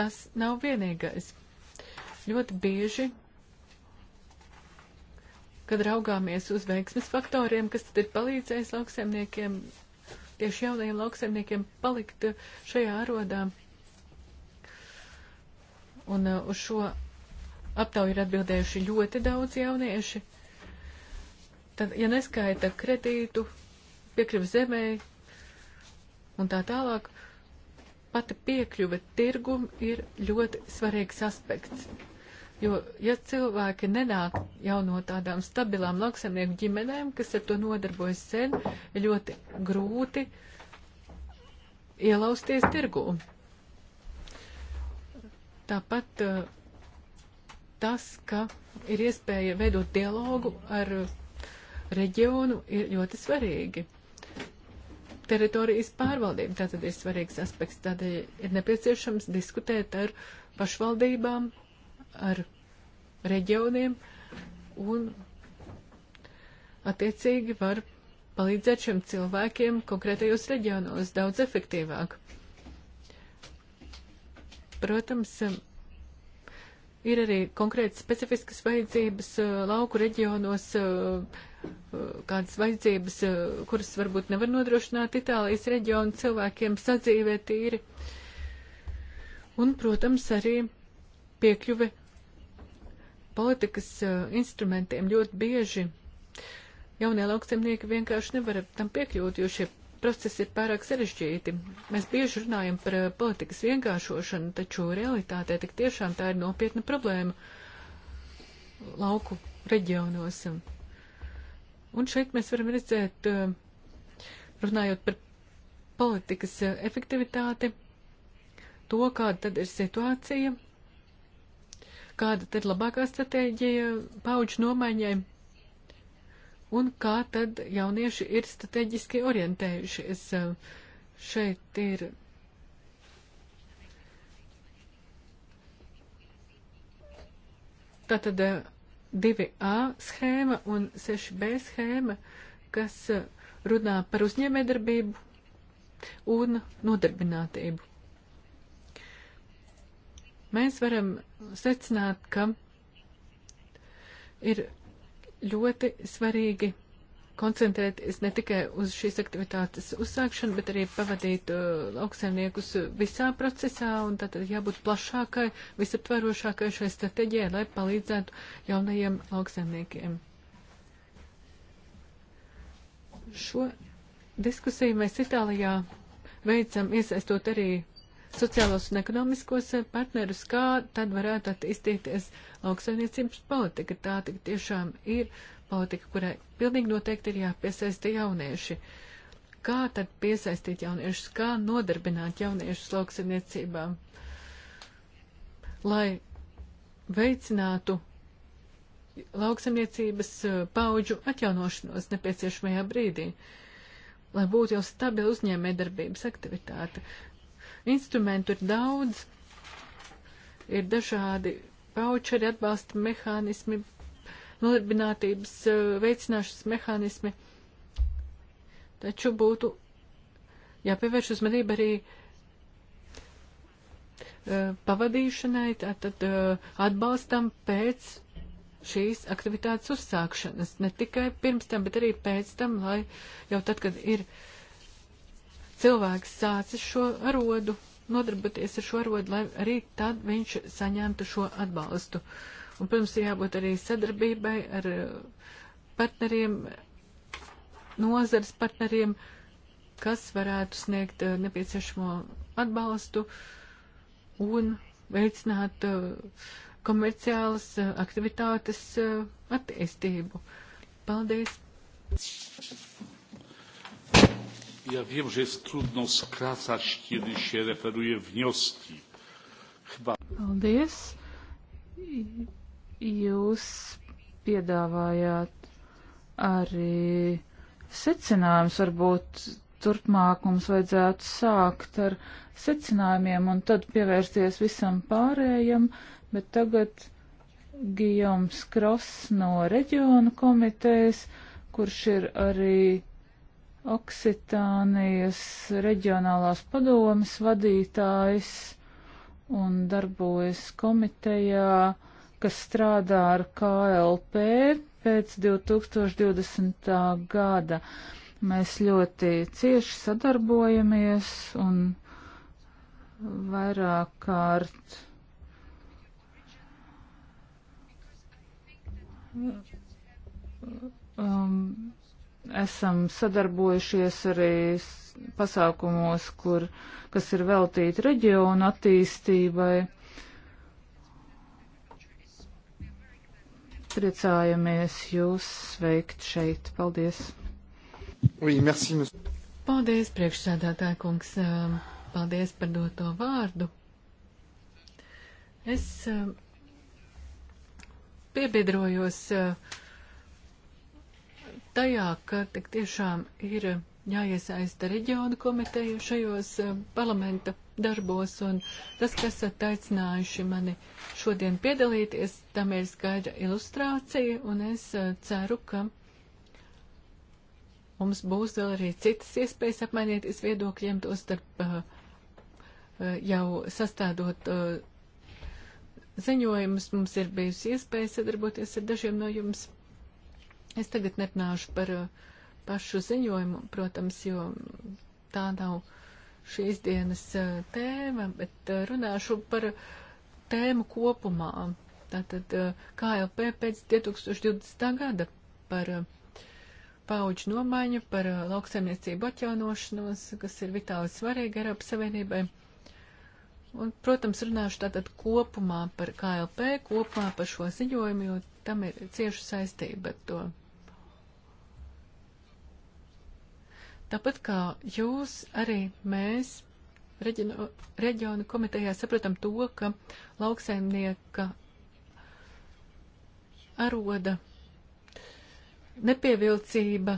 tas nav vienīgais. Ļoti bieži, kad raugāmies uz veiksmes faktoriem, kas tad ir palīdzējis lauksaimniekiem, tieši jaunajiem lauksaimniekiem palikt šajā arodā, un uh, uz šo aptauju ir atbildējuši ļoti daudz jaunieši Tad, ja neskaita kredītu, piekļuvi zemē un tā tālāk, pati piekļuve tirgum ir ļoti svarīgs aspekts. Jo, ja cilvēki nenāk jau no tādām stabilām lauksaimnieku ģimenēm, kas ar to nodarbojas sen, ir ļoti grūti ielausties tirgū. Tāpat eh, tas, ka ir iespēja veidot dialogu ar reģionu ir ļoti svarīgi. Teritorijas pārvaldība tātad ir svarīgs aspekts, tādēļ ir nepieciešams diskutēt ar pašvaldībām, ar reģioniem un attiecīgi var palīdzēt šiem cilvēkiem konkrētajos reģionos daudz efektīvāk. Protams, ir arī konkrēti specifiskas vajadzības uh, lauku reģionos uh, Eh, kādas vajadzības, eh, kuras varbūt nevar nodrošināt Itālijas reģionu cilvēkiem sadzīvē tīri. Un, protams, arī piekļuve politikas eh, instrumentiem ļoti bieži jaunie lauksemnieki vienkārši nevar tam piekļūt, jo šie procesi ir pārāk sarežģīti. Mēs bieži runājam par politikas vienkāršošanu, taču realitātē tik tiešām tā ir nopietna problēma lauku reģionos. Un šeit mēs varam redzēt, eh, runājot par politikas eh, efektivitāti, to, kāda tad ir situācija, kāda tad labākā stratēģija pauģu nomaiņai un kā tad jaunieši ir strateģiski orientējušies. Eh, šeit ir tātad 2A schēma un 6B schēma, kas runā par uzņēmējdarbību un nodarbinātību. Mēs varam secināt, ka ir ļoti svarīgi koncentrēties ne tikai uz šīs aktivitātes uzsākšanu, bet arī pavadīt uh, lauksaimniekus visā procesā un tātad jābūt plašākai, visaptvarošākai šai stratēģijai, lai palīdzētu jaunajiem lauksaimniekiem. Šo diskusiju mēs Itālijā veicam iesaistot arī sociālos un ekonomiskos partnerus, kā tad varētu attīstīties lauksaimniecības politika. Tā tik tiešām ir. Uh, politika, kurai pilnīgi noteikti ir jāpiesaista jaunieši. Kā tad piesaistīt jauniešus, kā nodarbināt jauniešus lauksaimniecībā, lai veicinātu lauksaimniecības e, pauģu atjaunošanos nepieciešamajā brīdī, lai būtu jau stabila uzņēmē darbības aktivitāte. Instrumentu ir daudz, ir dažādi paučeri atbalsta mehānismi, nodarbinātības eh, veicināšanas mehānismi. Taču būtu jāpievērš uzmanība arī eh, pavadīšanai, tātad eh, atbalstam pēc šīs aktivitātes uzsākšanas. Ne tikai pirms tam, bet arī pēc tam, lai jau tad, kad ir cilvēks sācis šo arodu, nodarboties ar šo arodu, lai arī tad viņš saņemtu šo atbalstu. Uh, Un, protams, ir jābūt arī sadarbībai ar uh, partneriem, nozares partneriem, kas varētu sniegt uh, nepieciešamo atbalstu un veicināt uh, komerciālas uh, aktivitātes uh, attīstību. Paldies! Ja wiem, że jest trudno skracać, kiedy się referuje wnioski. Chyba. Paldies. Jūs piedāvājāt arī secinājums, varbūt turpmāk mums vajadzētu sākt ar secinājumiem un tad pievērsties visam pārējam, bet tagad Gijoms Kross no reģiona komitejas, kurš ir arī Oksitānijas reģionālās padomas vadītājs un darbojas komitejā kas strādā ar KLP pēc 2020. gada. Mēs ļoti cieši sadarbojamies un vairāk kārt. Um, esam sadarbojušies arī pasākumos, kur, kas ir veltīti reģionu attīstībai. Priecājamies jūs sveikt šeit. Paldies! Oui, merci, monsieur. Paldies, priekšsēdētāja kungs. Um, paldies par doto vārdu. Es um, piebiedrojos uh, tajā, ka tik tiešām ir jāiesaista reģionu komiteju šajos eh, parlamenta darbos, un tas, kas esat aicinājuši mani šodien piedalīties, tam ir skaidra ilustrācija, un es eh, ceru, ka mums būs vēl arī citas iespējas apmainīties viedokļiem, to starp eh, jau sastādot ziņojumus, mums ir bijusi iespēja sadarboties ar dažiem no jums. Es tagad nerunāšu par uh, pašu ziņojumu, protams, jo tā nav šīs dienas tēma, bet runāšu par tēmu kopumā. Tātad KLP pēc 2020. gada par pauģu nomaiņu, par lauksaimniecību atjaunošanos, kas ir vitāli svarīga Eiropas Savienībai. Un, protams, runāšu tātad kopumā par KLP, kopumā par šo ziņojumu, jo tam ir cieša saistība ar to. Tāpat kā jūs, arī mēs reģionu, reģionu komitejā saprotam to, ka lauksaimnieka aroda nepievilcība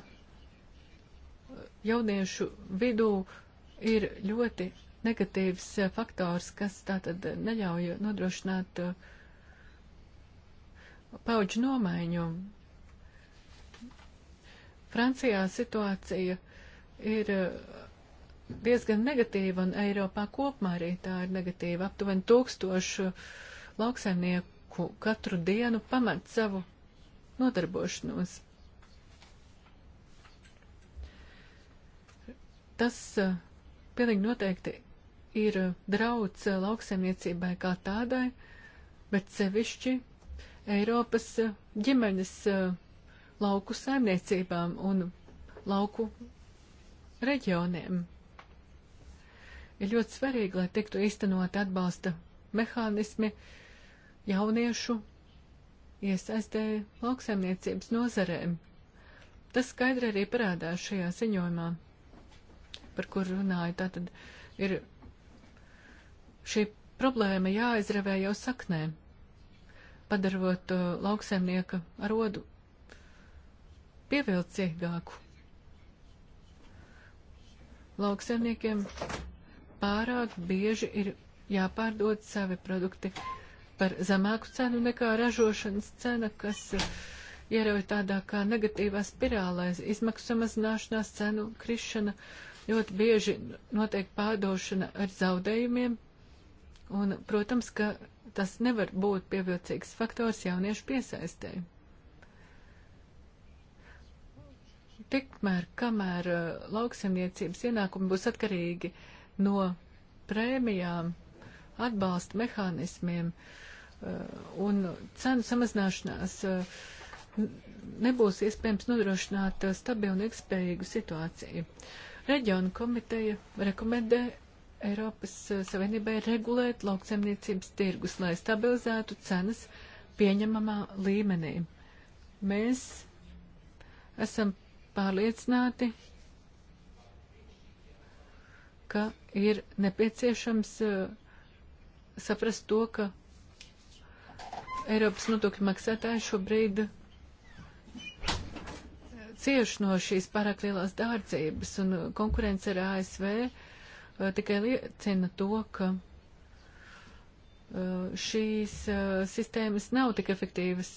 jauniešu vidū ir ļoti negatīvs faktors, kas tātad neļauj nodrošināt uh, pauģu nomaiņu. Francijā situācija uh, ir eh, diezgan negatīva, un Eiropā kopumā arī tā ir negatīva. Aptuveni tūkstošu lauksaimnieku katru dienu pamat savu nodarbošanos. Tas eh, pilnīgi noteikti ir drauds lauksaimniecībai kā tādai, bet sevišķi Eiropas eh, ģimenes lauku saimniecībām un lauku reģioniem. Ir ļoti svarīgi, lai tiktu īstenot atbalsta mehānismi jauniešu iesaistē lauksaimniecības nozarēm. Tas skaidri arī parādās šajā ziņojumā, par kur runāju. Tātad ir šī problēma jāizrevē jau saknē, padarot uh, lauksaimnieka arodu pievilcīgāku lauksaimniekiem pārāk bieži ir jāpārdod savi produkti par zemāku cenu nekā ražošanas cena, kas ierauj tādā kā negatīvā spirālē, izmaksu samazināšanās, cenu krišana, ļoti bieži notiek pārdošana ar zaudējumiem, un, protams, ka tas nevar būt pievilcīgs faktors jauniešu piesaistēji. tikmēr, kamēr uh, lauksemniecības ienākumi būs atkarīgi no prēmijām, atbalsta mehānismiem uh, un cenu samazināšanās, uh, nebūs iespējams nodrošināt stabilu un ilgspējīgu situāciju. Reģiona komiteja rekomendē Eiropas Savienībai regulēt lauksaimniecības tirgus, lai stabilizētu cenas pieņemamā līmenī. Mēs esam pārliecināti, ka ir nepieciešams uh, saprast to, ka Eiropas nodokļu maksātāji šobrīd uh, cieš no šīs pārāk lielās dārdzības, un konkurence ar ASV uh, tikai liecina to, ka šīs sistēmas nav tik efektīvas.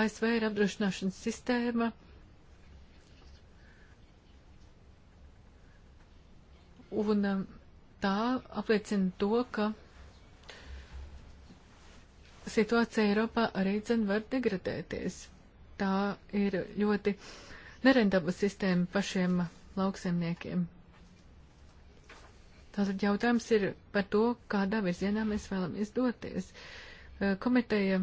ASV ir apdrošināšanas sistēma, uh, Un um, tā apliecina to, ka situācija Eiropā arī dzen var degradēties. Tā ir ļoti nerendaba sistēma pašiem lauksemniekiem. Tātad jautājums ir par to, kādā virzienā mēs vēlamies doties. Uh, komiteja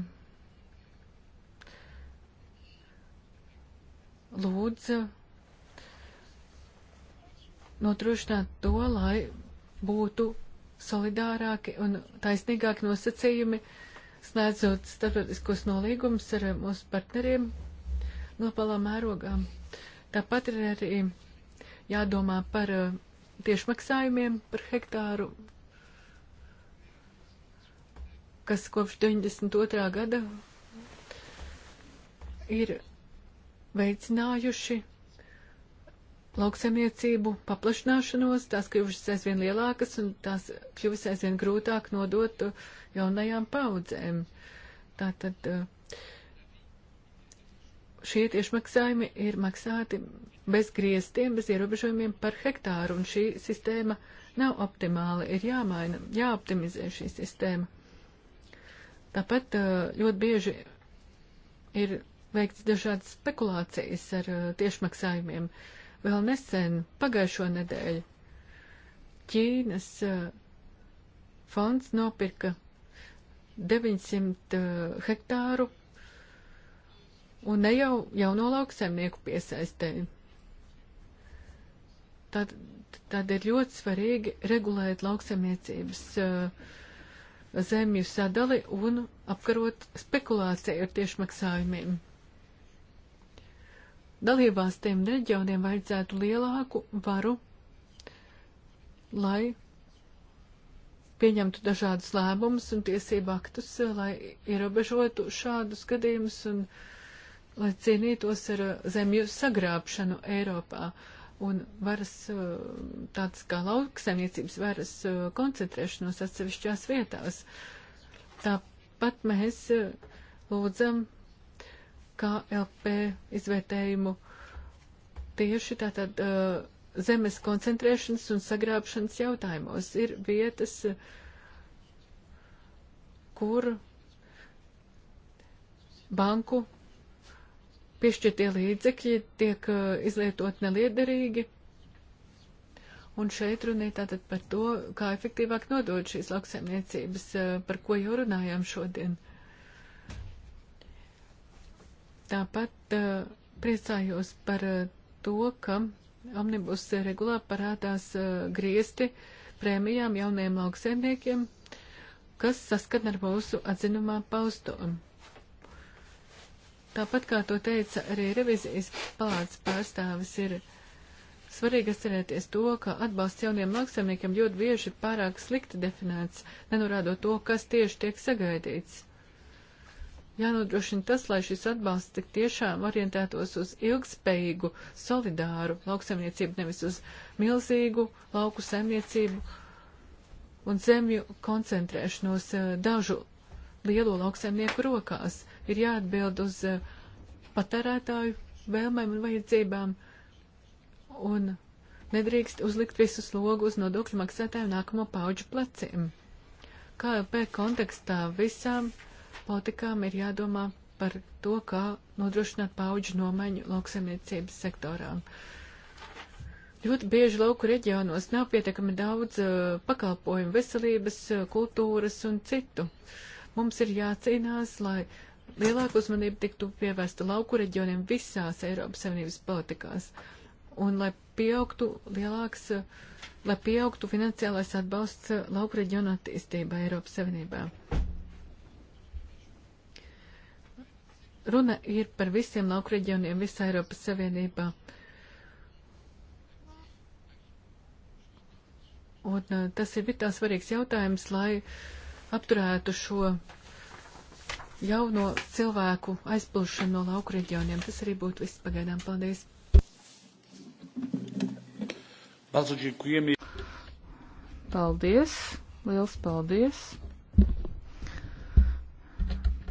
lūdza nodrošināt to, lai būtu solidārāki un taisnīgāki nosacījumi, slēdzot starptautiskos nolīgumus ar mūsu partneriem nopalā mērogām. Tāpat ir arī jādomā par uh, tiešmaksājumiem par hektāru, kas kopš 92. gada ir veicinājuši lauksaimniecību paplašināšanos, tās kļuvušas aizvien lielākas un tās kļuvis aizvien grūtāk nodot jaunajām paudzēm. Tātad eh, šie tiešmaksājumi ir maksāti bez griestiem, bez ierobežojumiem par hektāru, un šī sistēma nav optimāla, ir jāmaina, jāoptimizē šī sistēma. Tāpat eh, ļoti bieži ir veikts dažādas spekulācijas ar eh, tiešmaksājumiem. Uh, vēl nesen, pagājušo nedēļu, Ķīnas fonds nopirka 900 hektāru un ne jau jauno lauksaimnieku piesaistēju. Tad, tad ir ļoti svarīgi regulēt lauksaimniecības zemju sadali un apkarot spekulāciju ar tiešmaksājumiem dalībvalstīm un reģioniem vajadzētu lielāku varu, lai pieņemtu dažādus lēmumus un tiesību aktus, lai ierobežotu šādus gadījumus un lai cīnītos ar zemju sagrābšanu Eiropā. Un varas tāds kā lauksaimniecības varas koncentrēšanos atsevišķās vietās. Tāpat mēs lūdzam KLP izvērtējumu tieši tātad uh, zemes koncentrēšanas un sagrābšanas jautājumos. Ir vietas, kur banku piešķirtie līdzekļi tiek uh, izlietot neliederīgi. Un šeit runīja tātad par to, kā efektīvāk nodot šīs lauksaimniecības, uh, par ko jau runājām šodien. Tāpat uh, priecājos par uh, to, ka omnibus regulā parādās uh, griezti prēmijām jauniem lauksaimniekiem, kas saskana ar mūsu atzinumā pausto. Tāpat kā to teica arī revizijas palāts pārstāvis, ir svarīgi atcerēties to, ka atbalsts jauniem lauksaimniekiem ļoti bieži ir pārāk slikti definēts, nenorādot to, kas tieši tiek sagaidīts jānodrošina tas, lai šis atbalsts tik tiešām orientētos uz ilgspējīgu, solidāru lauksaimniecību, nevis uz milzīgu lauku saimniecību un zemju koncentrēšanos eh, dažu lielo lauksaimnieku rokās. Ir jāatbild uz eh, patērētāju vēlmēm un vajadzībām un nedrīkst uzlikt visu slogu uz nodokļu maksātāju nākamo pauģu pleciem. KLP kontekstā visām politikām ir jādomā par to, kā nodrošināt pauģu nomaiņu lauksaimniecības sektorā. Ļoti bieži lauku reģionos nav pietiekami daudz uh, pakalpojumu veselības, uh, kultūras un citu. Mums ir jācīnās, lai lielāku uzmanību tiktu pievērsta lauku reģioniem visās Eiropas Savienības politikās un lai pieaugtu lielāks, uh, lai pieaugtu finansiālais atbalsts uh, lauku reģionu attīstībā Eiropas Savienībā. Runa ir par visiem lauku reģioniem visā Eiropas Savienībā. Un uh, tas ir vitā svarīgs jautājums, lai apturētu šo jauno cilvēku aizplūšanu no lauku reģioniem. Tas arī būtu viss pagaidām. Paldies! Paldies! Liels paldies!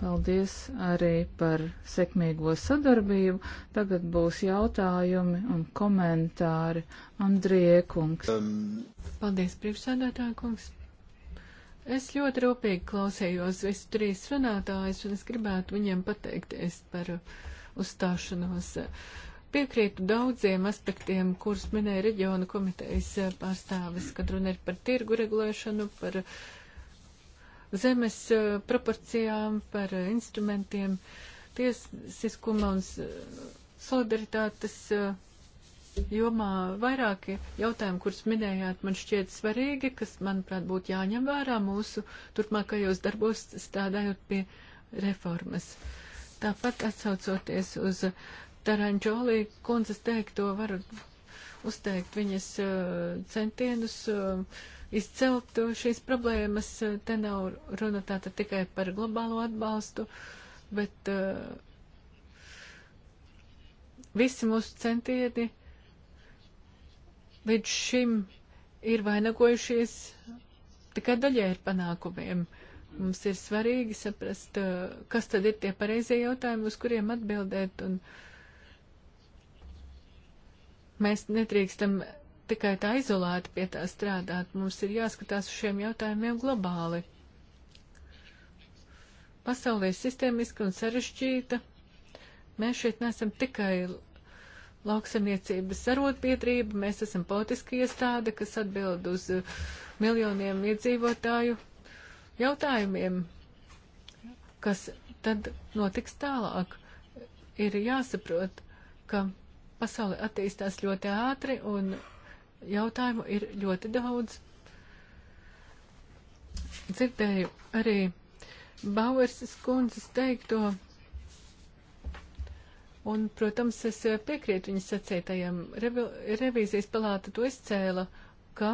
Paldies arī par sekmīgo sadarbību. Tagad būs jautājumi un komentāri. Andrija kungs. Um. Paldies, priekšsēdētāja kungs. Es ļoti rūpīgi klausējos visu trīs runātājus, un es gribētu viņiem pateikties par uzstāšanos. Piekrītu daudziem aspektiem, kurus minēja reģiona komitejas pārstāvis, kad runa ir par tirgu regulēšanu, par uh, zemes eh, proporcijām, par eh, instrumentiem tiesiskuma un eh, solidaritātes jomā vairāki jautājumi, kurus minējāt, man šķiet svarīgi, kas, manuprāt, būtu jāņem vērā mūsu turpmākajos darbos strādājot pie reformas. Tāpat atsaucoties uz Taranģolī kundzes teikto, varu uzteikt viņas centienus uh, izcelt šīs problēmas. Te nav runa tātad tikai par globālo atbalstu, bet eh, visi mūsu centieni līdz šim ir vainagojušies tikai daļai ar panākumiem. Mums ir svarīgi saprast, eh, kas tad ir tie pareizie jautājumi, uz kuriem atbildēt, un mēs netrīkstam tikai tā izolēti pie tā strādāt. Mums ir jāskatās uz šiem jautājumiem globāli. Pasaulē ir sistēmiska un sarežģīta. Mēs šeit nesam tikai lauksamniecības arotbiedrība, mēs esam politiska iestāde, kas atbild uz miljoniem iedzīvotāju jautājumiem, kas tad notiks tālāk. Ir jāsaprot, ka pasaule attīstās ļoti ātri un jautājumu ir ļoti daudz. Dzirdēju arī Bauersas kundzes teikto, un, protams, es piekrītu viņas sacītajam. Revi revīzijas palāta to izcēla, ka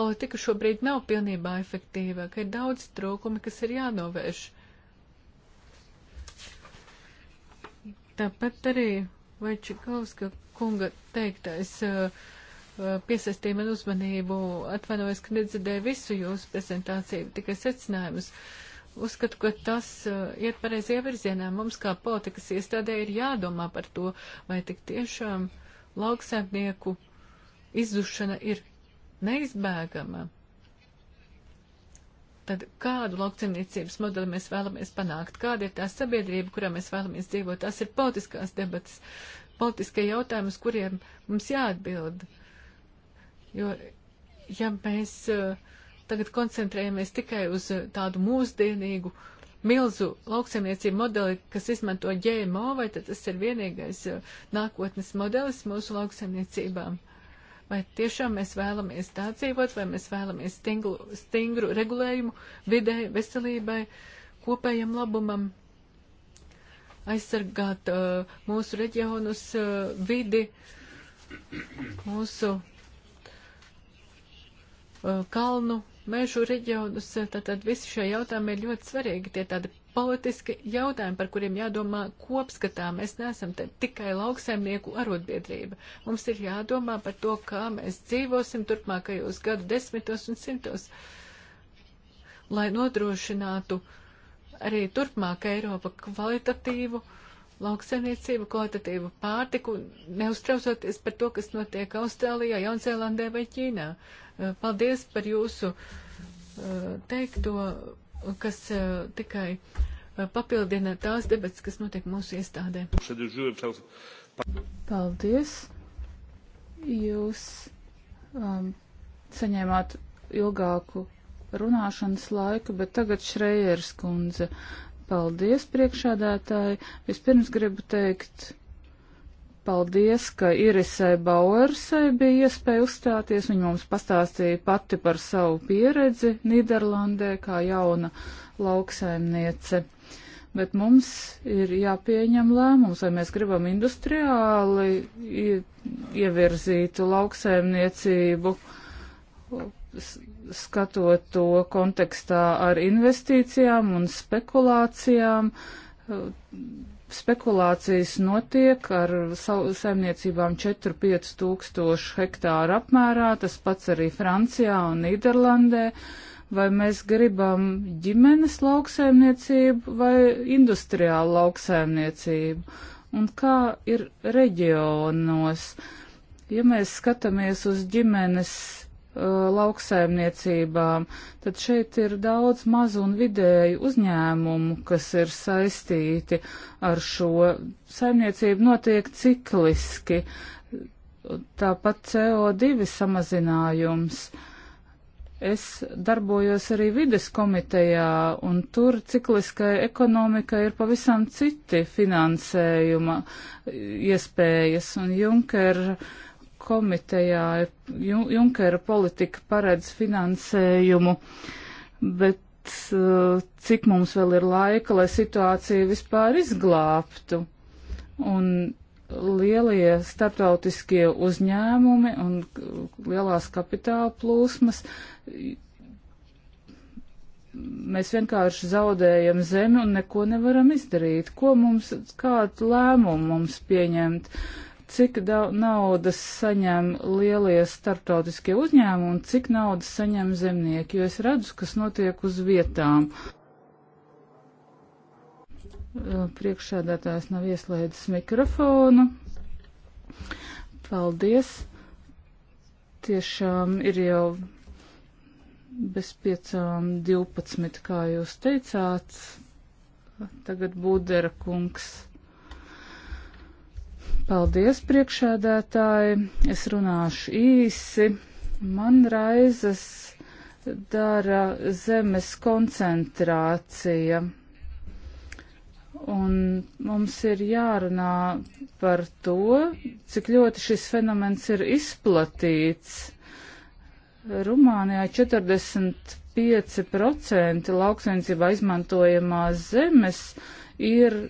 politika šobrīd nav pilnībā efektīva, ka ir daudz trūkumi, kas ir jānovērš. Tāpat arī Vaičikovska kunga teiktais uh, Uh, piesaistīja man uzmanību. Atvainojos, ka nedzirdēju visu jūsu prezentāciju, tikai secinājumus. Uzskatu, ka tas uh, iet pareizajā virzienā. Mums kā politikas iestādē ir jādomā par to, vai tik tiešām lauksaimnieku izdušana ir neizbēgama. Tad kādu lauksaimniecības modeli mēs vēlamies panākt? Kāda ir tā sabiedrība, kurā mēs vēlamies dzīvot? Tas ir politiskās debatas, politiskie jautājumi, uz kuriem mums jāatbild. Uh, Jo, ja mēs eh, tagad koncentrējamies tikai uz eh, tādu mūsdienīgu milzu lauksaimniecību modeli, kas izmanto GMO, vai tad tas ir vienīgais eh, nākotnes modelis mūsu lauksaimniecībām? Vai tiešām mēs vēlamies tā dzīvot, vai mēs vēlamies stinglu, stingru regulējumu vidē, veselībai, kopējam labumam, aizsargāt uh, mūsu reģionus, uh, vidi, mūsu Eh, kalnu mežu reģionus. Tātad eh, visi šie jautājumi ir ļoti svarīgi. Tie tādi politiski jautājumi, par kuriem jādomā kopskatā. Mēs neesam tikai lauksaimnieku arotbiedrība. Mums ir jādomā par to, kā mēs dzīvosim turpmākajos gadu desmitos un simtos, lai nodrošinātu arī turpmāk Eiropa kvalitatīvu lauksaimniecību, kvalitatīvu pārtiku, neuztraucoties par to, kas notiek Austrālijā, Jaunzēlandē vai Ķīnā. Uh, Eh, paldies par jūsu eh, teikto, kas eh, tikai papildina tās debats, kas notiek mūsu iestādē. Paldies! Jūs um, saņēmāt ilgāku runāšanas laiku, bet tagad Šreieris kundze. Paldies, priekšādātāji! Vispirms gribu teikt Paldies, ka Irisai Bauersai bija iespēja uzstāties. Viņa mums pastāstīja pati par savu pieredzi Nīderlandē kā jauna lauksaimniece. Bet mums ir jāpieņem lēmums, vai mēs gribam industriāli ievirzītu lauksaimniecību, skatot to kontekstā ar investīcijām un spekulācijām Spekulācijas notiek ar saimniecībām 4-5 tūkstošu hektāru apmērā, tas pats arī Francijā un Nīderlandē. Vai mēs gribam ģimenes lauksaimniecību vai industriālu lauksaimniecību? Un kā ir reģionos? Ja mēs skatāmies uz ģimenes Uh, lauksaimniecībām, tad šeit ir daudz mazu un vidēju uzņēmumu, kas ir saistīti ar šo saimniecību, notiek cikliski. Tāpat CO2 samazinājums. Es darbojos arī vides komitejā, un tur cikliskai ekonomikai ir pavisam citi finansējuma iespējas, un Junker uh, komitejā Junkera politika paredz finansējumu, bet uh, cik mums vēl ir laika, lai situāciju vispār izglābtu. Un lielie starptautiskie uzņēmumi un lielās kapitāla plūsmas, mēs vienkārši zaudējam zemi un neko nevaram izdarīt. Ko mums, kādu lēmumu mums pieņemt? Uh, cik daudz naudas saņem lielie starptautiskie uzņēmumi un cik naudas saņem zemnieki, jo es redzu, kas notiek uz vietām. Priekšsēdētājs nav ieslēdzis mikrofonu. Paldies. Tiešām ir jau bez piecām divpadsmit, kā jūs teicāt. Tagad būdera kungs. Paldies, priekšēdētāji. Es runāšu īsi. Man raizes dara zemes koncentrācija. Un mums ir jārunā par to, cik ļoti šis fenomens ir izplatīts. Rumānijā 45% lauksainicībā izmantojamās zemes ir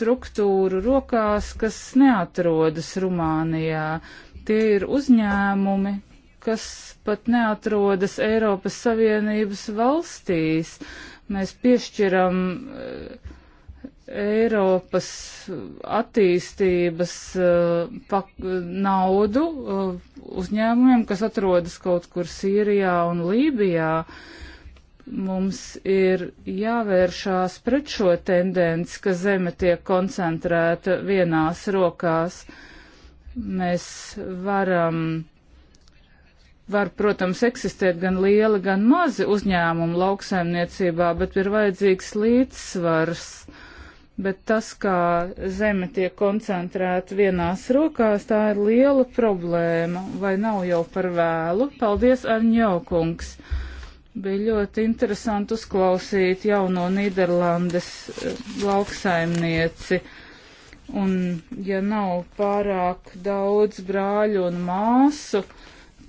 struktūru rokās, kas neatrodas Rumānijā. Tie ir uzņēmumi, kas pat neatrodas Eiropas Savienības valstīs. Mēs piešķiram eh, Eiropas attīstības eh, pak, naudu eh, uzņēmumiem, kas atrodas kaut kur Sīrijā un Lībijā. Uh, Mums ir jāvēršās pret šo tendenci, ka zeme tiek koncentrēta vienās rokās. Mēs varam var, protams, eksistēt gan lieli, gan mazi uzņēmumi lauksaimniecībā, bet ir vajadzīgs līdzsvars. Bet tas, kā zeme tiek koncentrēta vienās rokās, tā ir liela problēma, vai nav jau par vēlu? Paldies, Arņaukungs! Bija ļoti interesanti uzklausīt jauno Nīderlandes eh, lauksaimnieci. Un, ja nav pārāk daudz brāļu un māsu,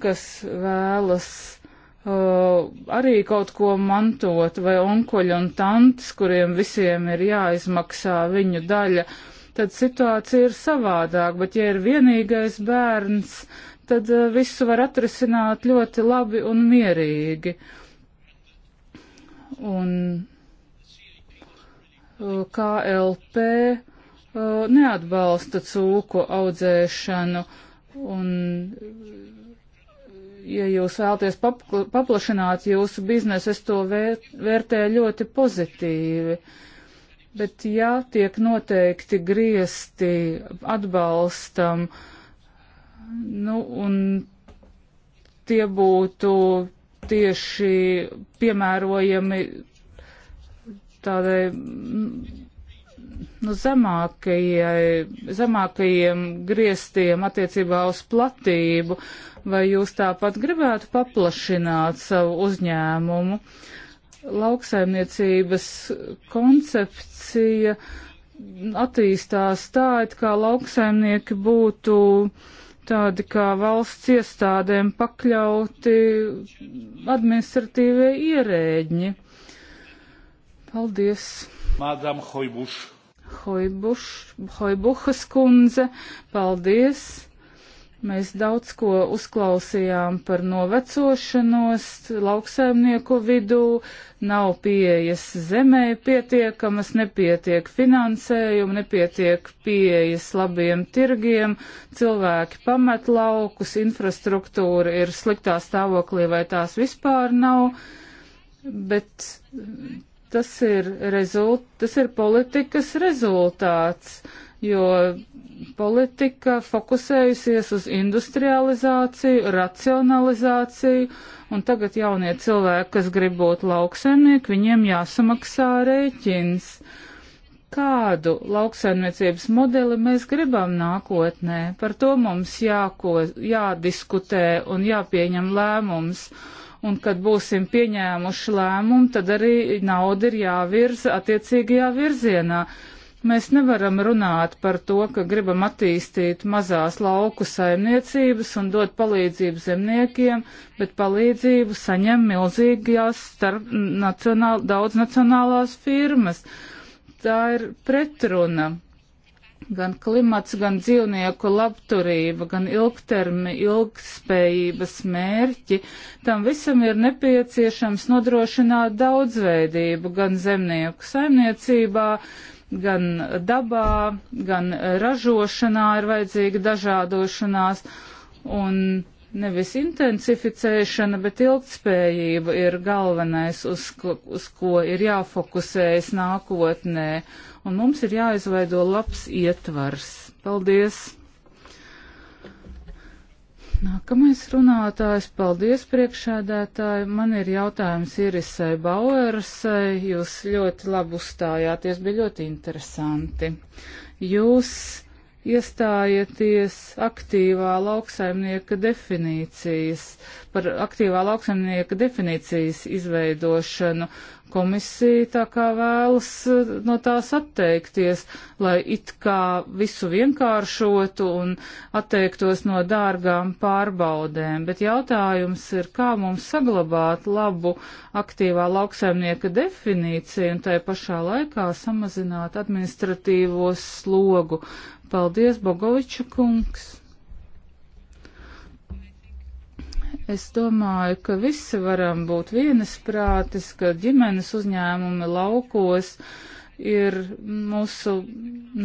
kas vēlas uh, arī kaut ko mantot, vai onkuļi un tantes, kuriem visiem ir jāizmaksā viņu daļa, tad situācija ir savādāk. Bet, ja ir vienīgais bērns, tad uh, visu var atrisināt ļoti labi un mierīgi. Uh, un uh, KLP uh, neatbalsta cūku audzēšanu. Un, uh, ja jūs vēlaties paplašināt jūsu biznesu, es to vērt, vērtēju ļoti pozitīvi. Bet, ja tiek noteikti griezti atbalstam, nu, un tie būtu tieši piemērojami tādai mm, nu, zemākajiem griestiem attiecībā uz platību, vai jūs tāpat gribētu paplašināt savu uzņēmumu? Lauksaimniecības koncepcija attīstās tā, it kā lauksaimnieki būtu uh, tādi kā valsts iestādēm pakļauti administratīvie ierēģi. Paldies! Mādām Hoibuš! Hoibuš, Hoibuhas kundze, paldies! Mēs daudz ko uzklausījām par novecošanos lauksaimnieku vidū, nav pieejas zemē pietiekamas, nepietiek finansējumu, nepietiek pieejas labiem tirgiem, cilvēki pamet laukus, infrastruktūra ir sliktā stāvoklī vai tās vispār nav, bet tas ir, rezult, tas ir politikas rezultāts jo politika fokusējusies uz industrializāciju, racionalizāciju, un tagad jaunie cilvēki, kas grib būt lauksaimnieki, viņiem jāsamaksā rēķins. Kādu lauksaimniecības modeli mēs gribam nākotnē? Par to mums jāko, jādiskutē un jāpieņem lēmums un kad būsim pieņēmuši lēmumu, tad arī nauda ir jāvirza attiecīgajā virzienā. Mēs nevaram runāt par to, ka gribam attīstīt mazās lauku saimniecības un dot palīdzību zemniekiem, bet palīdzību saņem milzīgās starp nacionāl, daudznacionālās firmas. Tā ir pretruna. Gan klimats, gan dzīvnieku labturība, gan ilgtermi, ilgspējības mērķi, tam visam ir nepieciešams nodrošināt daudzveidību gan zemnieku saimniecībā, Gan dabā, gan ražošanā ir vajadzīga dažādošanās, un nevis intensificēšana, bet ilgtspējība ir galvenais, uz ko, uz ko ir jāfokusējas nākotnē, un mums ir jāizveido labs ietvars. Paldies! Nākamais runātājs, paldies priekšēdētāji. Man ir jautājums Irisai Bauersai. Jūs ļoti labi uzstājāties, bija ļoti interesanti. Jūs iestājieties aktīvā lauksaimnieka definīcijas, par aktīvā lauksaimnieka definīcijas izveidošanu. Komisija tā kā vēlas eh, no tās atteikties, lai it kā visu vienkāršotu un atteiktos no dārgām pārbaudēm, bet jautājums ir, kā mums saglabāt labu aktīvā lauksaimnieka definīciju un tai pašā laikā samazināt administratīvos slogu Paldies, Bogoviča kungs. Es domāju, ka visi varam būt vienasprātis, ka ģimenes uzņēmumi laukos ir mūsu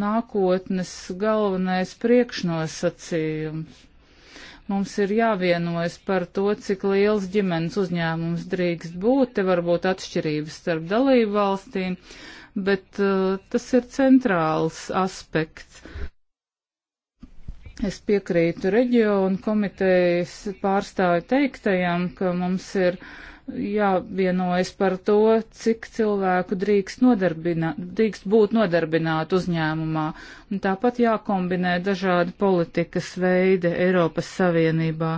nākotnes galvenais priekšnosacījums. Mums ir jāvienojas par to, cik liels ģimenes uzņēmums drīkst būt, te var būt atšķirības starp dalību valstīm, bet uh, tas ir centrāls aspekts. Es piekrītu reģionu komitejas pārstāvi teiktajam, ka mums ir jāvienojas par to, cik cilvēku drīkst, drīkst būt nodarbināt uzņēmumā. Un tāpat jākombinē dažādi politikas veidi Eiropas Savienībā.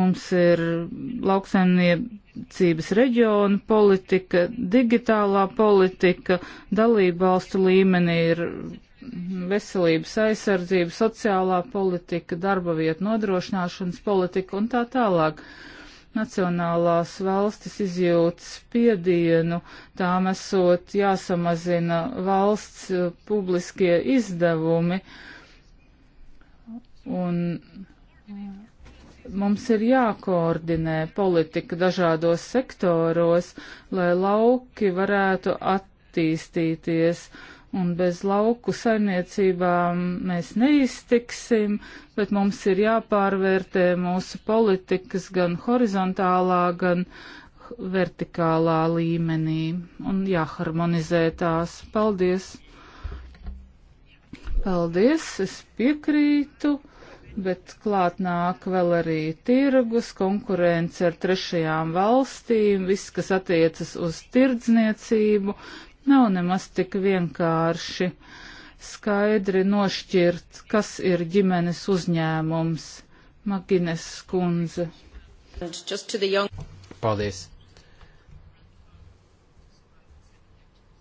Mums ir lauksaimniecības reģiona politika, digitālā politika, dalība valstu līmenī ir veselības aizsardzība, sociālā politika, darba vietu nodrošināšanas politika un tā tālāk. Nacionālās valstis izjūt spiedienu, tām esot jāsamazina valsts eh, publiskie izdevumi. Un mums ir jākoordinē politika dažādos sektoros, lai lauki varētu attīstīties un bez lauku saimniecībām mēs neiztiksim, bet mums ir jāpārvērtē mūsu politikas gan horizontālā, gan vertikālā līmenī un jāharmonizē tās. Paldies! Paldies, es piekrītu, bet klāt nāk vēl arī tirgus, konkurence ar trešajām valstīm, viss, kas attiecas uz tirdzniecību, Nav nemaz tik vienkārši skaidri nošķirt, kas ir ģimenes uzņēmums. Magines skundze. Paldies.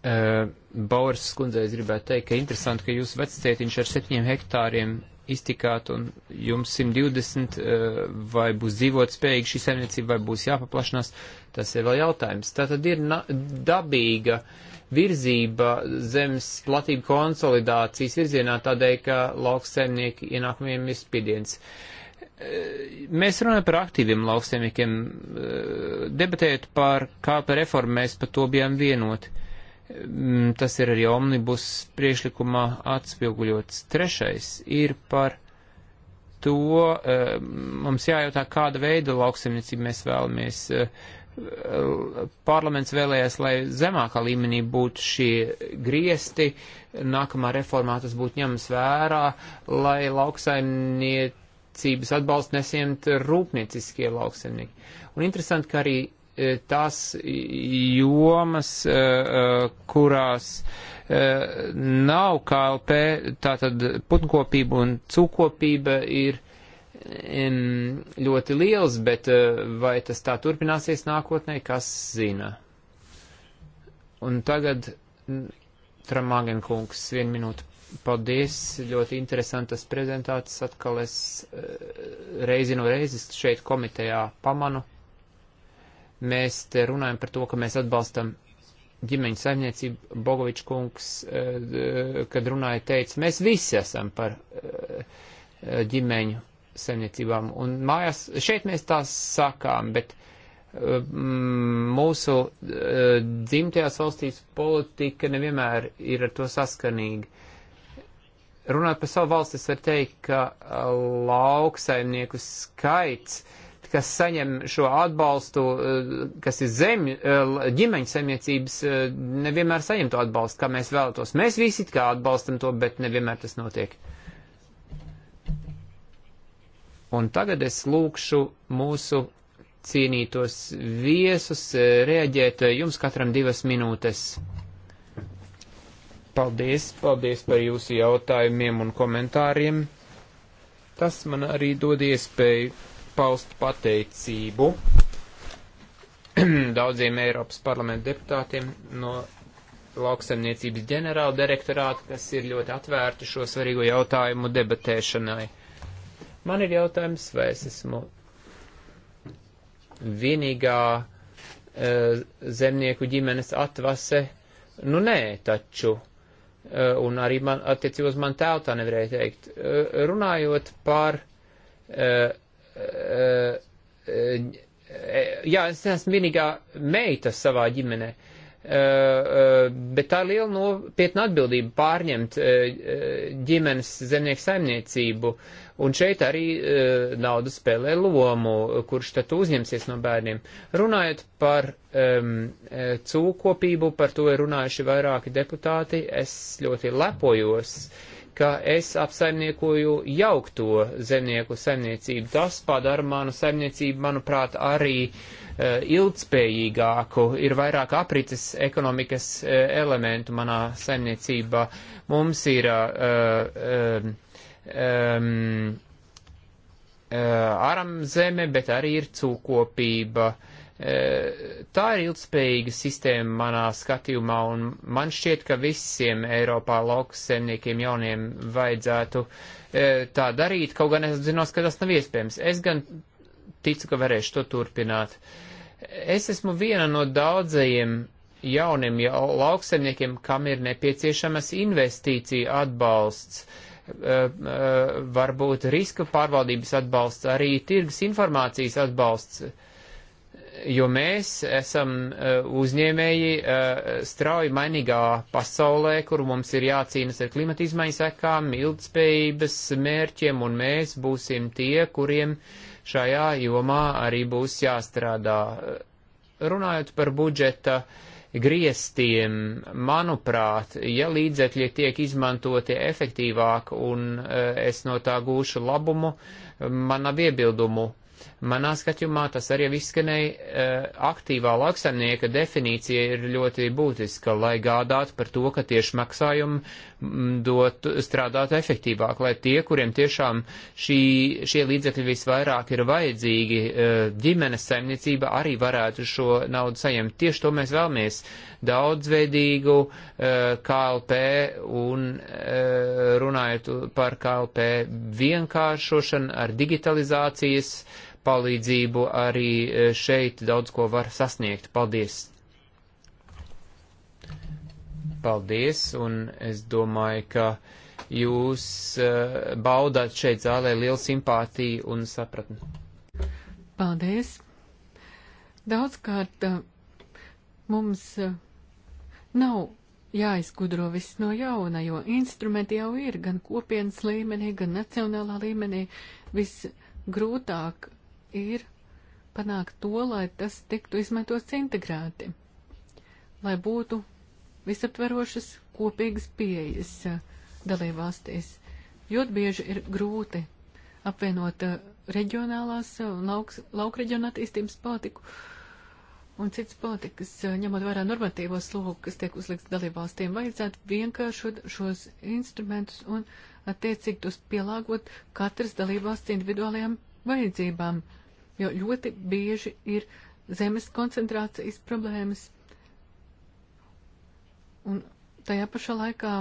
Uh, Bauras skundzei gribētu teikt, ka interesanti, ka jūs veccietiņš ar septiņiem hektāriem iztikāt un jums 120 uh, vai būs dzīvot spējīgi šī saimniecība vai būs jāpaplašanās, tas ir vēl jautājums. Tā tad ir dabīga uh, virzība zemes platība konsolidācijas virzienā tādēļ, ka lauksaimnieki ienākumiem ir spiediens. Eh, mēs runājam par aktīviem lauksaimniekiem, eh, debatējot par kāpa reformu, mēs par to bijām vienoti. Mm, tas ir arī omnibus priešlikumā atspoguļots. Trešais ir par to, eh, mums jājautā, kāda veida lauksaimniecību mēs vēlamies. Uh, parlaments vēlējās, lai zemākā līmenī būtu šie griesti, nākamā reformā tas būtu ņemts vērā, lai lauksaimniecības atbalstu nesiemt rūpnieciskie lauksaimnieki. Un interesanti, ka arī e, tās jomas, e, e, kurās nav KLP, tātad putnkopība un cūkopība ir ļoti liels, bet eh, vai tas tā turpināsies nākotnē, kas zina. Un tagad Tramāgen kungs, vienu minūtu. Paldies, ļoti interesantas prezentācijas. Atkal es eh, reizi no reizes šeit komitejā pamanu. Mēs te runājam par to, ka mēs atbalstam ģimeņu saimniecību. Bogovičs kungs, eh, kad runāja, teica, mēs visi esam par ģimeņu saimniecībām. Un mājās, šeit mēs tās sakām, bet eh, mm, mūsu uh, dzimtajās valstīs politika nevienmēr ir ar to saskanīga. Runāt par savu valsti, es varu teikt, ka eh, lauksaimnieku skaits, kas saņem šo atbalstu, kas ir zem, ģimeņa saimniecības, nevienmēr saņem to atbalstu, kā mēs vēlētos. Mēs visi kā atbalstam to, bet nevienmēr tas notiek. Uh, Un tagad es lūkšu mūsu cīnītos viesus e, reaģēt e, jums katram divas minūtes. Paldies, paldies par jūsu jautājumiem un komentāriem. Tas man arī dod iespēju paust pateicību daudziem Eiropas parlamenta deputātiem no lauksaimniecības ģenerāla direktorāta, kas ir ļoti atvērti šo svarīgo jautājumu debatēšanai. Man ir jautājums, vai es esmu vienīgā e, zemnieku ģimenes atvase. Nu nē, taču. E, un arī man, attiecībā uz man tēvu tā nevarēja teikt. E, runājot par. E, e, e, e jā, es esmu vienīgā meita savā ģimenē. E, Eh, eh, bet tā ir liela nopietna atbildība pārņemt eh, ģimenes zemnieku saimniecību, un šeit arī nauda spēlē lomu, kurš tad uzņemsies no bērniem. Runājot par um, cūkopību, par to ir runājuši vairāki deputāti, es ļoti lepojos. Uh, ka es apsaimniekoju jaukto zemnieku saimniecību. Tas padara manu saimniecību, manuprāt, arī uh, ilgspējīgāku, ir vairāk aprites ekonomikas uh, elementu manā saimniecībā. Mums ir uh, e, um, um, aram zeme, bet arī ir cūkopība. Uh, E, tā ir ilgspējīga sistēma manā skatījumā, un man šķiet, ka visiem Eiropā lauksaimniekiem jauniem vajadzētu e, tā darīt, kaut gan es zinos, ka tas nav iespējams. Es gan ticu, ka varēšu to turpināt. Es esmu viena no daudzajiem jauniem lauksaimniekiem, kam ir nepieciešamas investīcija atbalsts. E, varbūt riska pārvaldības atbalsts, arī tirgus informācijas atbalsts jo mēs esam eh, uzņēmēji eh, strauji mainīgā pasaulē, kur mums ir jācīnas ar klimata izmaiņu sekām, ilgspējības mērķiem, un mēs būsim tie, kuriem šajā jomā arī būs jāstrādā. Runājot par budžeta griestiem, manuprāt, ja līdzekļi tiek izmantoti efektīvāk un eh, es no tā gūšu labumu, man nav iebildumu Manā skatījumā tas arī izskanēja, e, aktīvā lauksaimnieka definīcija ir ļoti būtiska, lai gādātu par to, ka tieši maksājumi dot strādāt efektīvāk, lai tie, kuriem tiešām šī, šie līdzekļi visvairāk ir vajadzīgi, e, ģimenes saimniecība arī varētu šo naudu saņemt. Tieši to mēs vēlamies daudzveidīgu e, KLP un runājot par KLP vienkāršošanu ar digitalizācijas palīdzību arī e, šeit daudz ko var sasniegt. Paldies! Paldies, un es domāju, ka jūs e, baudāt šeit zālē lielu simpātiju un sapratni. Paldies! Daudzkārt e, mums nav jāizgudro viss no jauna, jo instrumenti jau ir gan kopienas līmenī, gan nacionālā līmenī. Viss grūtāk ir panākt to, lai tas tiktu izmantots integrēti, lai būtu visaptverošas kopīgas pieejas uh, dalībvalstīs. Ļoti bieži ir grūti apvienot uh, reģionālās uh, un laukreģiona attīstības politiku un citas politikas, ņemot vērā normatīvos slogu, kas tiek uzlikts dalībvalstīm, vajadzētu vienkāršot šos instrumentus un attiecīgi tos pielāgot katras dalībvalsts individuālajām vajadzībām. Uh, jo ļoti bieži ir zemes koncentrācijas problēmas. Un tajā pašā laikā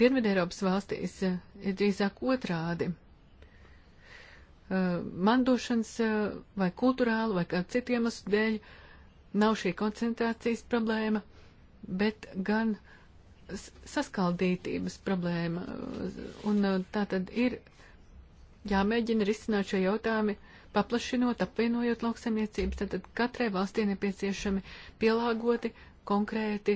Dienvidēropas valstīs eh, ir drīzāk otrādi. Eh, mandošanas eh, vai kultūrālu vai kādu citu iemeslu dēļ nav šī koncentrācijas problēma, bet gan saskaldītības problēma. Un tā tad ir jāmēģina risināt šo jautājumu, paplašinot, apvienojot lauksaimniecības. Tātad katrai valstī nepieciešami pielāgoti konkrēti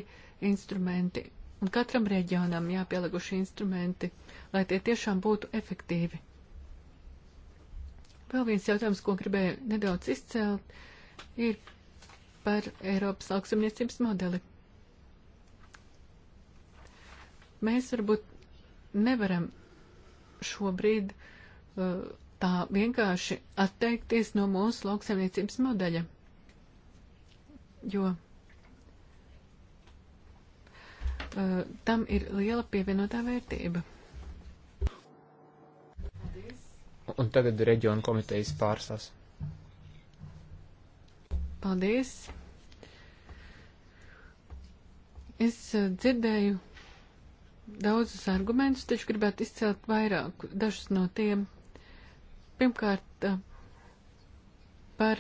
instrumenti. Un katram reģionam jāpielāgo šie instrumenti, lai tie tiešām būtu efektīvi. Vēl viens jautājums, ko gribēju nedaudz izcelt, ir par Eiropas lauksaimniecības modeli. Mēs varbūt nevaram šobrīd tā vienkārši atteikties no mūsu lauksaimniecības modeļa. Jo tam ir liela pievienotā vērtība. Un tagad reģiona komitejas pārstāvs. Paldies! Es dzirdēju daudzus argumentus, taču gribētu izcelt vairāk dažus no tiem, Pirmkārt, par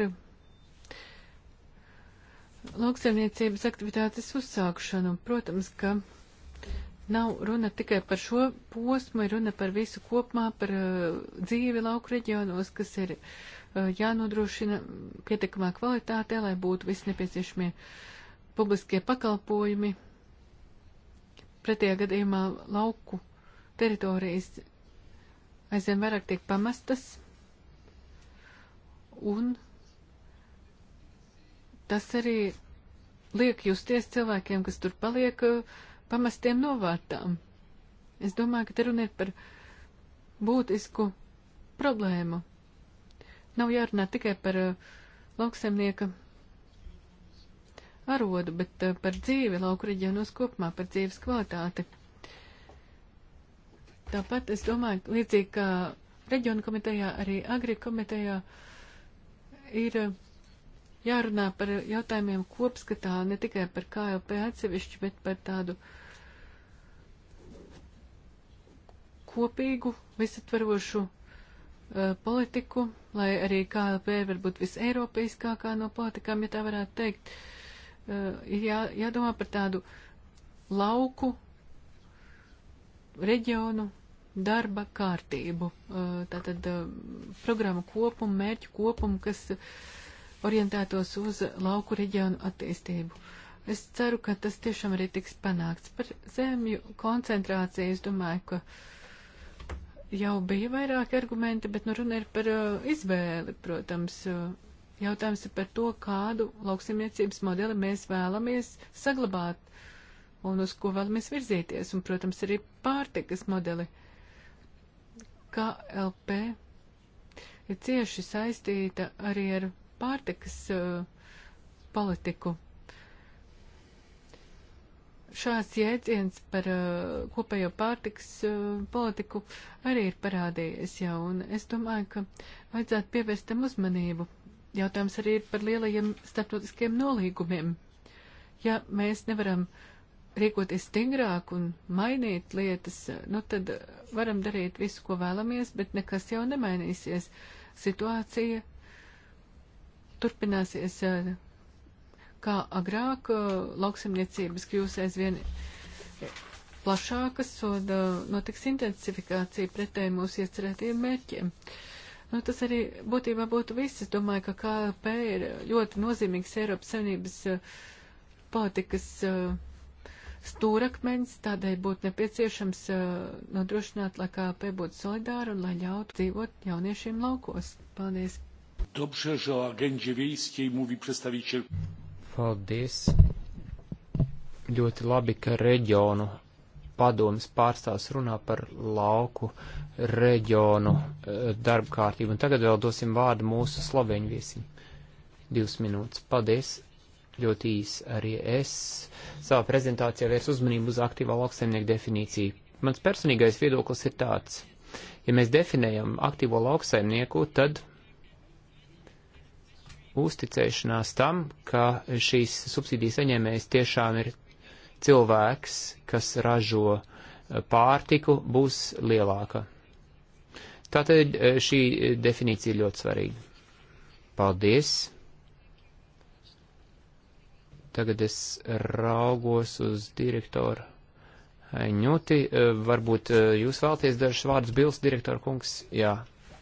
lauksaimniecības aktivitātes uzsākšanu. Protams, ka nav runa tikai par šo posmu, ir runa par visu kopumā, par uh, dzīvi lauku reģionos, kas ir uh, jānodrošina pietiekamā kvalitātē, lai būtu visi nepieciešamie publiskie pakalpojumi. Pretējā gadījumā lauku teritorijas aizvien vairāk tiek pamestas un tas arī liek justies cilvēkiem, kas tur paliek, eh, pamestiem novārtām. Es domāju, ka te runa ir par būtisku problēmu. Nav jārunā tikai par uh, eh, lauksemnieka arodu, bet uh, par dzīvi lauku reģionos kopumā, par dzīves kvalitāti. Tāpat es domāju, līdzīgi kā reģionu komitejā, arī agri komitejā ir eh, jārunā par jautājumiem kopskatā, ne tikai par KLP atsevišķi, bet par tādu kopīgu, visatvarošu uh, eh, politiku, lai arī KLP varbūt viseiropeiskākā no politikām, ja tā varētu teikt, uh, ir jā, jādomā par tādu lauku reģionu darba kārtību, tātad programmu kopumu, mērķu kopumu, kas orientētos uz lauku reģionu attīstību. Es ceru, ka tas tiešām arī tiks panākts. Par zemju koncentrāciju es domāju, ka jau bija vairāki argumenti, bet nu runa ir par izvēli, protams. Jautājums ir par to, kādu lauksimniecības modeli mēs vēlamies saglabāt un uz ko vēlamies virzīties, un, protams, arī pārtikas modeli. Uh, KLP ir cieši saistīta arī ar pārtikas uh, politiku. Šāds jēdziens par uh, kopējo pārtikas uh, politiku arī ir parādījies jau, un es domāju, ka vajadzētu pievērst tam uzmanību. Jautājums arī ir par lielajiem starptautiskiem nolīgumiem. Ja mēs nevaram rīkoties stingrāk un mainīt lietas, nu tad uh, varam darīt visu, ko vēlamies, bet nekas jau nemainīsies. Situācija turpināsies eh, kā agrāk, eh, lauksemniecības kļūs aizvien eh, plašākas un notiks intensifikācija pretēji mūsu iecerētiem mērķiem. Nu, tas arī būtībā būtu viss. Es domāju, ka KLP ir ļoti nozīmīgs Eiropas Savienības politikas. Uh, stūrakmeņus, tādēļ būtu nepieciešams uh, nodrošināt, lai KLP būtu solidāra un lai ļautu dzīvot jauniešiem laukos. Paldies! Dobrze, że o agendzie wiejskiej mówi przedstawiciel. Paldies. Ļoti labi, ka reģionu padomas pārstāvs runā par lauku reģionu eh, darbkārtību. Un tagad vēl dosim vārdu mūsu sloveņu viesim. Divas minūtes. Paldies ļoti īs. Arī es savā prezentācijā vērs uzmanību uz aktīvā lauksaimnieka definīciju. Mans personīgais viedoklis ir tāds. Ja mēs definējam aktīvo lauksaimnieku, tad uzticēšanās tam, ka šīs subsīdijas saņēmējs tiešām ir cilvēks, kas ražo eh, pārtiku, būs lielāka. Tātad eh, šī eh, definīcija ir ļoti svarīga. Paldies! Tagad es raugos uz direktoru Ņuti. E, varbūt e, jūs vēlties dažus vārdus, Bils direktora kungs? Jā,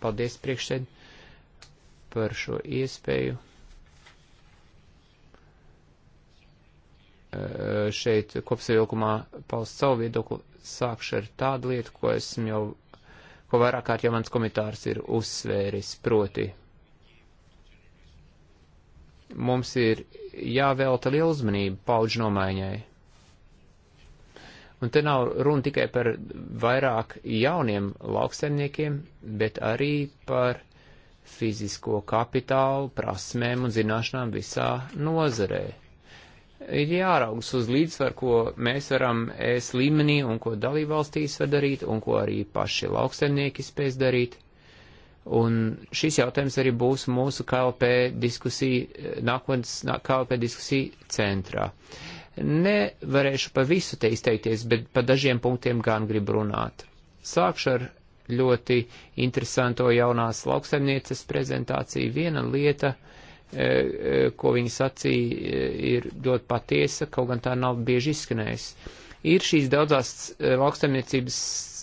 paldies priekšsēd par šo iespēju. E, šeit kopsavilkumā paust savu viedokli sākšu ar tādu lietu, ko esmu jau, ko vairāk kārt jau mans komentārs ir uzsvēris, proti mums ir jāvēlta liela uzmanība paudžu nomaiņai. Un te nav runa tikai par vairāk jauniem lauksaimniekiem, bet arī par fizisko kapitālu, prasmēm un zināšanām visā nozarē. Ir jāraugs uz līdzsvaru, ko mēs varam ēst līmenī un ko dalībvalstīs var darīt un ko arī paši lauksaimnieki spēs darīt. Un šis jautājums arī būs mūsu KLP diskusija, eh, nākotnes KLP diskusija centrā. Nevarēšu pa visu te izteikties, bet pa dažiem punktiem gan gribu runāt. Sākšu ar ļoti interesanto jaunās lauksaimnieces prezentāciju. Viena lieta, eh, eh, ko viņa sacīja, ir ļoti patiesa, kaut gan tā nav bieži izskanējusi. Ir šīs daudzās lauksaimniecības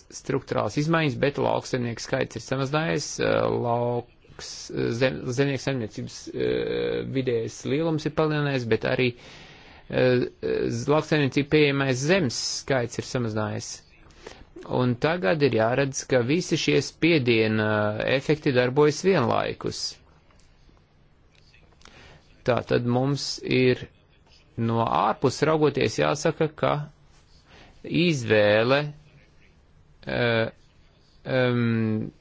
struktūrāls izmaiņas, bet lauksaimnieku skaits ir samazinājies, eh, lauks, eh, zem, zemnieku saimniecības eh, vidējais lielums ir palielinājies, bet arī lauksaimniecība pieejamais zemes skaits ir samazinājies. Un tagad ir jāredz, ka visi šie spiediena efekti darbojas vienlaikus. Tā tad mums ir no ārpus raugoties jāsaka, ka izvēle Uh, um,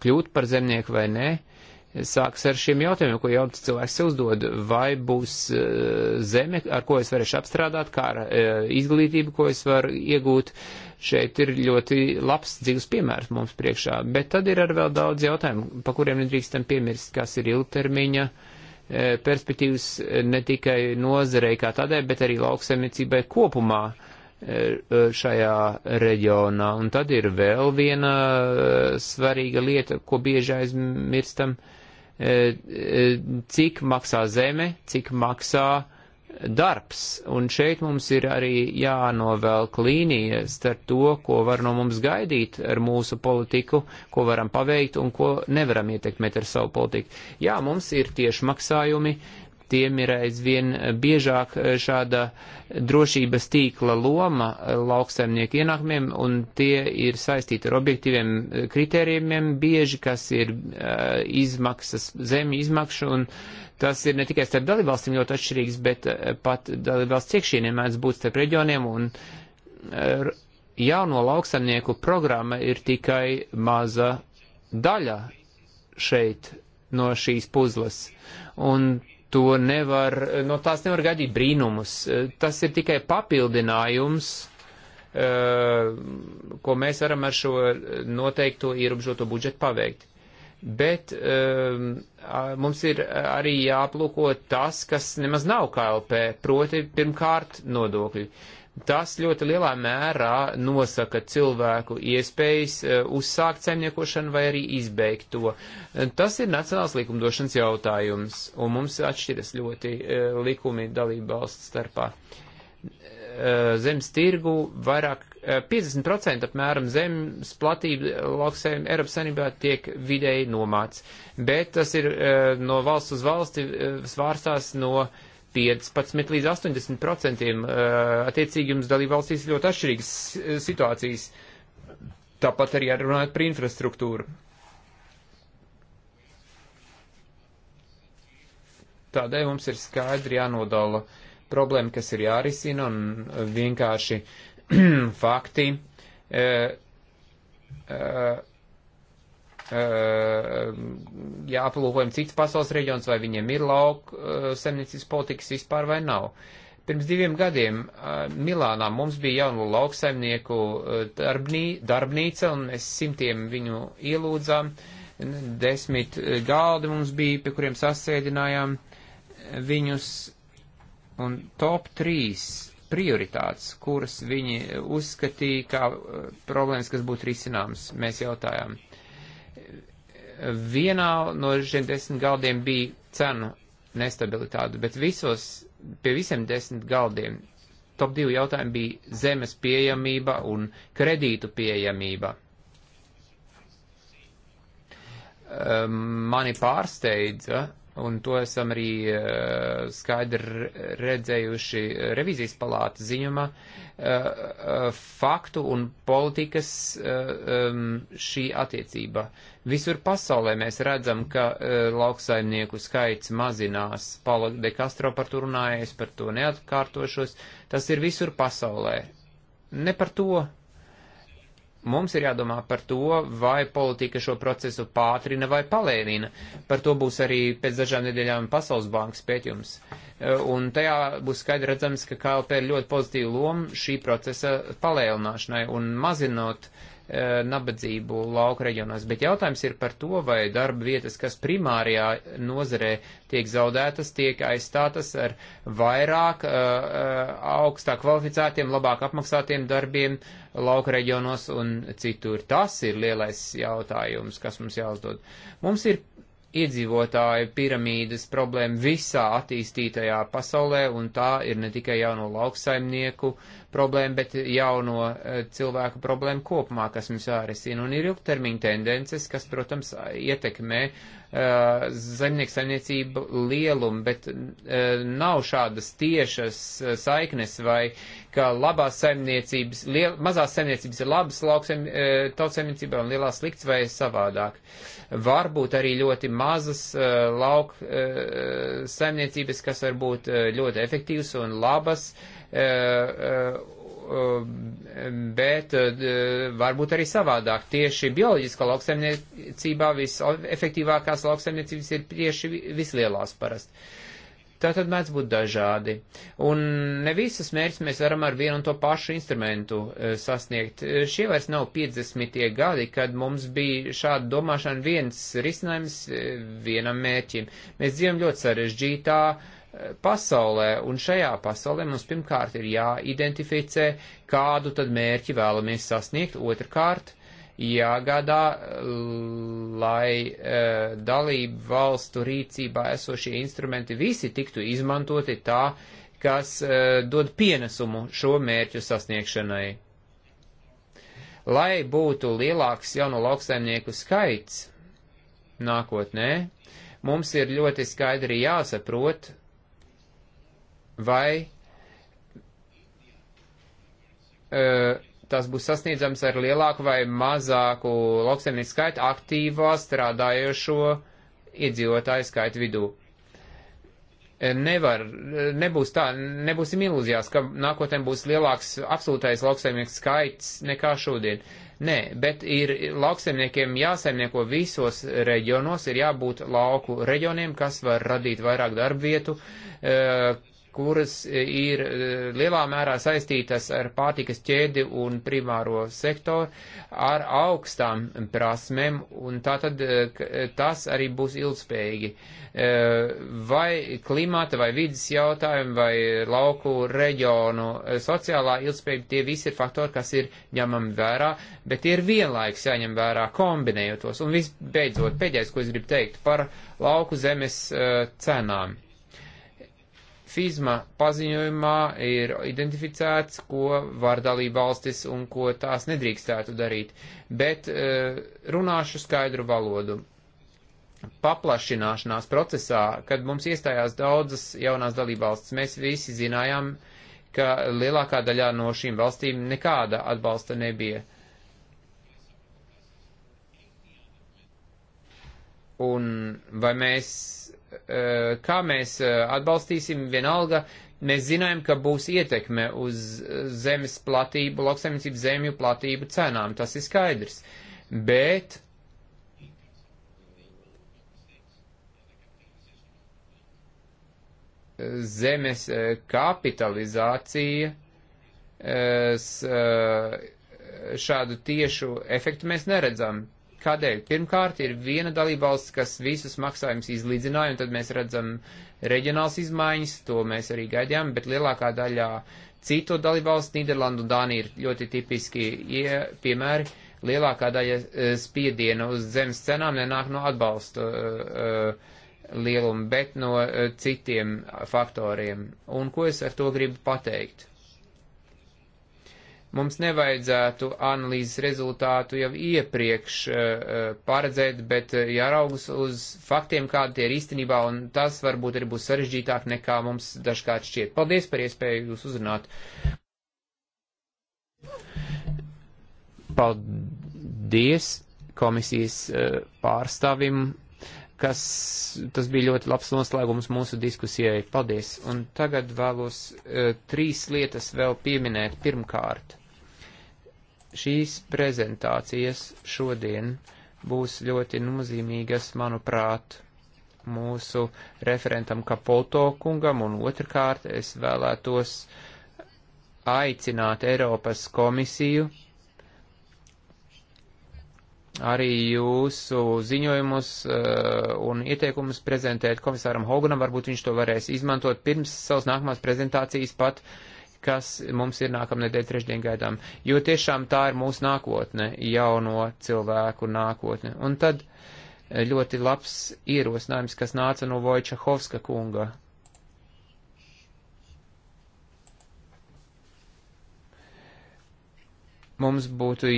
kļūt par zemnieku vai nē, sāks ar šiem jautājumiem, ko jauns cilvēks uzdod, vai būs uh, zeme, ar ko es varēšu apstrādāt, kā ar uh, izglītību, ko es varu iegūt. Šeit ir ļoti labs dzīves piemērs mums priekšā, bet tad ir ar vēl daudz jautājumu, pa kuriem nedrīkstam piemirst, kas ir ilgtermiņa perspektīvas ne tikai nozarei kā tādai, bet arī lauksaimniecībai kopumā E, šajā reģionā. Un tad ir vēl viena e, svarīga lieta, ko bieži aizmirstam, e, cik maksā zeme, cik maksā darbs. Un šeit mums ir arī jānovelk līnija starp to, ko var no mums gaidīt ar mūsu politiku, ko varam paveikt un ko nevaram ietekmēt ar savu politiku. Jā, mums ir tieši maksājumi, uh, tiem ir aizvien biežāk eh, šāda drošības tīkla loma eh, lauksaimnieku ienākumiem, un tie ir saistīti ar objektīviem eh, kritērijiem bieži, kas ir uh, izmaksas, zemi izmakša, un tas ir ne tikai starp dalībvalstīm ļoti atšķirīgs, bet uh, pat dalībvalsts iekšieniem mēdz būt starp reģioniem, un uh, jauno lauksaimnieku programma ir tikai maza daļa šeit no šīs puzles. Un to nevar, no tās nevar gaidīt brīnumus. Tas ir tikai papildinājums, eh, ko mēs varam ar šo noteikto ierobežoto budžetu paveikt. Bet eh, mums ir arī jāplūko tas, kas nemaz nav KLP, proti pirmkārt nodokļi. Tas ļoti lielā mērā nosaka cilvēku iespējas eh, uzsākt saimniekošanu vai arī izbeigt to. Eh, tas ir nacionāls likumdošanas jautājums, un mums atšķiras ļoti eh, likumi dalību valsts starpā. Zemes tirgu vairāk 50% apmēram zemes platība lauksēm Eiropas Sanībā tiek vidēji nomāts, bet tas ir no valsts uz valsti svārstās no uh, 15 līdz 80 procentiem. Attiecīgi jums dalībvalstīs ļoti atšķirīgas situācijas. Tāpat arī runājot par infrastruktūru. Tādēļ mums ir skaidri jānodala problēma, kas ir jārisina un vienkārši fakti. Uh, uh, ja aplūkojam citas pasaules reģions, vai viņiem ir lauka saimniecības politikas vispār vai nav. Pirms diviem gadiem Milānā mums bija jaunu lauksaimnieku darbnī, darbnīca, un mēs simtiem viņu ielūdzām. Desmit galdi mums bija, pie kuriem sasēdinājām viņus. Un top 3 prioritātes, kuras viņi uzskatīja kā problēmas, kas būtu risināmas, mēs jautājām. Uh, vienā no šiem desmit galdiem bija cenu nestabilitāte, bet visos, pie visiem desmit galdiem top divi jautājumi bija zemes pieejamība un kredītu pieejamība. Ehm, mani pārsteidza, un to esam arī eh, skaidri redzējuši revizijas palātas ziņumā, eh, eh, faktu un politikas šī attiecība. Visur pasaulē mēs redzam, ka lauksaimnieku skaits mazinās. Paula de Castro par to runājies, par to neatkārtošos. Tas ir visur pasaulē. Ne par to Mums ir jādomā par to, vai politika šo procesu pātrina vai palēnina. Par to būs arī pēc dažām nedēļām Pasaules bankas pētījums. E, un tajā būs skaidri redzams, ka KLP ir ļoti pozitīva loma šī procesa palēlināšanai un mazinot uh, E, nabadzību lauka reģionos. Bet jautājums ir par to, vai darba vietas, kas primārajā nozarē tiek zaudētas, tiek aizstātas ar vairāk e, e, augstāk kvalificētiem, labāk apmaksātiem darbiem lauka reģionos un citur. Tas ir lielais jautājums, kas mums jāuzdod. Mums ir iedzīvotāju piramīdas problēma visā attīstītajā pasaulē, un tā ir ne tikai jauno lauksaimnieku problēma, bet jauno uh, cilvēku problēma kopumā, kas mums jārisina. Un ir ilgtermiņa tendences, kas, protams, ietekmē uh, zemnieku saimniecību lielumu, bet uh, nav šādas tiešas saiknes vai ka labās saimniecības, liel, mazās saimniecības ir labas lauksaim, tautsaimniecībā un lielās slikts vai savādāk. Uh, varbūt arī ļoti mazas eh, lauka eh, saimniecības, kas var būt eh, ļoti efektīvas un labas, um, bet varbūt arī savādāk. Tieši bioloģiskā lauksaimniecībā visefektīvākās lauksaimniecības ir tieši vislielās parasti. Tā tad mēdz būt dažādi. Un ne visas mērķis mēs varam ar vienu un to pašu instrumentu e, sasniegt. E, šie vairs nav 50. gadi, kad mums bija šāda domāšana viens risinājums e, vienam mērķim. Mēs dzīvojam ļoti sarežģītā pasaulē, un šajā pasaulē mums pirmkārt ir jāidentificē, kādu tad mērķi vēlamies sasniegt, otrkārt jāgādā, lai e, dalību valstu rīcībā esošie instrumenti visi tiktu izmantoti tā, kas e, dod pienesumu šo mērķu sasniegšanai. Lai būtu lielāks jaunu lauksaimnieku skaits nākotnē, mums ir ļoti skaidri jāsaprot, vai uh, e, tas būs sasniedzams ar lielāku vai mazāku lauksaimnieku skaitu aktīvā strādājošo iedzīvotāju skaitu vidū. Nevar, nebūs tā, nebūsim ilūzijās, ka nākotnē būs lielāks absolūtais lauksaimnieku skaits nekā šodien. Nē, bet ir lauksaimniekiem jāsaimnieko visos reģionos, ir jābūt lauku reģioniem, kas var radīt vairāk darba vietu, eh, kuras e, ir e, lielā mērā saistītas ar pārtikas ķēdi un primāro sektoru, ar augstām prasmēm, un tātad e, tas arī būs ilgspējīgi. Vai klimata, vai vidas jautājumi, vai lauku reģionu sociālā ilgspējība, tie visi ir faktori, kas ir ņemami vērā, bet ir vienlaiks jāņem vērā kombinējot tos. Un visbeidzot, pēdējais, ko es gribu teikt par lauku zemes cenām FIZMA paziņojumā ir identificēts, ko var dalība valstis un ko tās nedrīkstētu darīt, bet e, runāšu skaidru valodu. Paplašināšanās procesā, kad mums iestājās daudzas jaunās dalībvalstis, mēs visi zinājām, ka lielākā daļā no šīm valstīm nekāda atbalsta nebija. Un vai mēs Eh, kā mēs eh, atbalstīsim, vienalga, mēs zinājām, ka būs ietekme uz zemes platību, lauksaimniecības zemju platību cenām, tas ir skaidrs. Bet zemes eh, kapitalizācija šādu tiešu efektu mēs neredzam. Kādēļ? Pirmkārt, ir viena dalībvalsts, kas visus maksājumus izlīdzināja, un tad mēs redzam reģionāls izmaiņas, to mēs arī gaidījām, bet lielākā daļā citu dalībvalstu, Nīderlandu un Dāniju ir ļoti tipiski ja, piemēri. Lielākā daļa e, spiediena uz zemes cenām nenāk no atbalsta e, e, lieluma, bet no citiem faktoriem. Un ko es ar to gribu pateikt? Mums nevajadzētu analīzes rezultātu jau iepriekš uh, paredzēt, bet eh, jāraugas uz faktiem, kādi tie ir īstenībā, un tas varbūt arī būs sarežģītāk nekā mums dažkārt šķiet. Paldies par iespēju jūs uzrunāt. Paldies komisijas uh, pārstāvim kas tas bija ļoti labs noslēgums mūsu diskusijai. Paldies! Un tagad vēlos uh, trīs lietas vēl pieminēt. Pirmkārt, Šīs prezentācijas šodien būs ļoti nozīmīgas, manuprāt, mūsu referentam Kapoto kungam, un otrkārt es vēlētos aicināt Eiropas komisiju arī jūsu ziņojumus uh, un ieteikumus prezentēt komisāram Hoganam, varbūt viņš to varēs izmantot pirms savas nākamās prezentācijas pat uh, kas mums ir nākamnedēļ trešdien gaidām, jo tiešām tā ir mūsu nākotne, jauno cilvēku nākotne. Un tad e, ļoti labs ierosinājums, kas nāca no Vojčahovska kunga. Mums būtu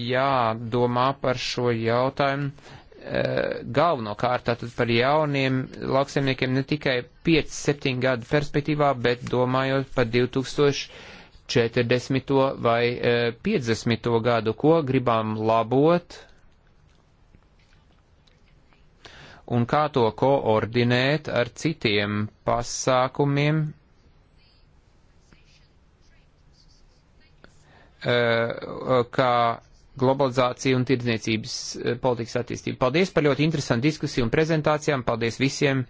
jādomā par šo jautājumu Eh, galvenokārt tātad par jauniem lauksaimniekiem ne tikai 5-7 gadu perspektīvā, bet domājot par 2040. vai 50. Eh, gadu, ko gribam labot un kā to koordinēt ar citiem pasākumiem, eh, kā globalizāciju un tirdzniecības eh, politikas attīstību. Paldies par ļoti interesantu diskusiju un prezentācijām. Paldies visiem.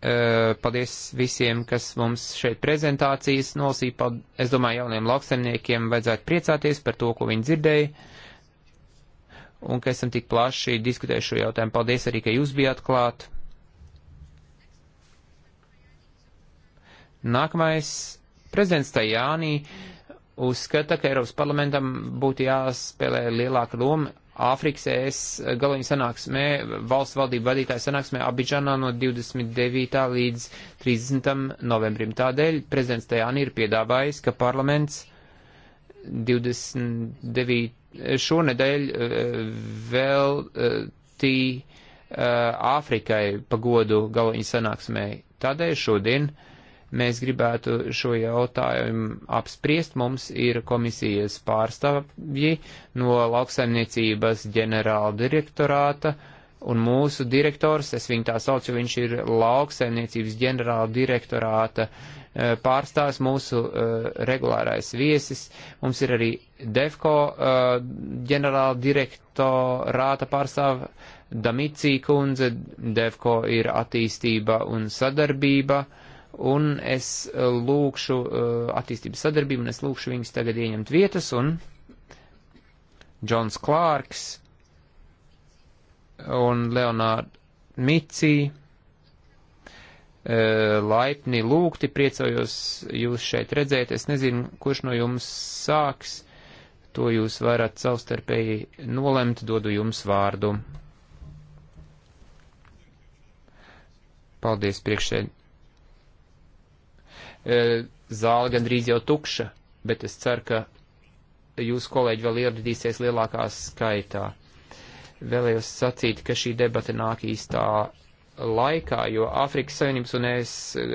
Eh, paldies visiem, kas mums šeit prezentācijas nolasīja. Es domāju, jauniem lauksaimniekiem vajadzētu priecāties par to, ko viņi dzirdēja un ka esam tik plaši diskutējuši šo jautājumu. Paldies arī, ka jūs bijāt klāt. Nākamais prezidents Tajānī uzskata, ka Eiropas parlamentam būtu jāspēlē lielāka loma Āfrikas ES galviņu sanāksmē, valsts valdību vadītāju sanāksmē Abidžanā no 29. līdz 30. novembrim. Tādēļ prezidents Tajāni ir piedāvājis, ka parlaments 29. šonedēļ eh, vēl eh, tī eh, Āfrikai pagodu galviņu sanāksmē. Tādēļ šodien uh, Mēs gribētu šo jautājumu apspriest. Mums ir komisijas pārstāvji no lauksaimniecības ģenerāla direktorāta un mūsu direktors, es viņu tā saucu, viņš ir lauksaimniecības ģenerāla direktorāta e, pārstāvs, mūsu uh, regulārais viesis. Mums ir arī DEFCO uh, ģenerāla direktorāta pārstāva Damicī kundze. DEFCO ir attīstība un sadarbība. Uh, un es eh, lūkšu eh, attīstības sadarbību, un es lūkšu viņus tagad ieņemt vietas, un Džons Klārks un Leonārd Micī eh, laipni lūgti, priecājos jūs šeit redzēt. Es nezinu, kurš no jums sāks. To jūs varat savstarpēji nolemt, dodu jums vārdu. Paldies priekšsēd. E, zāle gandrīz jau tukša, bet es ceru, ka jūs kolēģi vēl ieradīsies lielākā skaitā. Vēlējos sacīt, ka šī debata nāk īstā laikā, jo Āfrikas Savienības un es e,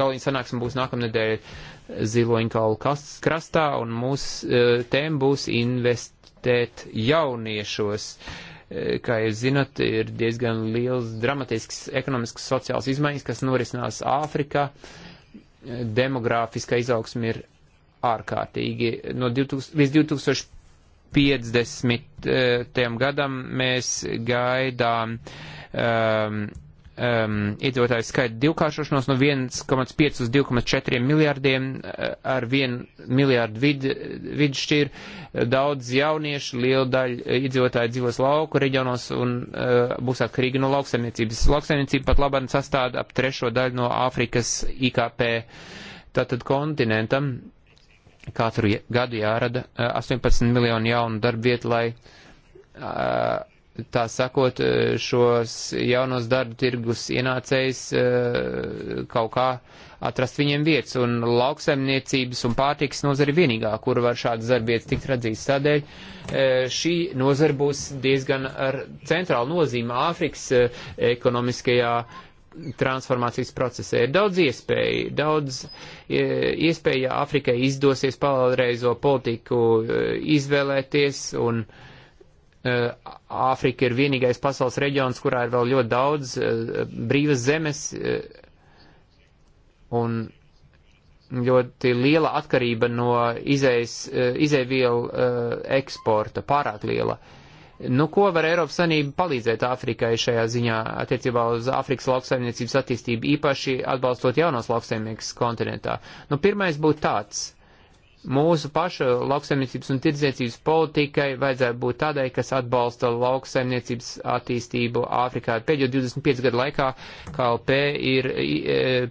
galīgi sanāksim būs nākamnedēļ Ziloņkalu krastā, un mūsu e, tēma būs investēt jauniešos. Kā jūs zinat, ir diezgan liels dramatisks ekonomisks sociāls izmaiņas, kas norisinās Āfrikā. Uh, demogrāfiskā izaugsme ir ārkārtīgi. No 2000, līdz 2050. gadam mēs gaidām um, um, iedzīvotāju skaita divkāršošanos no 1,5 uz 2,4 miljārdiem eh, ar 1 miljārdu vid, vidšķir. Daudz jauniešu, liela daļa eh, iedzīvotāju dzīvos lauku reģionos un uh, būs atkarīgi no lauksaimniecības. Lauksaimniecība pat labāk sastāda ap trešo daļu no Āfrikas IKP. Tātad kontinentam katru gadu jārada 18 miljonu jaunu darbu vietu, lai uh, tā sakot, e, šos jaunos darba tirgus ienācējus e, kaut kā atrast viņiem vietas. Un lauksaimniecības un pārtiks nozara ir vienīgā, kur var šādas darba vietas tikt radzītas. Tādēļ e, šī nozara būs diezgan ar centrālu nozīmi Āfrikas ekonomiskajā transformācijas procesē. Ir daudz iespēju, daudz iespēju, ja Afrikai izdosies palaireizo politiku izvēlēties un uh, Eh, Āfrika ir vienīgais pasaules reģions, kurā ir vēl ļoti daudz eh, brīvas zemes eh, un ļoti liela atkarība no izēvielu eksporta, pārāk liela. Nu, ko var Eiropas Sanība palīdzēt Āfrikai šajā ziņā attiecībā uz Āfrikas lauksaimniecības attīstību, īpaši atbalstot jaunos lauksaimniekus kontinentā? Nu, pirmais būtu tāds Mūsu paša lauksaimniecības un tirdzniecības politikai vajadzētu būt tādai, kas atbalsta lauksaimniecības attīstību Āfrikā. Pēdējo 25 gadu laikā KLP ir e,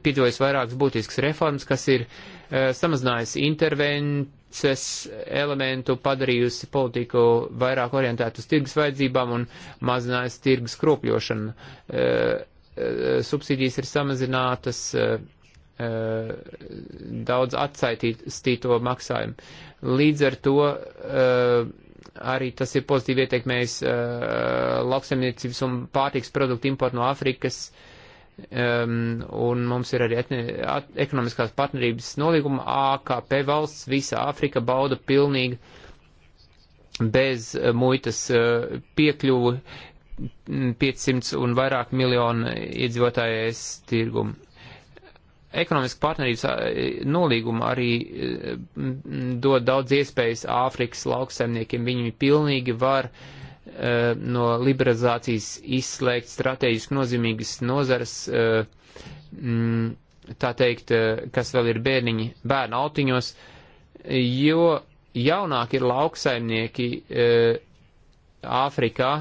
piedzīvojis vairākas būtiskas reformas, kas ir e, samazinājusi intervences elementu, padarījusi politiku vairāk orientētu uz tirgus vajadzībām un mazinājusi tirgus kropļošanu. E, subsīdijas ir samazinātas Eh, daudz atsaitīto maksājumu. Līdz ar to eh, arī tas ir pozitīvi ietekmējis eh, lauksaimniecības un pārtiks produktu importu no Āfrikas. Ehm, un mums ir arī etne, at, ekonomiskās partnerības nolīguma AKP valsts, visa Āfrika bauda pilnīgi bez muitas piekļuvu 500 un vairāk miljonu iedzīvotāju tirgumu ekonomiska partnerības e, nolīguma arī e, dod daudz iespējas Āfrikas lauksaimniekiem. Viņi pilnīgi var e, no liberalizācijas izslēgt strateģiski nozīmīgas nozares, tā teikt, kas vēl ir bērniņi, bērnu autiņos, jo jaunāki ir lauksaimnieki Āfrikā,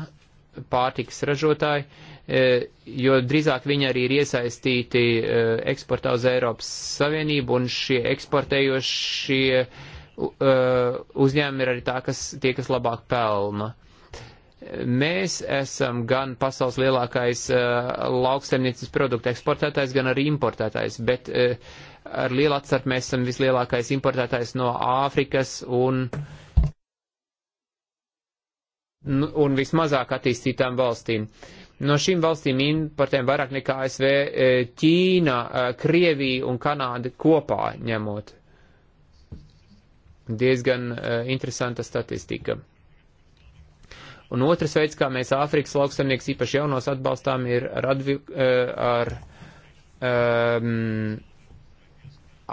pārtikas ražotāji, E, jo drīzāk viņi arī ir iesaistīti e, eksportā uz Eiropas Savienību, un šie eksportējošie e, uzņēmumi ir arī tā, kas, tie, kas labāk pelna. Mēs esam gan pasaules lielākais uh, lauksaimniecības produktu eksportētājs, gan arī importētājs, bet uh, ar lielu atstarpu mēs esam vislielākais importētājs no Āfrikas un, nu, un vismazāk attīstītām valstīm. Uh, No šīm valstīm importējam vairāk nekā ASV, e, Ķīna, e, Krievija un Kanāda kopā ņemot. Diezgan e, interesanta statistika. Un otrs veids, kā mēs Āfrikas lauksaimnieks īpaši jaunos atbalstām, ir ar, advi, ar um,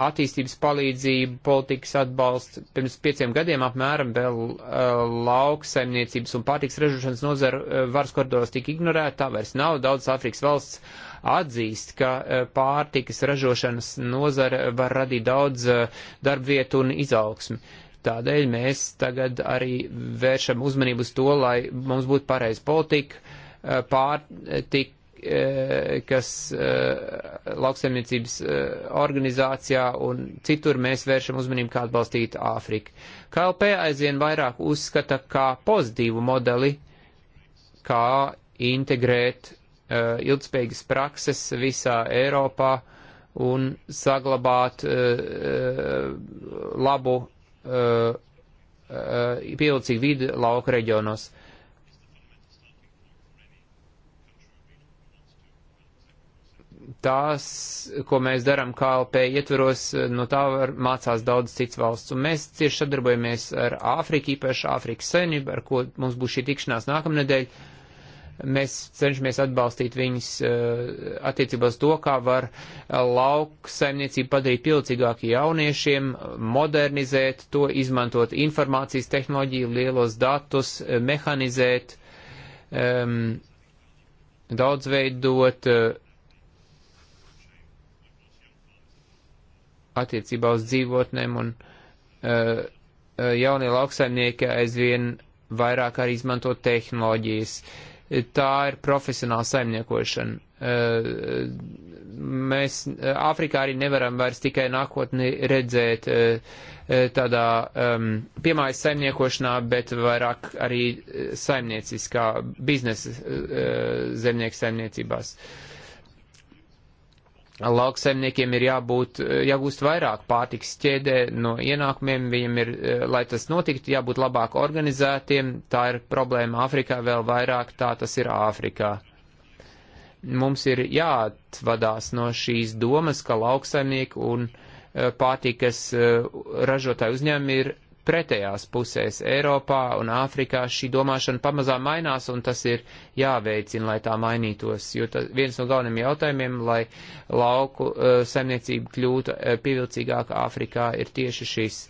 attīstības palīdzību, politikas atbalstu. Pirms pieciem gadiem apmēram vēl uh, lauksaimniecības un pārtiks ražošanas nozara uh, varas koridoros tika ignorēta, tā vairs nav. Daudz Āfrikas valsts atzīst, ka uh, pārtikas ražošanas nozara var radīt daudz uh, darbvietu un izaugsmi. Tādēļ mēs tagad arī vēršam uzmanību uz to, lai mums būtu pareiz politika, uh, pārtika Eh, kas eh, lauksaimniecības eh, organizācijā un citur mēs vēršam uzmanību, kā atbalstīt Āfriku. KLP aizvien vairāk uzskata kā pozitīvu modeli, kā integrēt uh, ilgspējīgas prakses visā Eiropā un saglabāt uh, labu uh, uh, pievilcīgu vidi lauka reģionos. Uh, tās, ko mēs darām KLP ietveros, no tā var mācās daudz cits valsts. Un mēs cieši sadarbojamies ar Āfriku, īpaši Āfrikas senību, ar ko mums būs šī tikšanās nākamnedēļ. Mēs cenšamies atbalstīt viņus eh, attiecībās to, kā var lauksaimniecību padarīt pilcīgāku jauniešiem, modernizēt to, izmantot informācijas tehnoloģiju, lielos datus, eh, mehanizēt, um, daudzveidot, uh, attiecībā uz dzīvotnēm un uh, uh, jaunie lauksaimnieki aizvien vairāk arī izmanto tehnoloģijas. Tā ir profesionāla saimniekošana. Uh, mēs uh, Āfrikā arī nevaram vairs tikai nākotni redzēt uh, uh tādā um, piemājas saimniekošanā, bet vairāk arī saimnieciskā biznesa uh, zemnieku saimniecībās. Uh, lauksaimniekiem ir jābūt, eh, jāgūst vairāk pārtiks ķēdē no ienākumiem, viņiem ir, eh, lai tas notiktu, jābūt labāk organizētiem, tā ir problēma Āfrikā vēl vairāk, tā tas ir Āfrikā. Mums ir jāatvadās no šīs domas, ka lauksaimnieki un eh, pārtikas ražotāju uzņēmumi ir pretējās pusēs Eiropā un Āfrikā šī domāšana pamazām mainās, un tas ir jāveicina, lai tā mainītos, jo tas viens no galveniem jautājumiem, lai lauku uh, saimniecība kļūtu uh, pievilcīgāka Āfrikā, ir tieši šis.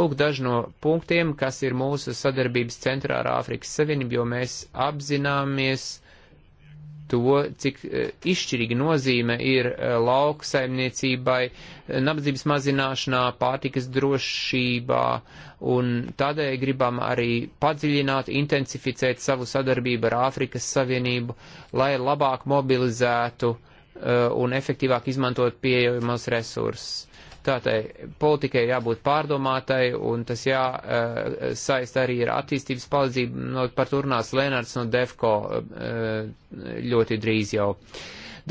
Lūk daži no punktiem, kas ir mūsu sadarbības centrā ar Āfrikas Savienību, jo mēs apzināmies, to, cik eh, izšķirīga nozīme ir eh, lauksaimniecībai, eh, nabadzības mazināšanā, pārtikas drošībā, un tādēļ gribam arī padziļināt, intensificēt savu sadarbību ar Āfrikas Savienību, lai labāk mobilizētu un efektīvāk izmantot pieejamos resursus Tātai politikai jābūt pārdomātai, un tas jāsaist eh, arī ar attīstības palīdzību. No, par to runās Lenards no Defko eh, ļoti drīz jau.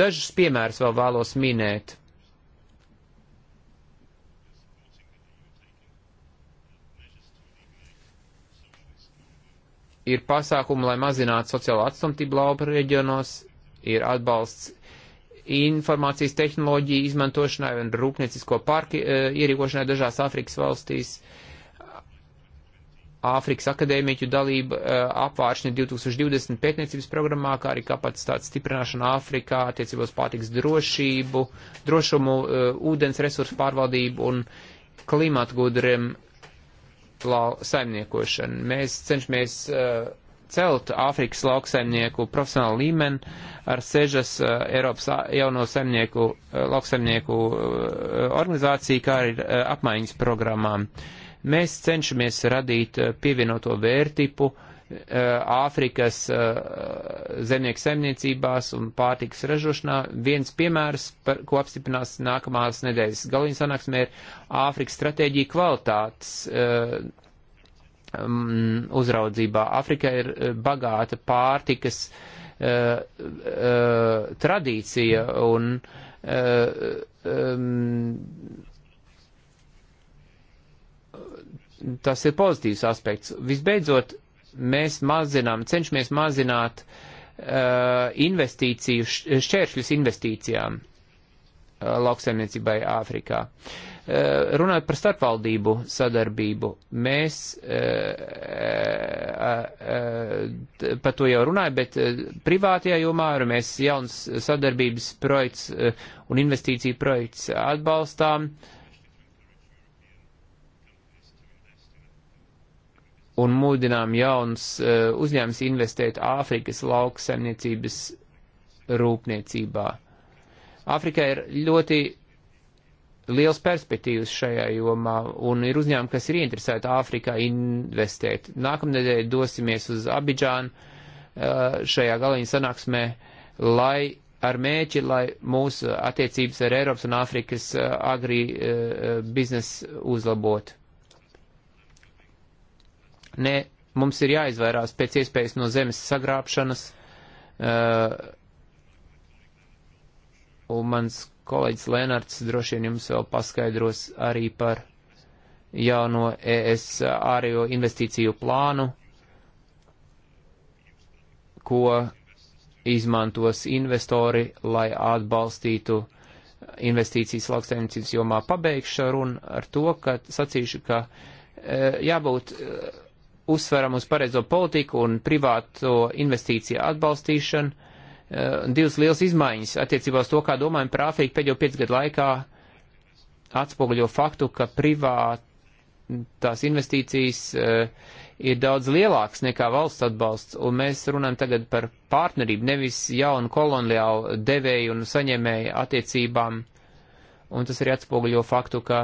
Dažus piemērus vēl vēlos minēt. Ir pasākumi, lai mazinātu sociālo atstumtību laupa reģionos, ir atbalsts informācijas tehnoloģiju izmantošanai un rūpniecisko parku e, ierīkošanai dažās Āfrikas valstīs. Āfrikas akadēmiķu dalība e, apvāršņa 2020 pētniecības programmā, kā arī kapacitātes stiprināšana Āfrikā attiecībos pārtiks drošību, drošumu, e, ūdens resursu pārvaldību un klimatu gudriem saimniekošanu. Mēs cenšamies uh, celt Āfrikas lauksaimnieku profesionālu līmeni ar sežas uh, Eiropas uh, jauno saimnieku, uh, lauksaimnieku uh, organizāciju, kā arī uh, apmaiņas programmām. Mēs cenšamies radīt uh, pievienoto vērtību uh, Āfrikas uh, uh, zemnieku saimniecībās un pārtikas ražošanā. Viens piemērs, par, ko apstiprinās nākamās nedēļas galīņas sanāksmē, ir Āfrikas stratēģija kvalitātes. Uh, um, uzraudzībā. Afrika ir uh, bagāta pārtikas uh, uh, tradīcija un uh, um, tas ir pozitīvs aspekts. Visbeidzot, mēs mazinām, cenšamies mazināt uh, investīciju, šķēršļus investīcijām uh, lauksaimniecībai Āfrikā. Uh, Eh, runājot par starpvaldību sadarbību, mēs eh, eh, par to jau runāju, bet privātajā jomā mēs jauns sadarbības projekts un investīciju projekts atbalstām. un mūdinām jauns uh, uzņēmums investēt Āfrikas lauksaimniecības rūpniecībā. Āfrikā ir ļoti liels perspektīvas šajā jomā, un ir uzņēmumi, kas ir ieinteresēti Āfrikā investēt. Nākamnedēļ dosimies uz Abidžānu uh, šajā galīņa sanāksmē, lai ar mēķi, lai mūsu attiecības ar Eiropas un Āfrikas uh, agri uh, biznesu uzlabotu. Nē, mums ir jāizvairās pēc iespējas no zemes sagrābšanas, un mans kolēģis Lenarts droši vien jums vēl paskaidros arī par jauno ES ārējo investīciju plānu, ko izmantos investori, lai atbalstītu investīcijas lauksaimniecības jomā. Pabeigšu runu ar to, ka sacīšu, ka e, jābūt e, uzsveram uz pareizo politiku un privāto investīciju atbalstīšanu Eh, divas liels izmaiņas attiecībā uz to, kā domājam par Āfriku pēdējo piecu gadu laikā atspoguļo faktu, ka privātās investīcijas eh, ir daudz lielāks nekā valsts atbalsts, un mēs runājam tagad par partnerību, nevis jaunu koloniālu devēju un saņēmēju attiecībām, un tas arī atspoguļo faktu, ka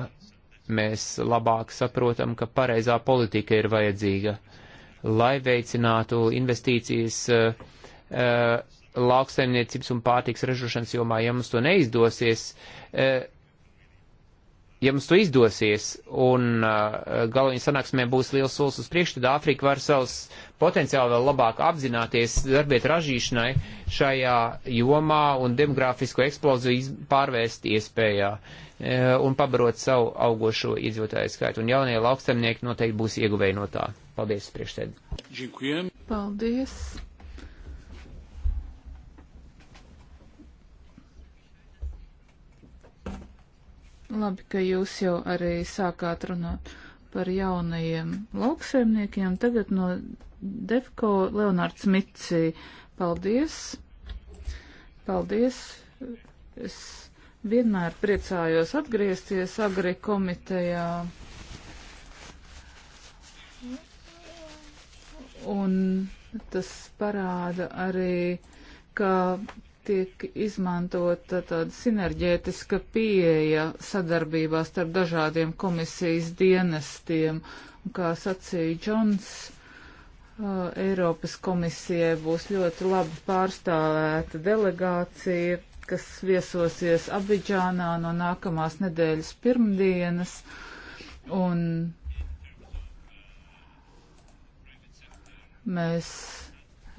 mēs labāk saprotam, ka pareizā politika ir vajadzīga, lai veicinātu investīcijas uh, uh, lauksaimniecības un pārtiks ražošanas jomā, ja mums to neizdosies, eh, ja mums to izdosies un eh, galviņa sanāksmē būs liels solis uz priekšu, tad Āfrika var savus potenciāli vēl labāk apzināties darbiet ražīšanai šajā jomā un demografisko eksploziju pārvērst iespējā eh, un pabarot savu augošo iedzīvotāju skaitu. Un jaunie lauksaimnieki noteikti būs ieguvēji no tā. Paldies, priekšsēd. Paldies. Labi, ka jūs jau arī sākāt runāt par jaunajiem lauksaimniekiem. Tagad no Defko Leonards Micī. Paldies! Paldies! Es vienmēr priecājos atgriezties agri komitejā. Un tas parāda arī, ka tiek izmantota tāda sinerģētiska pieeja sadarbībā starp dažādiem komisijas dienestiem. Un, kā sacīja Džons, uh, Eiropas komisijai būs ļoti labi pārstāvēta delegācija, kas viesosies Abidžānā no nākamās nedēļas pirmdienas. Un mēs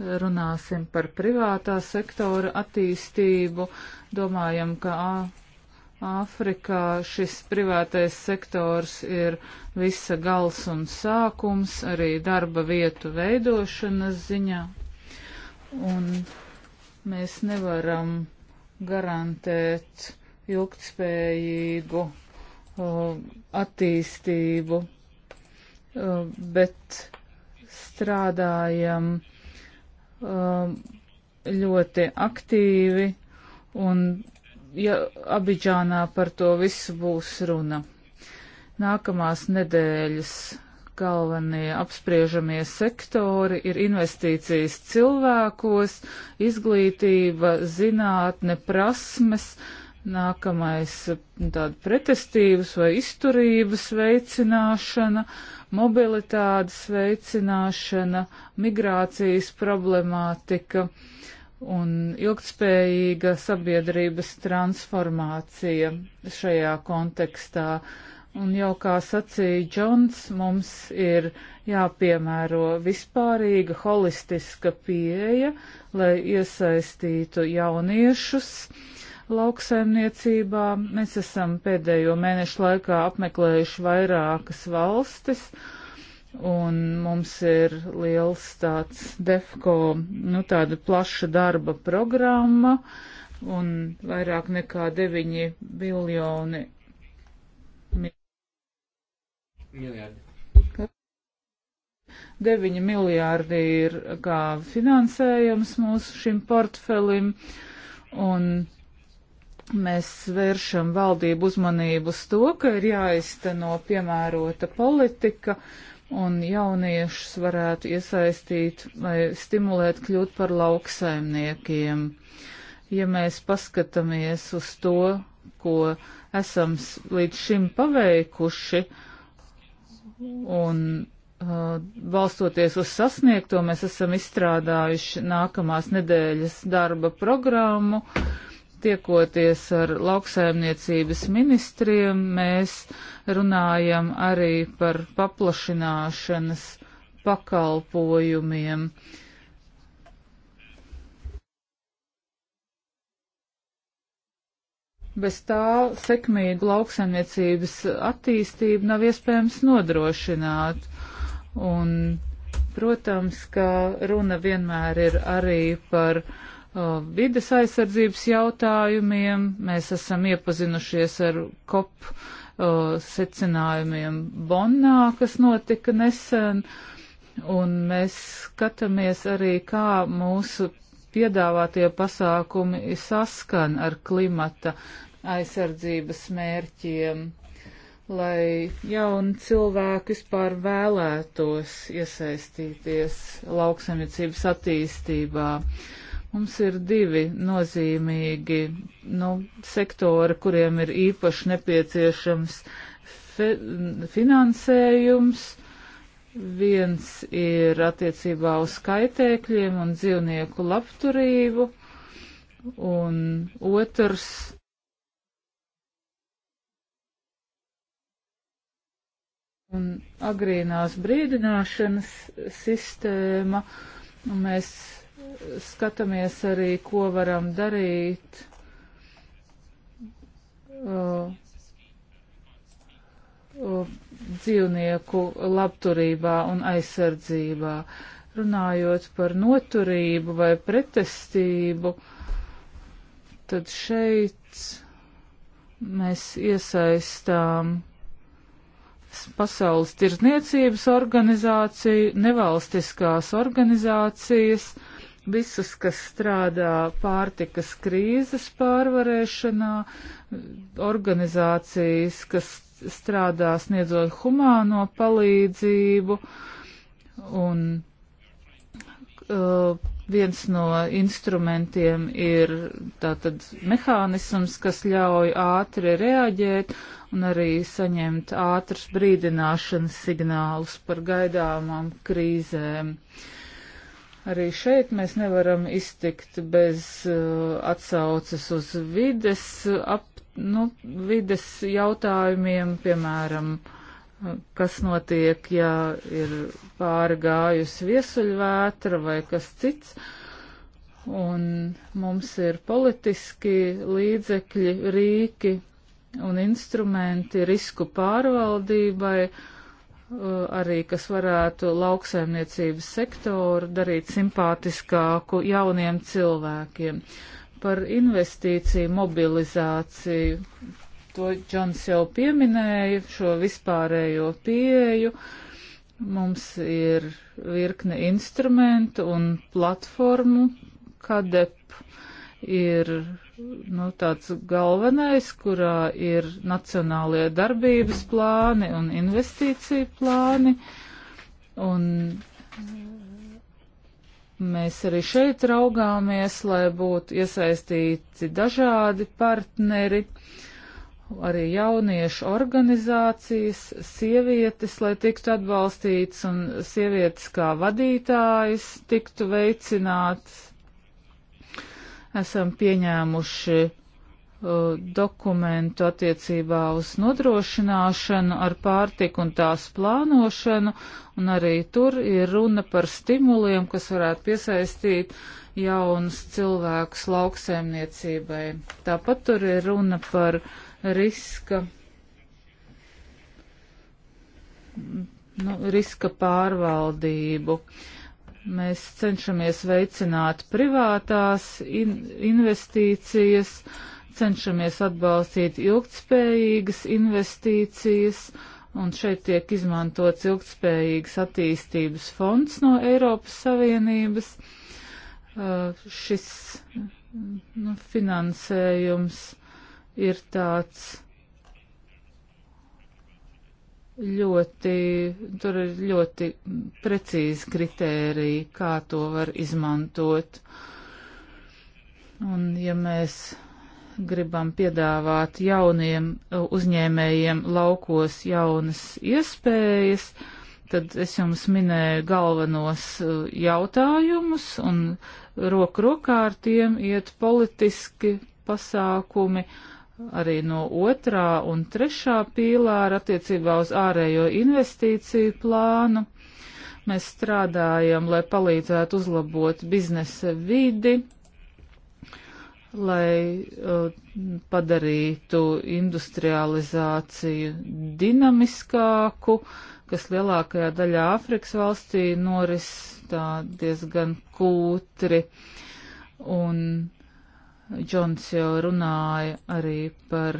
runāsim par privātā sektora attīstību. Domājam, ka Āfrikā šis privātais sektors ir visa gals un sākums arī darba vietu veidošanas ziņā. Un mēs nevaram garantēt ilgtspējīgu uh, attīstību, uh, bet strādājam uh, um, ļoti aktīvi, un ja Abidžānā par to visu būs runa. Nākamās nedēļas galvenie apspriežamie sektori ir investīcijas cilvēkos, izglītība, zinātne, prasmes, uh, Nākamais tāda pretestības vai izturības veicināšana, mobilitātes veicināšana, migrācijas problemātika un ilgtspējīga sabiedrības transformācija šajā kontekstā. Un jau kā sacīja Džons, mums ir jāpiemēro vispārīga holistiska pieeja, lai iesaistītu jauniešus, uh, lauksaimniecībā. Mēs esam pēdējo mēnešu laikā apmeklējuši vairākas valstis. Un mums ir liels tāds defko, nu tāda plaša darba programma un vairāk nekā 9 biljoni miljardi. 9 miljārdi ir kā finansējums mūsu šim portfelim, un mēs vēršam valdību uzmanību uz to, ka ir jāizteno piemērota politika un jauniešus varētu iesaistīt vai stimulēt kļūt par lauksaimniekiem. Ja mēs paskatāmies uz to, ko esam līdz šim paveikuši un uh, balstoties uz sasniegto, mēs esam izstrādājuši nākamās nedēļas darba programmu. Uh, tiekoties ar lauksaimniecības ministriem, mēs runājam arī par paplašināšanas pakalpojumiem. Bez tā sekmīgu lauksaimniecības attīstību nav iespējams nodrošināt. Un, protams, ka runa vienmēr ir arī par uh, Uh, vides aizsardzības jautājumiem. Mēs esam iepazinušies ar kop uh, secinājumiem Bonnā, kas notika nesen, un mēs skatāmies arī, kā mūsu piedāvātie pasākumi saskan ar klimata aizsardzības mērķiem, lai jauni cilvēki vispār vēlētos iesaistīties lauksaimniecības attīstībā. Uh, Mums ir divi nozīmīgi nu, sektori, kuriem ir īpaši nepieciešams fe, finansējums. Viens ir attiecībā uz kaitēkļiem un dzīvnieku labturību, un otrs. Un agrīnās brīdināšanas sistēma. Un mēs skatāmies arī, ko varam darīt. Uh, uh, dzīvnieku labturībā un aizsardzībā. Runājot par noturību vai pretestību, tad šeit mēs iesaistām Pasaules tirzniecības organizāciju, nevalstiskās organizācijas, uh, visus, kas strādā pārtikas krīzes pārvarēšanā, organizācijas, kas strādā sniedzot humāno palīdzību. Un uh, viens no instrumentiem ir tātad mehānisms, kas ļauj ātri reaģēt un arī saņemt ātras brīdināšanas signālus par gaidāmām krīzēm. Uh, Arī šeit mēs nevaram iztikt bez uh, atsaucas uz vides, ap, nu, vides jautājumiem, piemēram, uh, kas notiek, ja ir pārgājusi viesuļvētra vai kas cits. Un mums ir politiski līdzekļi, rīki un instrumenti risku pārvaldībai. Uh, Uh, arī, kas varētu lauksaimniecības sektoru darīt simpātiskāku jauniem cilvēkiem. Par investīciju mobilizāciju, to Džons jau pieminēja, šo vispārējo pieeju. Mums ir virkne instrumentu un platformu, KADEP ir nu, tāds galvenais, kurā ir nacionālie darbības plāni un investīcija plāni. Un mēs arī šeit raugāmies, lai būtu iesaistīti dažādi partneri, arī jauniešu organizācijas, sievietes, lai tiktu atbalstīts un sievietes kā vadītājas tiktu veicināts esam pieņēmuši uh, dokumentu attiecībā uz nodrošināšanu ar pārtiku un tās plānošanu, un arī tur ir runa par stimuliem, kas varētu piesaistīt jaunus cilvēkus lauksaimniecībai. Tāpat tur ir runa par riska, nu, riska pārvaldību. Uh, Mēs cenšamies veicināt privātās in investīcijas, cenšamies atbalstīt ilgtspējīgas investīcijas, un šeit tiek izmantots ilgtspējīgas attīstības fonds no Eiropas Savienības. Uh, šis nu, finansējums ir tāds ļoti, tur ir ļoti precīzi kritēriji, kā to var izmantot. Un ja mēs gribam piedāvāt jauniem uzņēmējiem laukos jaunas iespējas, tad es jums minēju galvenos uh, jautājumus un roku rokā ar tiem iet politiski pasākumi. Uh, arī no otrā un trešā pīlāra attiecībā uz ārējo investīciju plānu. Mēs strādājam, lai palīdzētu uzlabot biznesa vidi, lai uh, padarītu industrializāciju dinamiskāku, kas lielākajā daļā Āfrikas valstī noris tā diezgan kūtri. Un uh, Džons jau runāja arī par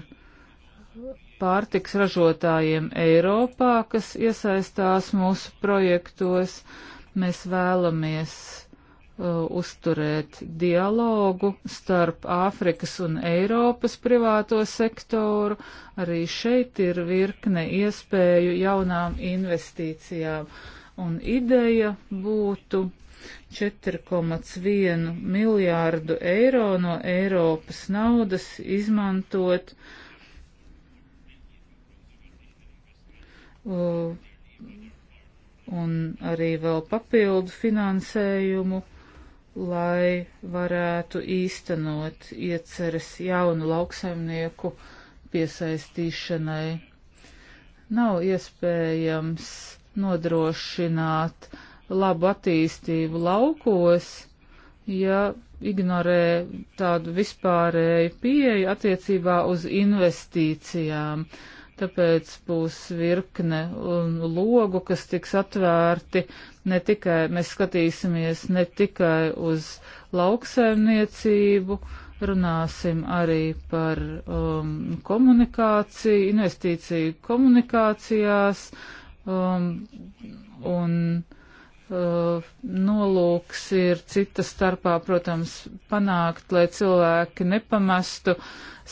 pārtiks ražotājiem Eiropā, kas iesaistās mūsu projektos. Mēs vēlamies uh, uzturēt dialogu starp Āfrikas un Eiropas privāto sektoru. Arī šeit ir virkne iespēju jaunām investīcijām. Un ideja būtu 4,1 miljārdu eiro no Eiropas naudas izmantot un arī vēl papildu finansējumu, lai varētu īstenot ieceres jaunu lauksaimnieku piesaistīšanai. Nav iespējams nodrošināt uh, labu attīstību laukos, ja ignorē tādu vispārēju pieeju attiecībā uz investīcijām. Tāpēc būs virkne logu, kas tiks atvērti ne tikai, mēs skatīsimies ne tikai uz lauksaimniecību, runāsim arī par um, komunikāciju, investīciju komunikācijās um, un. Uh, Uh, nolūks ir cita starpā, protams, panākt, lai cilvēki nepamestu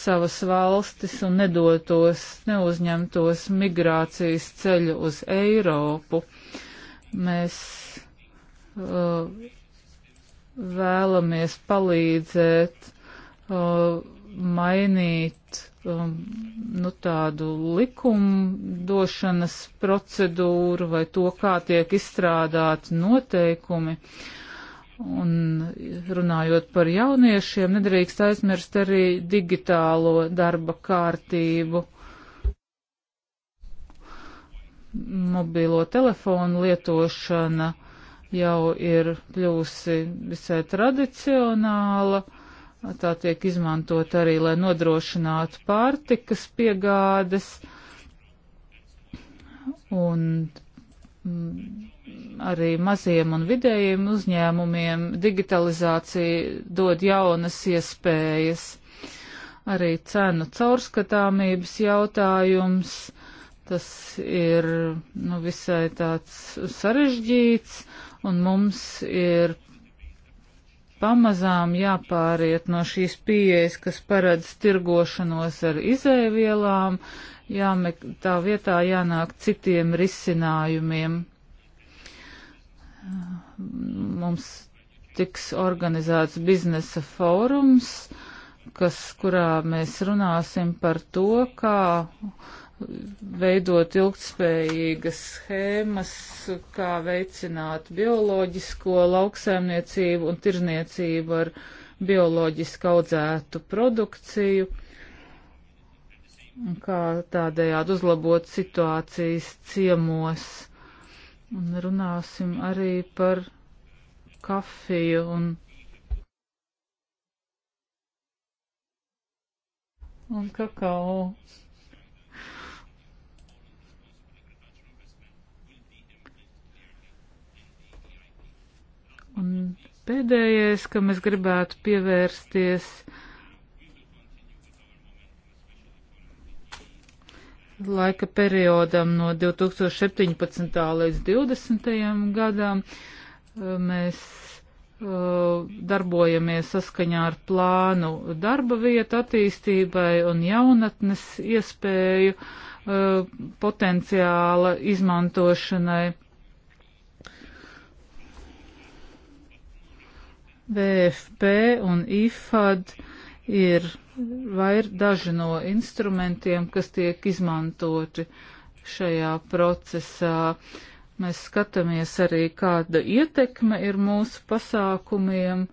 savas valstis un nedotos, neuzņemtos migrācijas ceļu uz Eiropu. Mēs uh, vēlamies palīdzēt uh, mainīt um, nu, tādu likumdošanas procedūru vai to, kā tiek izstrādāti noteikumi. Un runājot par jauniešiem, nedrīkst aizmirst arī digitālo darba kārtību. Mobilo telefonu lietošana jau ir kļūsi visai tradicionāla Tā tiek izmantot arī, lai nodrošinātu pārtikas piegādes. Un mm, arī maziem un vidējiem uzņēmumiem digitalizācija dod jaunas iespējas. Arī cenu caurskatāmības jautājums. Tas ir nu, visai tāds sarežģīts, un mums ir pamazām jāpāriet no šīs pieejas, kas paredz tirgošanos ar izēvielām, jāmek, tā vietā jānāk citiem risinājumiem. Mums tiks organizēts biznesa fórums, kas, kurā mēs runāsim par to, kā veidot ilgspējīgas schēmas, kā veicināt bioloģisko lauksaimniecību un tirzniecību ar bioloģiski audzētu produkciju, kā tādējādi uzlabot situācijas ciemos. Un runāsim arī par kafiju un un kakao. Un pēdējais, kam es gribētu pievērsties, laika periodam no 2017. līdz 2020. gadam, eh, mēs eh, darbojamies saskaņā ar plānu darba vietu attīstībai un jaunatnes iespēju eh, potenciāla izmantošanai. VFP un IFAD ir vai ir daži no instrumentiem, kas tiek izmantoti šajā procesā. Mēs skatāmies arī, kāda ietekme ir mūsu pasākumiem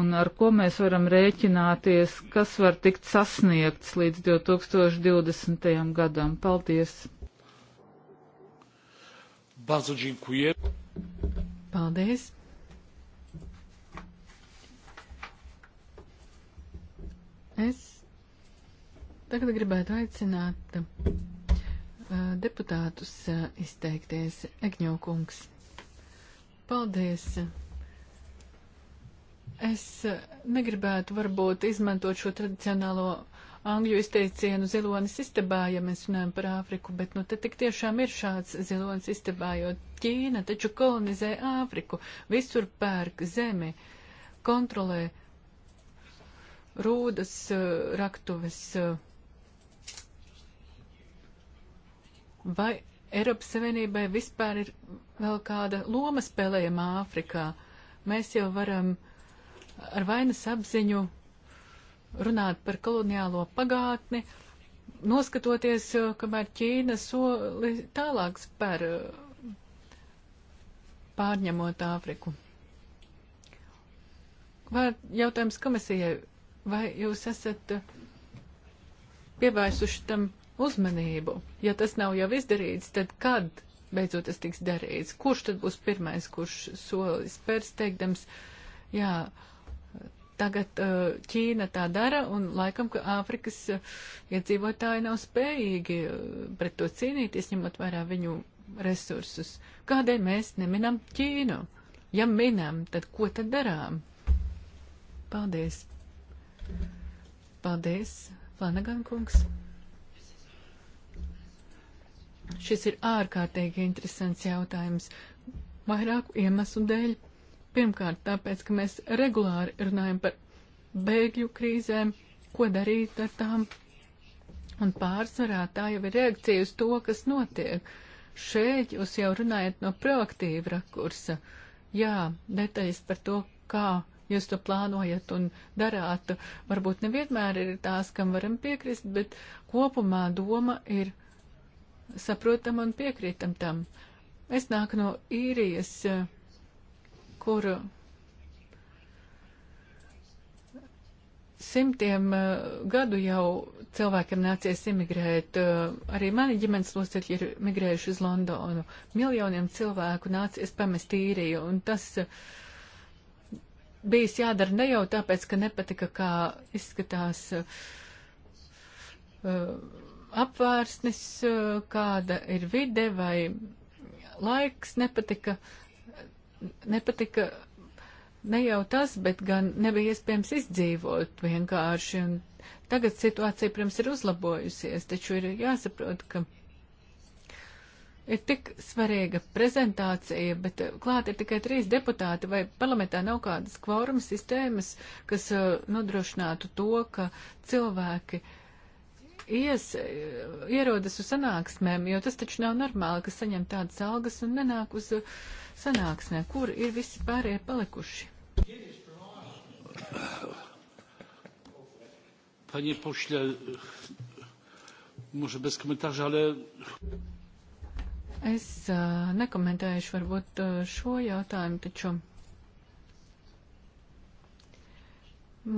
un ar ko mēs varam rēķināties, kas var tikt sasniegts līdz 2020. gadam. Paldies! Bardzo dziękuję. Paldies! Es tagad gribētu aicināt uh, deputātus uh, izteikties. Egņokungs. Paldies. Es uh, negribētu varbūt izmantot šo tradicionālo angļu izteicienu zilonis istabā, ja mēs runājam par Āfriku, bet nu te tik tiešām ir šāds zilonis istabā, jo Ķīna taču kolonizē Āfriku, visur pērk zemi, kontrolē rūdas, eh, raktuves. Eh. Vai Eiropas Savienībai vispār ir vēl kāda loma spēlējama Āfrikā? Mēs jau varam ar vainas apziņu runāt par koloniālo pagātni, noskatoties, eh, kamēr Ķīna soli tālāk spēr pārņemot Āfriku. Vai jautājums komisijai vai jūs esat pievērsuši tam uzmanību? Ja tas nav jau izdarīts, tad kad beidzot tas tiks darīts? Kurš tad būs pirmais, kurš solis pērs teikdams, jā, tagad uh, Ķīna tā dara un laikam, ka Āfrikas uh, iedzīvotāji nav spējīgi uh, pret to cīnīties, ņemot vērā viņu resursus. Kādēļ mēs neminam Ķīnu? Ja minam, tad ko tad darām? Paldies! Paldies, Flanagan kungs. Šis ir ārkārtīgi interesants jautājums vairāku iemeslu dēļ. Pirmkārt, tāpēc, ka mēs regulāri runājam par bēgļu krīzēm, ko darīt ar tām. Un pārsvarā tā jau ir reakcija uz to, kas notiek. Šeit jūs jau runājat no proaktīva rakursa. Jā, detaļas par to, kā jūs to plānojat un darāt. Varbūt nevienmēr ir tās, kam varam piekrist, bet kopumā doma ir saprotam un piekrītam tam. Es nāku no īrijas, kur simtiem eh, gadu jau cilvēkiem nācies imigrēt. Eh, arī mani ģimenes locekļi ir migrējuši uz Londonu. Miljoniem cilvēku nācies pamest īriju, un tas uh, bijis jādara ne jau tāpēc, ka nepatika, kā izskatās uh, apvārsnis, uh, kāda ir vide vai laiks nepatika, nepatika ne jau tas, bet gan nebija iespējams izdzīvot vienkārši. Un tagad situācija, protams, ir uzlabojusies, taču ir jāsaprot, ka ir tik svarīga prezentācija, bet eh, klāt ir tikai trīs deputāti, vai parlamentā nav kādas kvoruma sistēmas, kas eh, nodrošinātu to, ka cilvēki ies, eh, ierodas uz sanāksmēm, jo tas taču nav normāli, ka saņem tādas algas un nenāk uz sanāksmē, kur ir visi pārējie palikuši. Panie pośle, może bez komentarza, ale. Es uh, nekomentēšu varbūt šo jautājumu, taču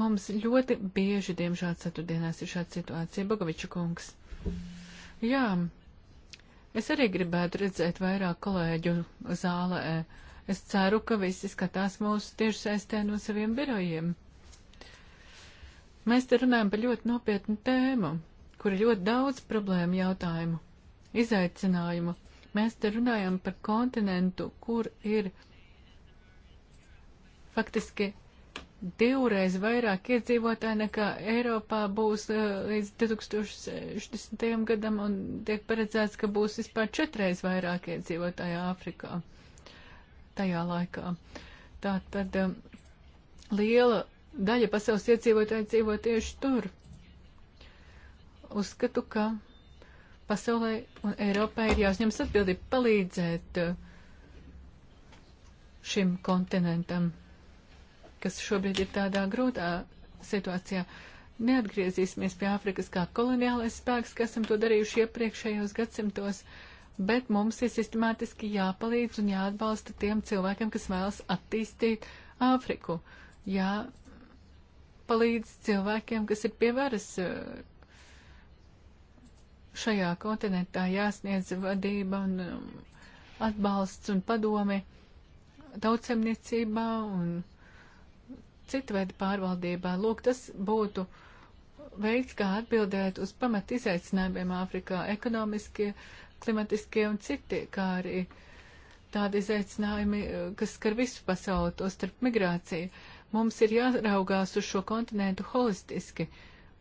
mums ļoti bieži, diemžēl, ceturtdienās ir šāda situācija. Bogaviča kungs. Jā, es arī gribētu redzēt vairāk kolēģu zālē. Es ceru, ka visi skatās mūsu tieši saistē no saviem birojiem. Mēs te runājam par ļoti nopietnu tēmu, kur ir ļoti daudz problēmu jautājumu, izaicinājumu Mēs te runājam par kontinentu, kur ir faktiski divreiz vairāk iedzīvotāji nekā Eiropā būs uh, līdz 2060. gadam, un tiek paredzēts, ka būs vispār četreiz vairāk iedzīvotāji Āfrikā tajā laikā. Tā tad um, liela daļa pasaules iedzīvotāji dzīvo tieši tur. Uzskatu, ka pasaulē un Eiropai ir jāuzņemas atbildība palīdzēt uh, šim kontinentam, kas šobrīd ir tādā grūtā situācijā. Neatgriezīsimies pie Āfrikas kā koloniālais spēks, kas esam to darījuši iepriekšējos gadsimtos, bet mums ir sistemātiski jāpalīdz un jāatbalsta tiem cilvēkiem, kas vēlas attīstīt Āfriku. Jā, palīdz cilvēkiem, kas ir pie varas uh, šajā kontinentā jāsniedz vadība un um, atbalsts un padomi tautsemniecībā un citu veidu pārvaldībā. Lūk, tas būtu veids, kā atbildēt uz pamat izaicinājumiem Āfrikā - ekonomiskie, klimatiskie un citi, kā arī tādi izaicinājumi, uh, kas skar visu pasauli, to starp migrāciju. Mums ir jāraugās uz šo kontinentu holistiski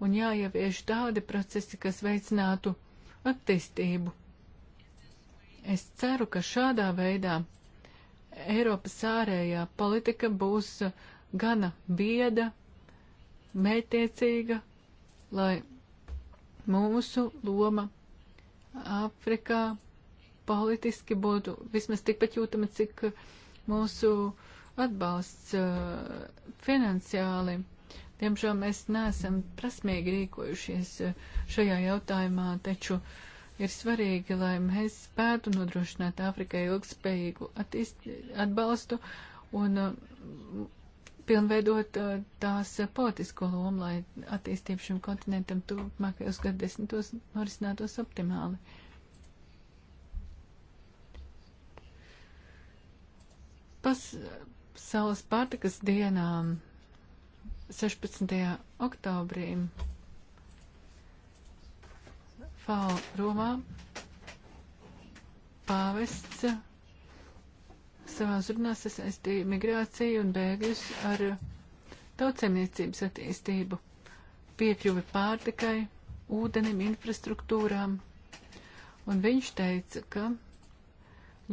un jāievieš tādi procesi, kas veicinātu attīstību. Es ceru, ka šādā veidā Eiropas ārējā politika būs gana bieda, mērķtiecīga, lai mūsu loma Āfrikā politiski būtu vismaz tikpat jūtama, cik mūsu atbalsts uh, finansiāli. Diemžēl mēs neesam prasmīgi rīkojušies eh, šajā jautājumā, taču ir svarīgi, lai mēs spētu nodrošināt Āfrikai ilgspējīgu atbalstu un eh, pilnveidot eh, tās politisko lomu, lai attīstību šim kontinentam turpmākajos gadsimtos norisinātos optimāli. Pasaules pārtikas dienām 16. oktobrī FAO Romā pāvests savā runās sasaistīja migrāciju un bēgļus ar tautsēmniecības attīstību, piekļuvi pārtikai, ūdenim, infrastruktūrām, un viņš teica, ka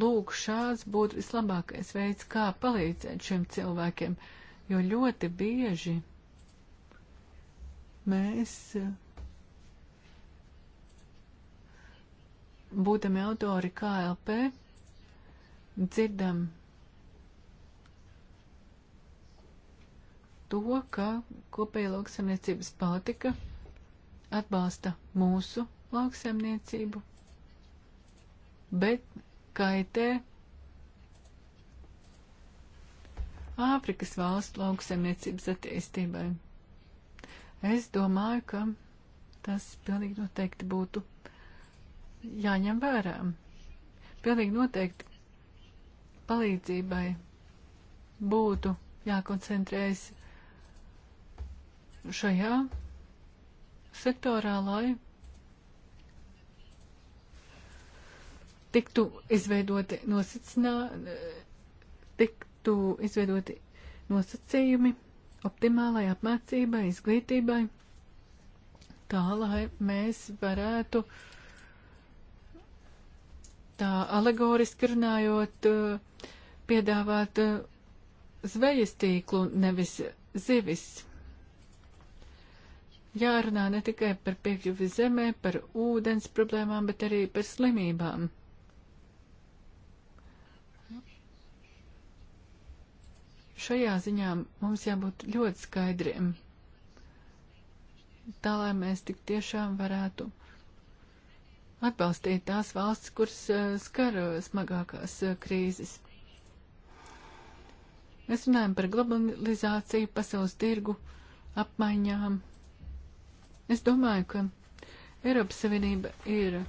lūk šāds būtu vislabākais veids, kā palīdzēt šiem cilvēkiem. Uh, jo ļoti bieži mēs, būtami autori KLP, dzirdam to, ka kopēja lauksaimniecības politika atbalsta mūsu lauksaimniecību, bet kaitē Āfrikas valstu lauksaimniecības attīstībai. Es domāju, ka tas pilnīgi noteikti būtu jāņem vērā. Pilnīgi noteikti palīdzībai būtu jākoncentrējas šajā sektorā, lai tiktu izveidoti nosacinājumi, tik, tiktu izveidoti nosacījumi optimālai apmācībai, izglītībai, tā lai mēs varētu tā alegoriski runājot, eh, piedāvāt eh, zvejas tīklu, nevis zivis. Jārunā ne tikai par piekļuvi zemē, par ūdens problēmām, bet arī par slimībām. Šajā ziņā mums jābūt ļoti skaidriem, tā lai mēs tik tiešām varētu atbalstīt tās valsts, kuras eh, skar eh, smagākās eh, krīzes. Mēs runājam par globalizāciju, pasaules tirgu, apmaiņām. Es domāju, ka Eiropas Savienība ir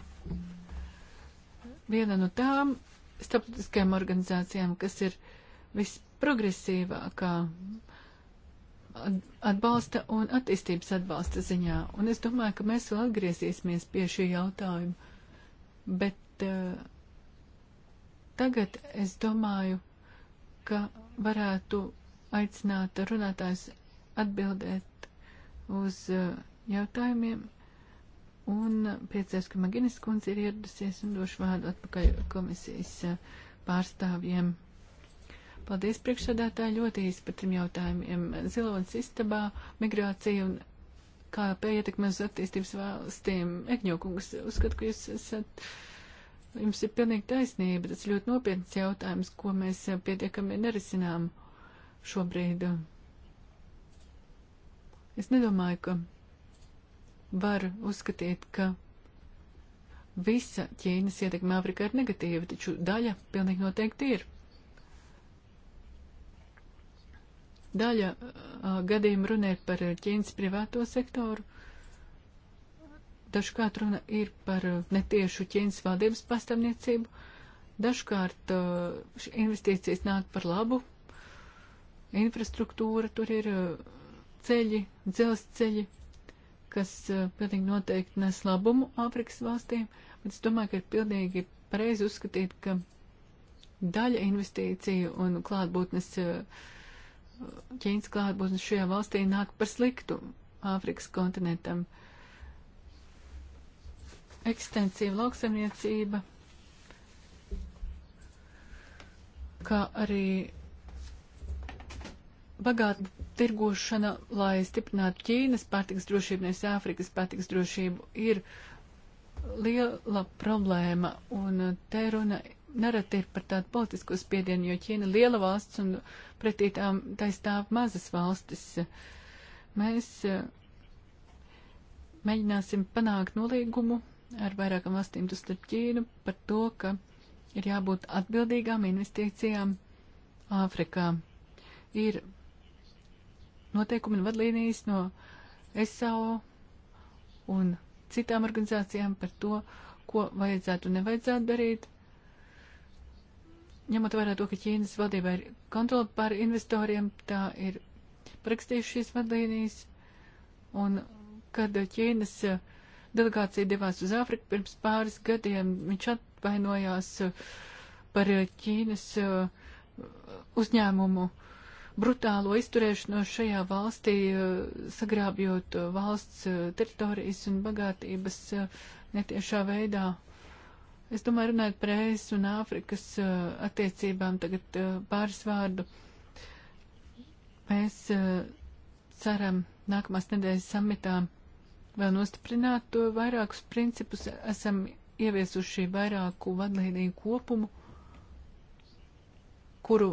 viena no tām starptautiskajām organizācijām, kas ir viss progresīvākā atbalsta un attīstības atbalsta ziņā. Un es domāju, ka mēs vēl atgriezīsimies pie šī jautājuma. Bet uh, tagad es domāju, ka varētu aicināt runātājs atbildēt uz uh, jautājumiem. Un piecēs, ka Maginis kundze ir ieradusies un došu vārdu atpakaļ komisijas eh, pārstāvjiem. Paldies priekšsādātāji ļoti īsi par trim jautājumiem. Zilonas istabā, migrācija un KP ietekmē uz attīstības valstīm. Ekņokungs, uzskatu, ka jūs esat. Jums ir pilnīgi taisnība, tas ļoti nopietns jautājums, ko mēs pietiekami nerisinām šobrīd. Es nedomāju, ka var uzskatīt, ka visa Ķīnas ietekme Āfrikā ir negatīva, taču daļa pilnīgi noteikti ir. daļa gadījumu runa ir par Ķīnas privāto sektoru. Dažkārt runa ir par netiešu Ķīnas valdības pastāvniecību. Dažkārt investīcijas nāk par labu. Infrastruktūra tur ir ceļi, dzelzceļi, kas pilnīgi noteikti nes labumu Āfrikas valstīm, bet es domāju, ka ir pilnīgi pareizi uzskatīt, ka daļa investīciju un klātbūtnes uh, Ķīnas klātbūtne šajā valstī nāk par sliktu Āfrikas kontinentam. Ekstensīva lauksamniecība, kā arī bagāta tirgošana, lai stiprinātu Ķīnas pārtiks drošību, nevis Āfrikas pārtiks drošību, ir liela problēma, un te runa nereti ir par tādu politisko spiedienu, jo Ķīna liela valsts un pretī tām taistāv mazas valstis. Mēs eh, mēģināsim panākt nolīgumu ar vairākām valstīm, tu starp Ķīnu, par to, ka ir jābūt atbildīgām investīcijām Āfrikā. Ir noteikumi un vadlīnijas no SAO un citām organizācijām par to, ko vajadzētu un nevajadzētu darīt ņemot vērā to, ka Ķīnas valdībā ir kontrola pār investoriem, tā ir parakstījuši šīs vadlīnijas, un kad Ķīnas eh, delegācija devās uz Āfriku pirms pāris gadiem, viņš atvainojās eh, par eh, Ķīnas uzņēmumu brutālo izturēšanos šajā valstī, sagrābjot valsts teritorijas un bagātības netiešā veidā. Es domāju, runājot par ES un Āfrikas uh, attiecībām, tagad uh, pāris vārdu. Mēs uh, ceram nākamās nedēļas samitā vēl nostiprināt to vairākus principus. Esam ieviesuši vairāku vadlīniju kopumu, kuru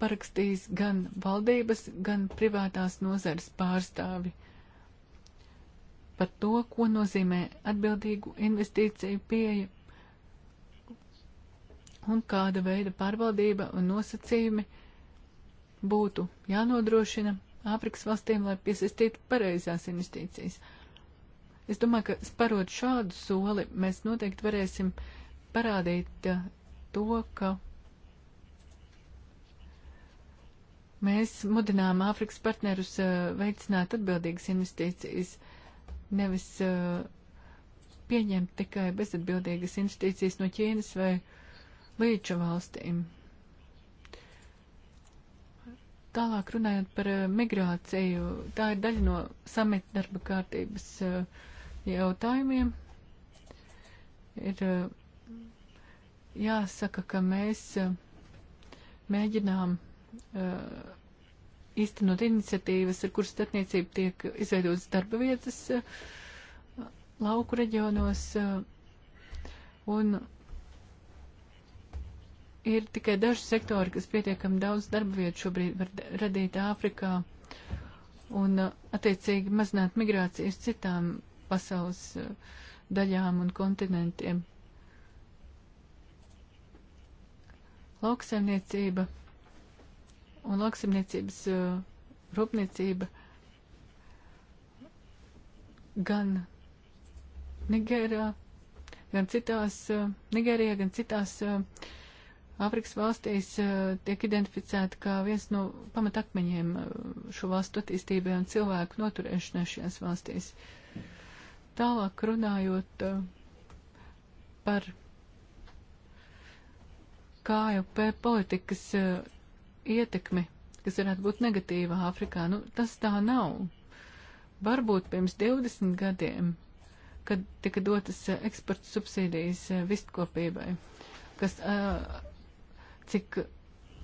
parakstīs gan valdības, gan privātās nozares pārstāvi par to, ko nozīmē atbildīgu investīciju pieeja un kāda veida pārvaldība un nosacījumi būtu jānodrošina Āfrikas valstīm, lai piesaistītu pareizās investīcijas. Es domāju, ka sparot šādu soli, mēs noteikti varēsim parādīt to, ka Mēs mudinām Āfrikas partnerus uh, veicināt atbildīgas investīcijas, nevis uh, pieņemt tikai bezatbildīgas investīcijas no Ķīnas vai līča valstīm. Tālāk runājot par eh, migrāciju, tā ir daļa no samita darba kārtības eh, jautājumiem. Ir eh, jāsaka, ka mēs mēģinām īstenot iniciatīvas, ar kuras starpniecība tiek izveidotas darba vietas lauku reģionos. Un ir tikai daži sektori, kas pietiekami daudz darba vietu šobrīd var radīt Āfrikā un uh, attiecīgi mazināt migrācijas citām pasaules uh, daļām un kontinentiem. Lauksaimniecība un lauksaimniecības uh, rūpniecība gan Nigērā, gan citās, Nigērijā, gan citās uh, Āfrikas valstīs eh, tiek identificēta kā viens no pamatakmeņiem eh, šo valstu attīstībai un cilvēku noturēšanai šajās valstīs. Tālāk runājot eh, par KJP politikas ietekmi, kas varētu būt negatīva Āfrikā, nu tas tā nav. Varbūt pirms 20 gadiem, kad tika dotas eksporta subsīdijas vistkopībai, kas uh, cik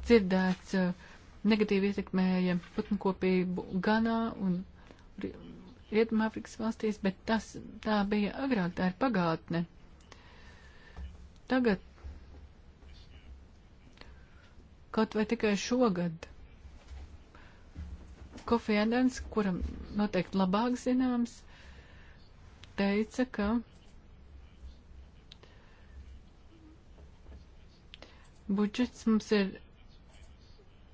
dzirdēts eh, negatīvi ietekmēja putnukopību Ganā un Rietumāfrikas valstīs, bet tas tā bija agrāk, tā ir pagātne. Tagad, kaut vai tikai šogad, Kofi Edens, kuram noteikti labāk zināms, teica, ka budžets mums ir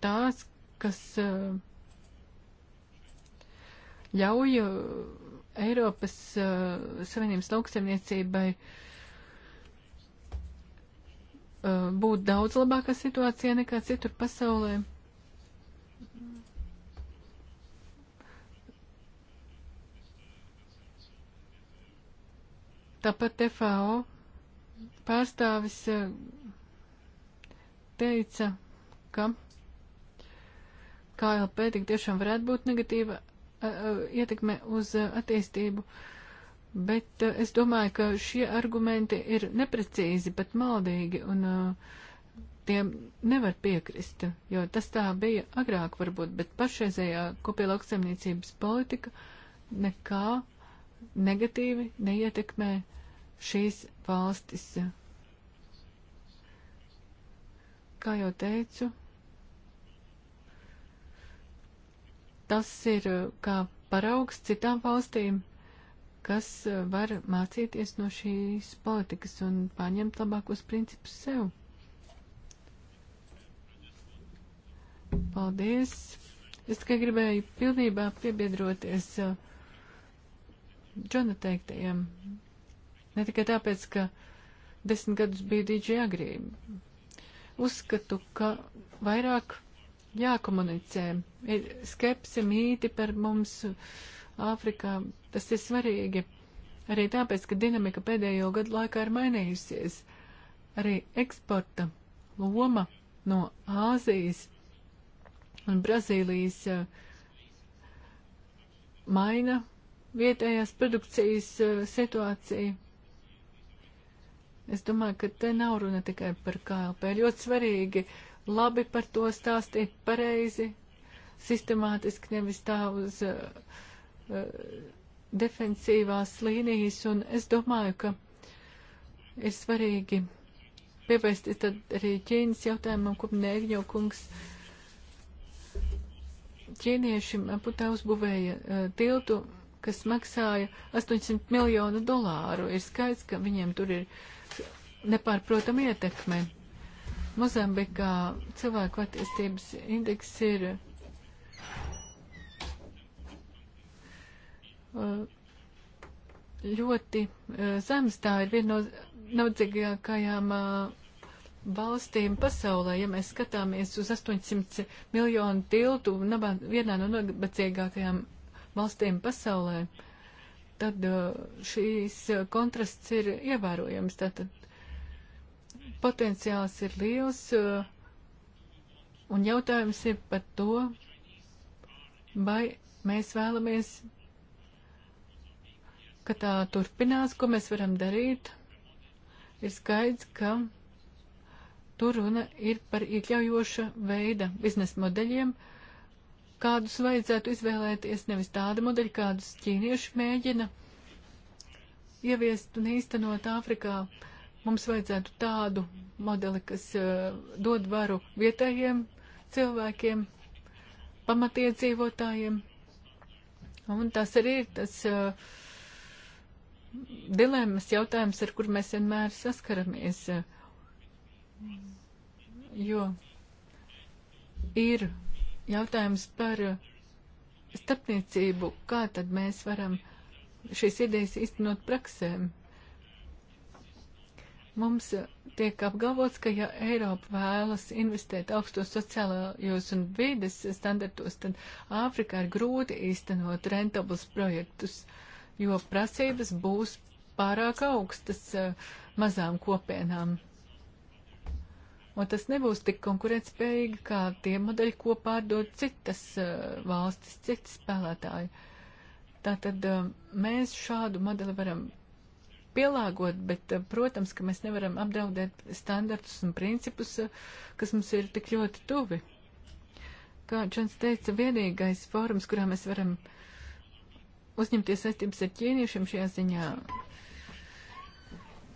tās, kas eh, ļauj eh, Eiropas eh, Savienības lauksaimniecībai būt daudz labākā situācijā nekā citur pasaulē. Tāpat FAO pārstāvis teica, ka KLP tik tiešām varētu būt negatīva uh, uh, ietekme uz uh, attīstību, bet es domāju, ka šie argumenti ir neprecīzi, pat maldīgi, un tiem nevar piekrist, jo tas tā bija agrāk varbūt, bet pašreizējā kopīja lauksaimniecības politika nekā negatīvi neietekmē šīs valstis Kā jau teicu, tas ir uh, kā paraugs citām valstīm, kas uh, var mācīties no šīs politikas un pārņemt labākos principus sev. Paldies! Es tikai gribēju pilnībā piebiedroties uh, Džona teiktajiem. Ne tikai tāpēc, ka desmit gadus biju DJ agrība, Uzskatu, ka vairāk jākomunicē. Ir skepse mīti par mums Āfrikā. Tas ir svarīgi. Arī tāpēc, ka dinamika pēdējo gadu laikā ir mainījusies. Arī eksporta loma no Āzijas un Brazīlijas eh, maina vietējās produkcijas eh, situāciju. Es domāju, ka te nav runa tikai par KLP. Ļoti svarīgi labi par to stāstīt pareizi, sistemātiski nevis tā uz uh, defensīvās līnijas. Un es domāju, ka ir svarīgi pievērsties tad arī Ķīnas jautājumam, kur Nēgņo kungs ķīniešiem putā uzbūvēja uh, tiltu kas maksāja 800 miljonu dolāru. Ir skaidrs, ka viņiem tur ir uh, nepārprotama ietekme. Mozambikā cilvēku attīstības indeks ir uh, ļoti uh, zems. Tā ir viena no naudzīgākajām uh, valstīm pasaulē. Ja mēs skatāmies uz 800 miljonu tiltu vienā no nabadzīgākajām valstīm pasaulē, tad šīs kontrasts ir ievērojams. Tātad Potenciāls ir liels, eh, un jautājums ir par to, vai mēs vēlamies, ka tā turpinās, ko mēs varam darīt. Ir skaidrs, ka tur runa ir par iekļaujoša veida biznesa modeļiem, kādus vajadzētu izvēlēties, nevis tādu modeļu, kādus ķīnieši mēģina ieviest un īstenot Āfrikā. Uh, Mums vajadzētu tādu modeli, kas uh, dod varu vietējiem cilvēkiem, pamatiedzīvotājiem. Un tas arī ir tas uh, dilemmas jautājums, ar kur mēs vienmēr saskaramies. Jo ir jautājums par eh, starpniecību, kā tad mēs varam šīs idejas īstenot praksēm. Mums tiek apgalvots, ka ja Eiropa vēlas investēt augstos sociālajos un vides standartos, tad Āfrikā ir grūti īstenot rentablus projektus, jo prasības būs pārāk augstas eh, mazām kopienām. Un tas nebūs tik konkurētspējīgi kā tie modeļi, ko pārdod citas eh, valstis, citas spēlētāji. Tātad eh, mēs šādu modeli varam pielāgot, bet, eh, protams, ka mēs nevaram apdraudēt standartus un principus, eh, kas mums ir tik ļoti tuvi. Kā Džons teica, vienīgais fórums, kurā mēs varam uzņemties saistības ar ķīniešiem šajā ziņā,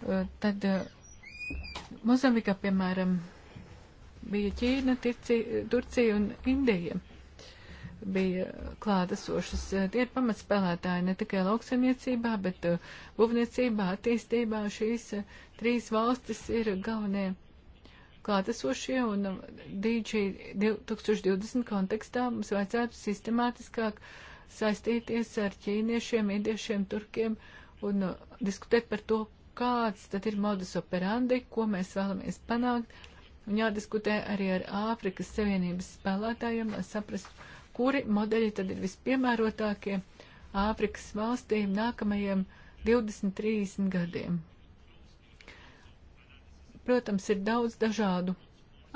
eh, tad Mozambikā, piemēram, bija Ķīna, Tirci, Turcija un Indija bija klātesošas. Eh, tie ir pamatspēlētāji ne tikai lauksaimniecībā, bet eh, būvniecībā, attīstībā. Šīs eh, trīs valstis ir galvenie klātesošie un DG 2020 kontekstā mums vajadzētu sistemātiskāk saistīties ar ķīniešiem, indiešiem, turkiem un diskutēt par to, kāds tad ir modus operandi, ko mēs vēlamies panākt. Un jādiskutē arī ar Āfrikas Savienības spēlētājiem, lai saprastu, kuri modeļi tad ir vispiemērotākie Āfrikas valstīm nākamajiem 20-30 gadiem. Protams, ir daudz dažādu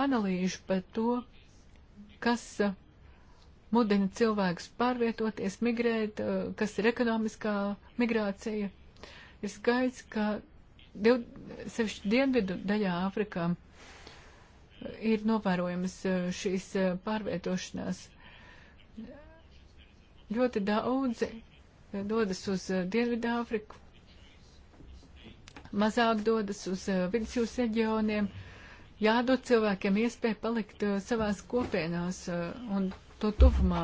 analīžu par to, kas uh, mudina cilvēkus pārvietoties, migrēt, uh, kas ir ekonomiskā migrācija. Ir skaidrs, ka div, sevišķi dienvidu daļā Āfrikā ir novērojamas uh, šīs pārvietošanās. Ļoti daudzi eh, dodas uz eh, Dienvidāfriku, mazāk dodas uz eh, vidusjūras reģioniem. Jādod cilvēkiem iespēju palikt savās kopienās un to tuvumā.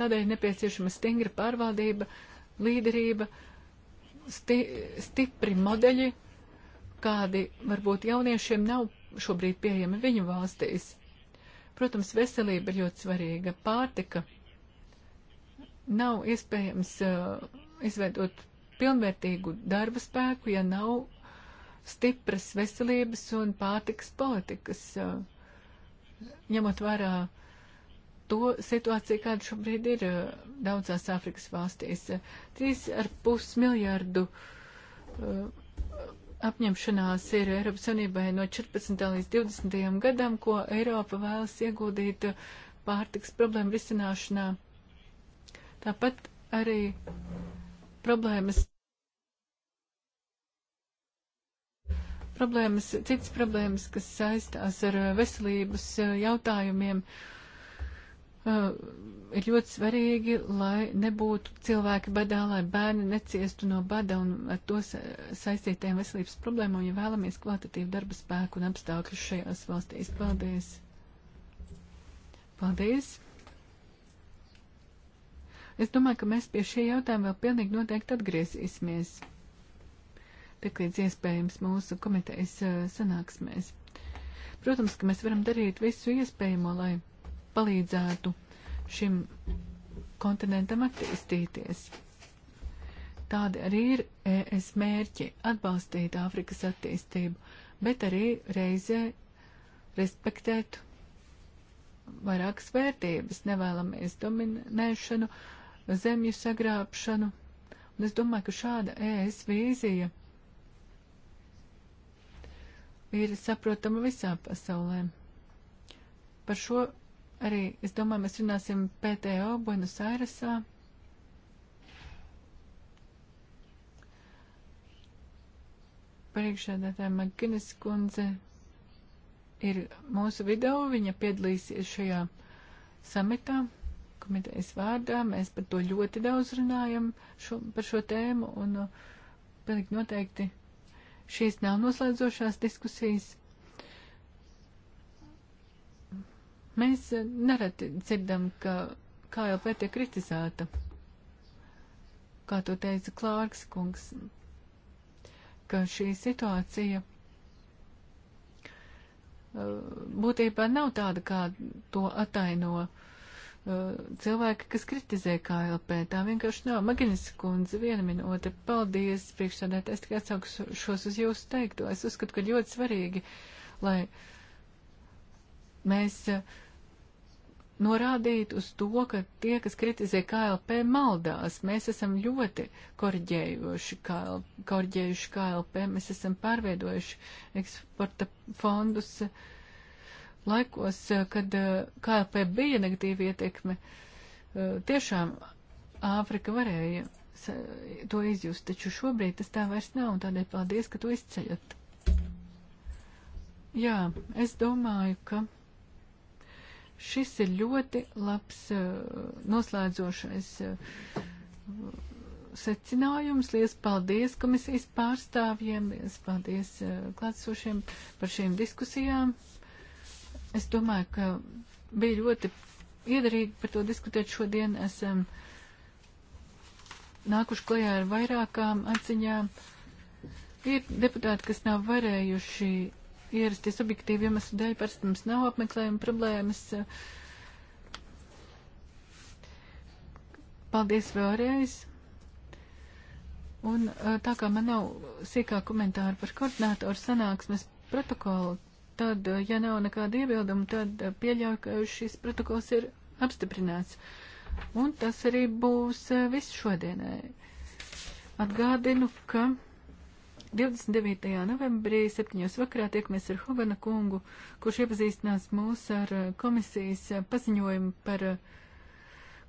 Tādēļ nepieciešama stingra pārvaldība, līderība, sti stipri modeļi, kādi varbūt jauniešiem nav šobrīd pieejami viņu valstīs. Protams, veselība ir ļoti svarīga, pārtika nav iespējams uh, izveidot pilnvērtīgu darba spēku, ja nav stipras veselības un pārtikas politikas, uh, ņemot vērā to situāciju, kāda šobrīd ir uh, daudzās Āfrikas valstīs. 3,5 miljārdu uh, apņemšanās ir Eiropas Savienībai no 14. līdz 20. gadam, ko Eiropa vēlas ieguldīt uh, pārtiks problēmu risināšanā Tāpat arī problēmas. Problēmas, citas problēmas, kas saistās ar veselības eh, jautājumiem, eh, ir ļoti svarīgi, lai nebūtu cilvēki badā, lai bērni neciestu no bada un ar to saistītiem veselības problēmām, ja vēlamies kvalitatīvu darba spēku un apstākļus šajās valstīs. Paldies! Paldies! Es domāju, ka mēs pie šī jautājuma vēl pilnīgi noteikti atgriezīsimies. Tik līdz iespējams mūsu komitejas sanāksmēs. Protams, ka mēs varam darīt visu iespējamo, lai palīdzētu šim kontinentam attīstīties. Tādi arī ir ES mērķi - atbalstīt Āfrikas attīstību, bet arī reizē respektēt vairākas vērtības, nevēlamies dominēšanu zemju sagrābšanu. Un es domāju, ka šāda ES vīzija ir saprotama visā pasaulē. Par šo arī, es domāju, mēs runāsim PTO Buenos Airesā. Priekšādātāja Maginis kundze ir mūsu video, viņa piedalīsies šajā samitā komitejas vārdā. Mēs par to ļoti daudz runājam, šo, par šo tēmu, un uh, pilnīgi noteikti šīs nav noslēdzošās diskusijas. Mēs uh, nereti dzirdam, ka KLP tiek kritizēta, kā to teica Klārks kungs, ka šī situācija uh, būtībā nav tāda, kā to ataino uh, cilvēki, kas kritizē KLP. Tā vienkārši nav. Maginis kundze, viena minūte. Paldies, priekšsādāt. Es tikai atsaukšos uz jūsu teikto. Es uzskatu, ka ļoti svarīgi, lai mēs eh, norādītu uz to, ka tie, kas kritizē KLP, maldās. Mēs esam ļoti korģējuši KLP, korģējuši KLP. mēs esam pārveidojuši eksporta fondus. Uh, laikos, eh, kad eh, KLP bija negatīva ietekme, eh, tiešām Āfrika varēja to izjust, taču šobrīd tas tā vairs nav, un tādēļ paldies, ka to izceļat. Jā, es domāju, ka šis ir ļoti labs noslēdzošais secinājums. Lies paldies komisijas pārstāvjiem, lies paldies klātsošiem par šīm diskusijām. Es domāju, ka bija ļoti iedarīgi par to diskutēt šodien. Esam nākuši klajā ar vairākām atziņām. Ir deputāti, kas nav varējuši ierasties objektīvi iemeslu dēļ, parasti mums nav apmeklējuma problēmas. Paldies vēlreiz. Un tā kā man nav sīkā komentāra par koordinātoru sanāksmes protokolu, tad, ja nav nekāda iebilduma, tad eh, pieļauju, ka šis protokols ir apstiprināts. Un tas arī būs eh, viss šodienai. Atgādinu, ka 29. novembrī 7. vakarā tiekamies ar Hovana kungu, kurš iepazīstinās mūs ar eh, komisijas paziņojumu par uh,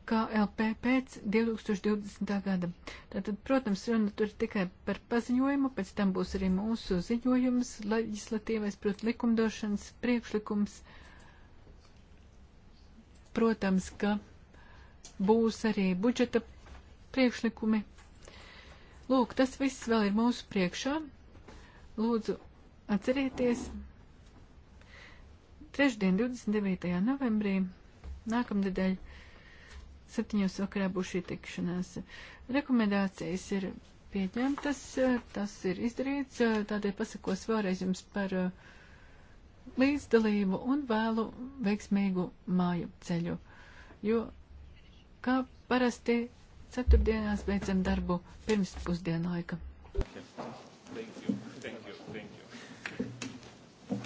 KLP pēc 2020. gada. Tātad, protams, runa tur tikai par paziņojumu, pēc tam būs arī mūsu ziņojums, leģislatīvais, protams, likumdošanas priekšlikums. Protams, ka būs arī budžeta priekšlikumi. Lūk, tas viss vēl ir mūsu priekšā. Lūdzu, atcerieties. Trešdien, 29. novembrī, nākamnedēļ septiņos vakarā būs šī tikšanās. Rekomendācijas ir pieņemtas, tas ir izdarīts, tādēļ pasakos vēlreiz jums par uh, līdzdalību un vēlu veiksmīgu māju ceļu, jo, kā parasti, ceturtdienās beidzam darbu pirms pusdienlaika. Okay. Thank you.